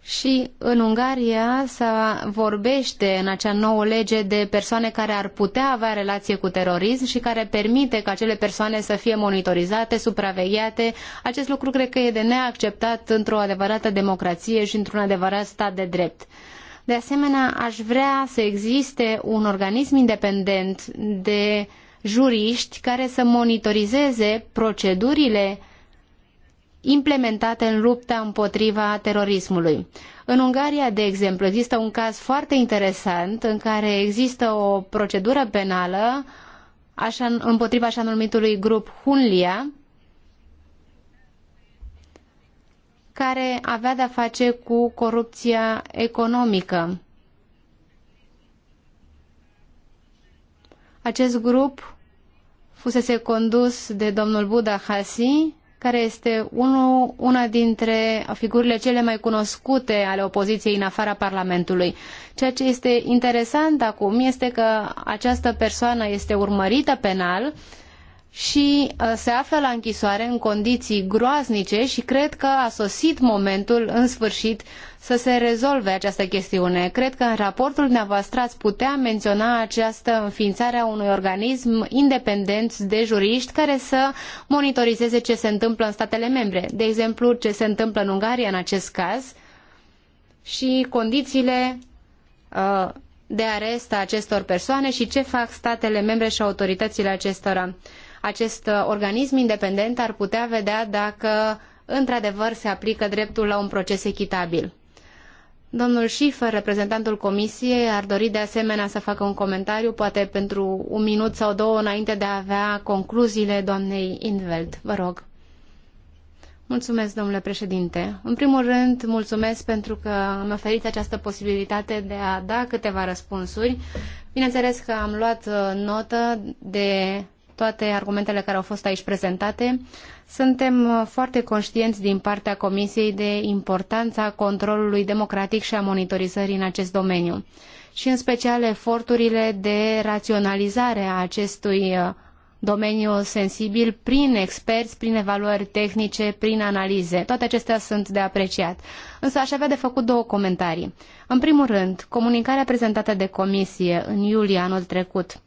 Și în Ungaria se vorbește în acea nouă lege de persoane care ar putea avea relație cu terorism și care permite ca acele persoane să fie monitorizate, supravegheate. Acest lucru cred că e de neacceptat într-o adevărată democrație și într-un adevărat stat de drept. De asemenea, aș vrea să existe un organism independent de juriști care să monitorizeze procedurile implementate în lupta împotriva terorismului. În Ungaria, de exemplu, există un caz foarte interesant în care există o procedură penală așa, împotriva așa numitului grup Hunlia, care avea de-a face cu corupția economică. Acest grup fusese condus de domnul Buda Hasi, care este una dintre figurile cele mai cunoscute ale opoziției în afara Parlamentului. Ceea ce este interesant acum este că această persoană este urmărită penal și uh, se află la închisoare în condiții groaznice și cred că a sosit momentul în sfârșit să se rezolve această chestiune. Cred că în raportul dumneavoastră ați putea menționa această înființare a unui organism independent de juriști care să monitorizeze ce se întâmplă în statele membre. De exemplu, ce se întâmplă în Ungaria în acest caz și condițiile uh, de arest a acestor persoane și ce fac statele membre și autoritățile acestora acest uh, organism independent ar putea vedea dacă într-adevăr se aplică dreptul la un proces echitabil. Domnul Schiffer, reprezentantul Comisiei, ar dori de asemenea să facă un comentariu, poate pentru un minut sau două înainte de a avea concluziile doamnei Inveld. Vă rog. Mulțumesc, domnule președinte. În primul rând, mulțumesc pentru că am oferit această posibilitate de a da câteva răspunsuri. Bineînțeles că am luat uh, notă de toate argumentele care au fost aici prezentate. Suntem uh, foarte conștienți din partea Comisiei de importanța controlului democratic și a monitorizării în acest domeniu și în special eforturile de raționalizare a acestui uh, domeniu sensibil prin experți, prin evaluări tehnice, prin analize. Toate acestea sunt de apreciat. Însă aș avea de făcut două comentarii. În primul rând, comunicarea prezentată de comisie în iulie anul trecut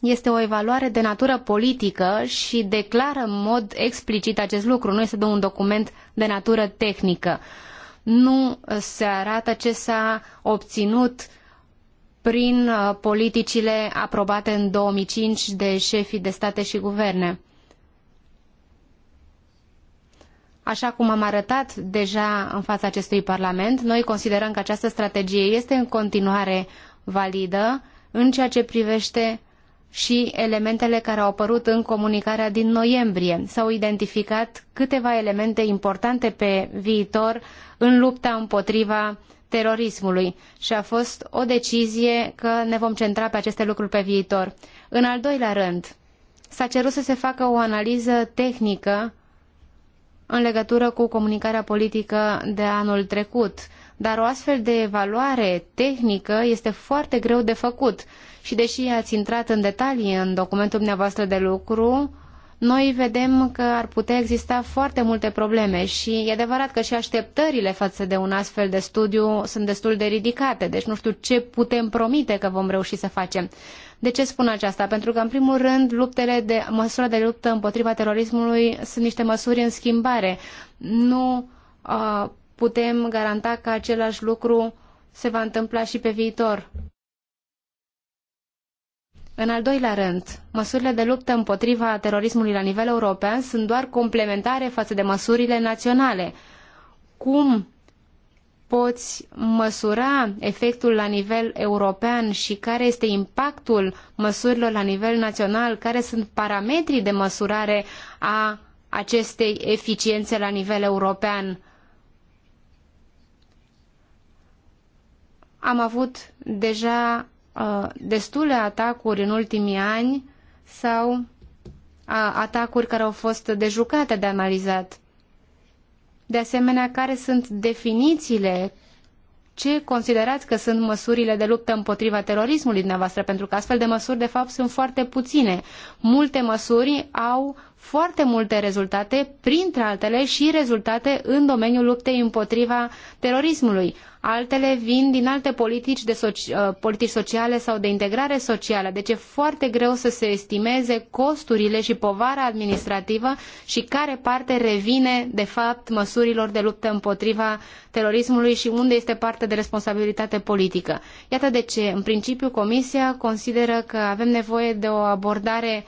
este o evaluare de natură politică și declară în mod explicit acest lucru. Nu este de un document de natură tehnică. Nu se arată ce s-a obținut prin uh, politicile aprobate în 2005 de șefii de state și guverne. Așa cum am arătat deja în fața acestui Parlament, noi considerăm că această strategie este în continuare validă în ceea ce privește și elementele care au apărut în comunicarea din noiembrie. S-au identificat câteva elemente importante pe viitor în lupta împotriva terorismului și a fost o decizie că ne vom centra pe aceste lucruri pe viitor. În al doilea rând, s-a cerut să se facă o analiză tehnică în legătură cu comunicarea politică de anul trecut, dar o astfel de evaluare tehnică este foarte greu de făcut și deși ați intrat în detalii în documentul dumneavoastră de lucru, noi vedem că ar putea exista foarte multe probleme și e adevărat că și așteptările față de un astfel de studiu sunt destul de ridicate, deci nu știu ce putem promite că vom reuși să facem. De ce spun aceasta? Pentru că, în primul rând, luptele de, măsura de luptă împotriva terorismului sunt niște măsuri în schimbare. Nu uh, putem garanta că același lucru se va întâmpla și pe viitor. În al doilea rând, măsurile de luptă împotriva terorismului la nivel european sunt doar complementare față de măsurile naționale. Cum poți măsura efectul la nivel european și care este impactul măsurilor la nivel național, care sunt parametrii de măsurare a acestei eficiențe la nivel european. Am avut deja Uh, destule atacuri în ultimii ani sau uh, atacuri care au fost dejucate de analizat. De asemenea, care sunt definițiile ce considerați că sunt măsurile de luptă împotriva terorismului dumneavoastră, pentru că astfel de măsuri, de fapt, sunt foarte puține. Multe măsuri au foarte multe rezultate, printre altele și rezultate în domeniul luptei împotriva terorismului. Altele vin din alte politici, de soci, uh, politici sociale sau de integrare socială, deci e foarte greu să se estimeze costurile și povara administrativă și care parte revine, de fapt, măsurilor de luptă împotriva terorismului și unde este parte de responsabilitate politică. Iată de ce, în principiu, Comisia consideră că avem nevoie de o abordare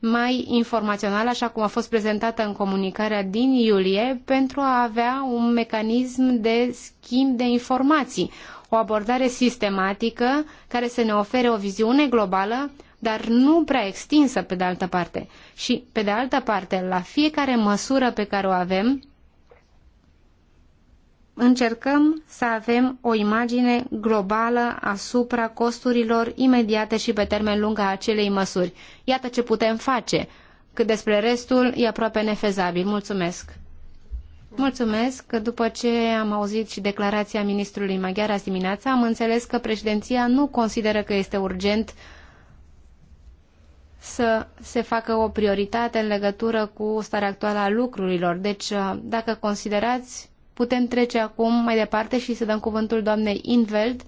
mai informațional, așa cum a fost prezentată în comunicarea din iulie, pentru a avea un mecanism de schimb de informații, o abordare sistematică care să ne ofere o viziune globală, dar nu prea extinsă pe de altă parte. Și, pe de altă parte, la fiecare măsură pe care o avem, încercăm să avem o imagine globală asupra costurilor imediate și pe termen lung a acelei măsuri. Iată ce putem face. Cât despre restul, e aproape nefezabil. Mulțumesc! Mulțumesc că după ce am auzit și declarația ministrului maghiar azi dimineața, am înțeles că președinția nu consideră că este urgent să se facă o prioritate în legătură cu starea actuală a lucrurilor. Deci, dacă considerați Putem trece acum mai departe și să dăm cuvântul doamnei Inveld.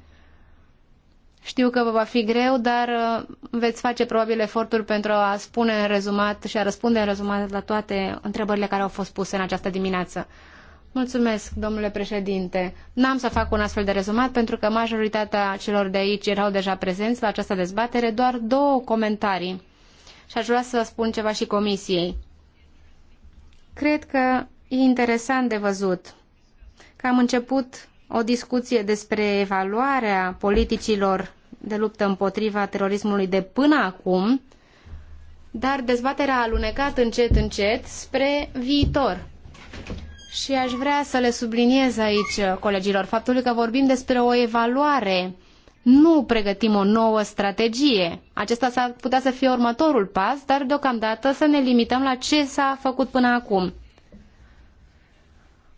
Știu că vă va fi greu, dar uh, veți face probabil eforturi pentru a spune în rezumat și a răspunde în rezumat la toate întrebările care au fost puse în această dimineață. Mulțumesc, domnule președinte. N-am să fac un astfel de rezumat pentru că majoritatea celor de aici erau deja prezenți la această dezbatere, doar două comentarii. Și aș vrea să spun ceva și comisiei. Cred că e interesant de văzut că am început o discuție despre evaluarea politicilor de luptă împotriva terorismului de până acum, dar dezbaterea a alunecat încet, încet spre viitor. Și aș vrea să le subliniez aici, uh, colegilor, faptul că vorbim despre o evaluare. Nu pregătim o nouă strategie. Acesta s-ar putea să fie următorul pas, dar deocamdată să ne limităm la ce s-a făcut până acum.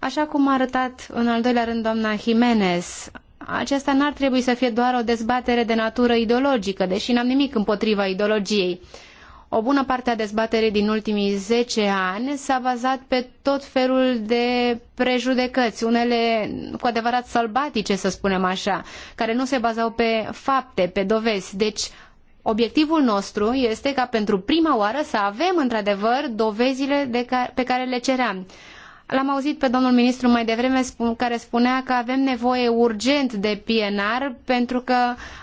Așa cum a arătat în al doilea rând doamna Jimenez, aceasta n-ar trebui să fie doar o dezbatere de natură ideologică, deși n-am nimic împotriva ideologiei. O bună parte a dezbaterii din ultimii zece ani s-a bazat pe tot felul de prejudecăți, unele cu adevărat sălbatice, să spunem așa, care nu se bazau pe fapte, pe dovezi. Deci, obiectivul nostru este ca pentru prima oară să avem, într-adevăr, dovezile ca- pe care le ceream. L-am auzit pe domnul ministru mai devreme spun, care spunea că avem nevoie urgent de PNR pentru că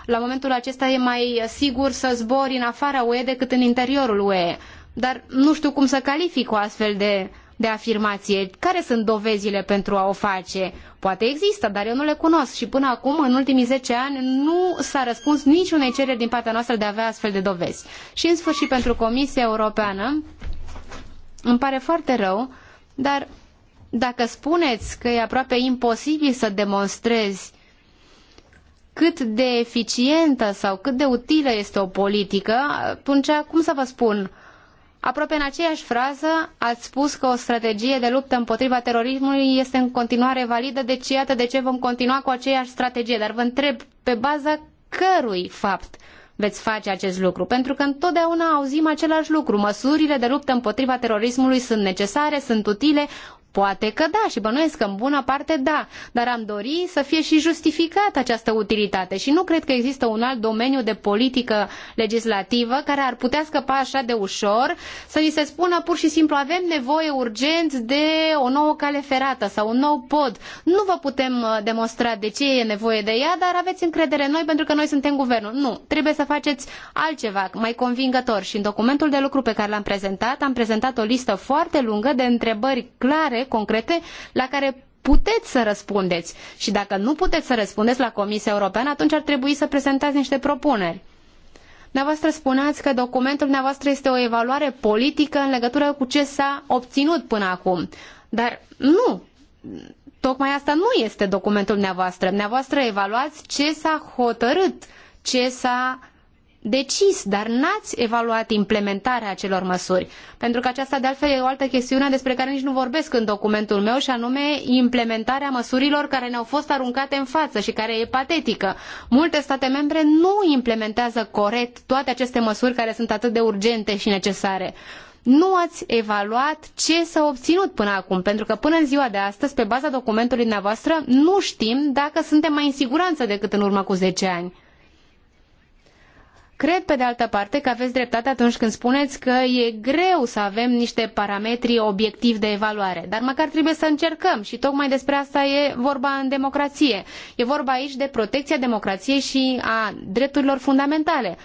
la momentul acesta e mai sigur să zbori în afara UE decât în interiorul UE. Dar nu știu cum să calific o astfel de, de afirmație. Care sunt dovezile pentru a o face? Poate există, dar eu nu le cunosc și până acum, în ultimii zece ani, nu s-a răspuns niciunei cereri din partea noastră de a avea astfel de dovezi. Și în sfârșit pentru Comisia Europeană, îmi pare foarte rău, dar dacă spuneți că e aproape imposibil să demonstrezi cât de eficientă sau cât de utilă este o politică, atunci, cum să vă spun, aproape în aceeași frază ați spus că o strategie de luptă împotriva terorismului este în continuare validă, deci iată de ce vom continua cu aceeași strategie. Dar vă întreb pe baza cărui fapt veți face acest lucru, pentru că întotdeauna auzim același lucru. Măsurile de luptă împotriva terorismului sunt necesare, sunt utile, Poate că da și bănuiesc că în bună parte da, dar am dori să fie și justificată această utilitate și nu cred că există un alt domeniu de politică legislativă care ar putea scăpa așa de ușor să ni se spună pur și simplu avem nevoie urgent de o nouă cale ferată sau un nou pod. Nu vă putem uh, demonstra de ce e nevoie de ea, dar aveți încredere în noi pentru că noi suntem guvernul. Nu, trebuie să faceți altceva mai convingător și în documentul de lucru pe care l-am prezentat am prezentat o listă foarte lungă de întrebări clare întrebări concrete la care puteți să răspundeți. Și dacă nu puteți să răspundeți la Comisia Europeană, atunci ar trebui să prezentați niște propuneri. Dumneavoastră spuneați că documentul dumneavoastră este o evaluare politică în legătură cu ce s-a obținut până acum. Dar nu, tocmai asta nu este documentul dumneavoastră. Dumneavoastră evaluați ce s-a hotărât, ce s-a decis, dar n-ați evaluat implementarea acelor măsuri. Pentru că aceasta de altfel e o altă chestiune despre care nici nu vorbesc în documentul meu și anume implementarea măsurilor care ne-au fost aruncate în față și care e patetică. Multe state membre nu implementează corect toate aceste măsuri care sunt atât de urgente și necesare nu ați evaluat ce s-a obținut până acum, pentru că până în ziua de astăzi, pe baza documentului dumneavoastră, nu știm dacă suntem mai în siguranță decât în urmă cu zece ani. Cred, pe de altă parte, că aveți dreptate atunci când spuneți că e greu să avem niște parametri obiectivi de evaluare, dar măcar trebuie să încercăm și tocmai despre asta e vorba în democrație. E vorba aici de protecția democrației și a drepturilor fundamentale.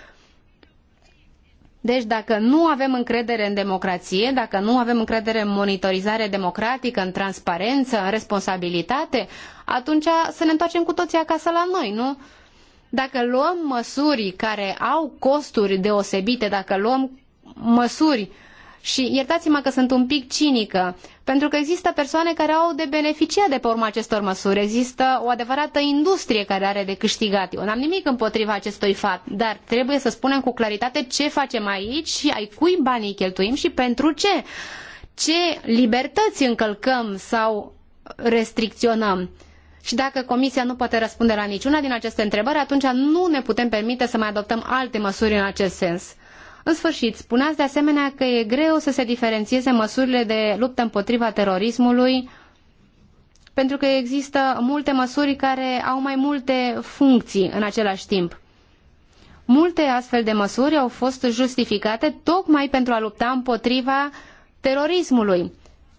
Deci dacă nu avem încredere în democrație, dacă nu avem încredere în monitorizare democratică, în transparență, în responsabilitate, atunci să ne întoarcem cu toții acasă la noi, nu? Dacă luăm măsuri care au costuri deosebite, dacă luăm măsuri și iertați-mă că sunt un pic cinică, pentru că există persoane care au de beneficiat de pe urma acestor măsuri. Există o adevărată industrie care are de câștigat. Eu n-am nimic împotriva acestui fapt, dar trebuie să spunem cu claritate ce facem aici și ai cui banii cheltuim și pentru ce. Ce libertăți încălcăm sau restricționăm. Și dacă Comisia nu poate răspunde la niciuna din aceste întrebări, atunci nu ne putem permite să mai adoptăm alte măsuri în acest sens. În sfârșit, spuneați de asemenea că e greu să se diferențieze măsurile de luptă împotriva terorismului pentru că există multe măsuri care au mai multe funcții în același timp. Multe astfel de măsuri au fost justificate tocmai pentru a lupta împotriva terorismului.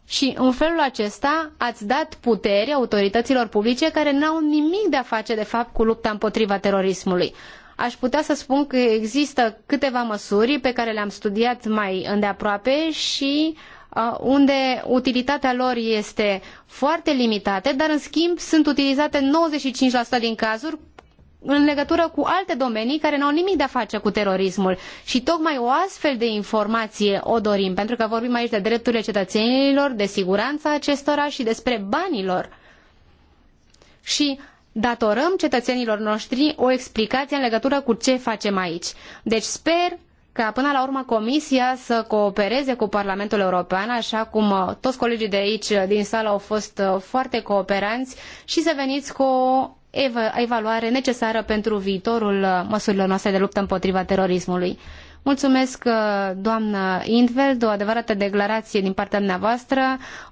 Și în felul acesta ați dat putere autorităților publice care n-au nimic de a face, de fapt, cu lupta împotriva terorismului. Aș putea să spun că există câteva măsuri pe care le-am studiat mai îndeaproape și uh, unde utilitatea lor este foarte limitată, dar în schimb sunt utilizate 95% din cazuri în legătură cu alte domenii care nu au nimic de a face cu terorismul. Și tocmai o astfel de informație o dorim, pentru că vorbim aici de drepturile cetățenilor, de siguranța acestora și despre banilor. Și datorăm cetățenilor noștri o explicație în legătură cu ce facem aici. Deci sper ca până la urmă Comisia să coopereze cu Parlamentul European, așa cum uh, toți colegii de aici uh, din sală au fost uh, foarte cooperanți și să veniți cu o evaluare necesară pentru viitorul uh, măsurilor noastre de luptă împotriva terorismului. Mulțumesc, uh, doamnă Intveld, o adevărată declarație din partea dumneavoastră,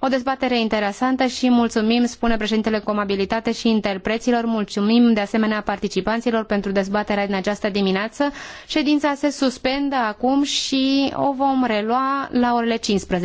o dezbatere interesantă și mulțumim, spune președintele cu amabilitate și interpreților, mulțumim de asemenea participanților pentru dezbaterea din această dimineață. Ședința se suspendă acum și o vom relua la orele 15.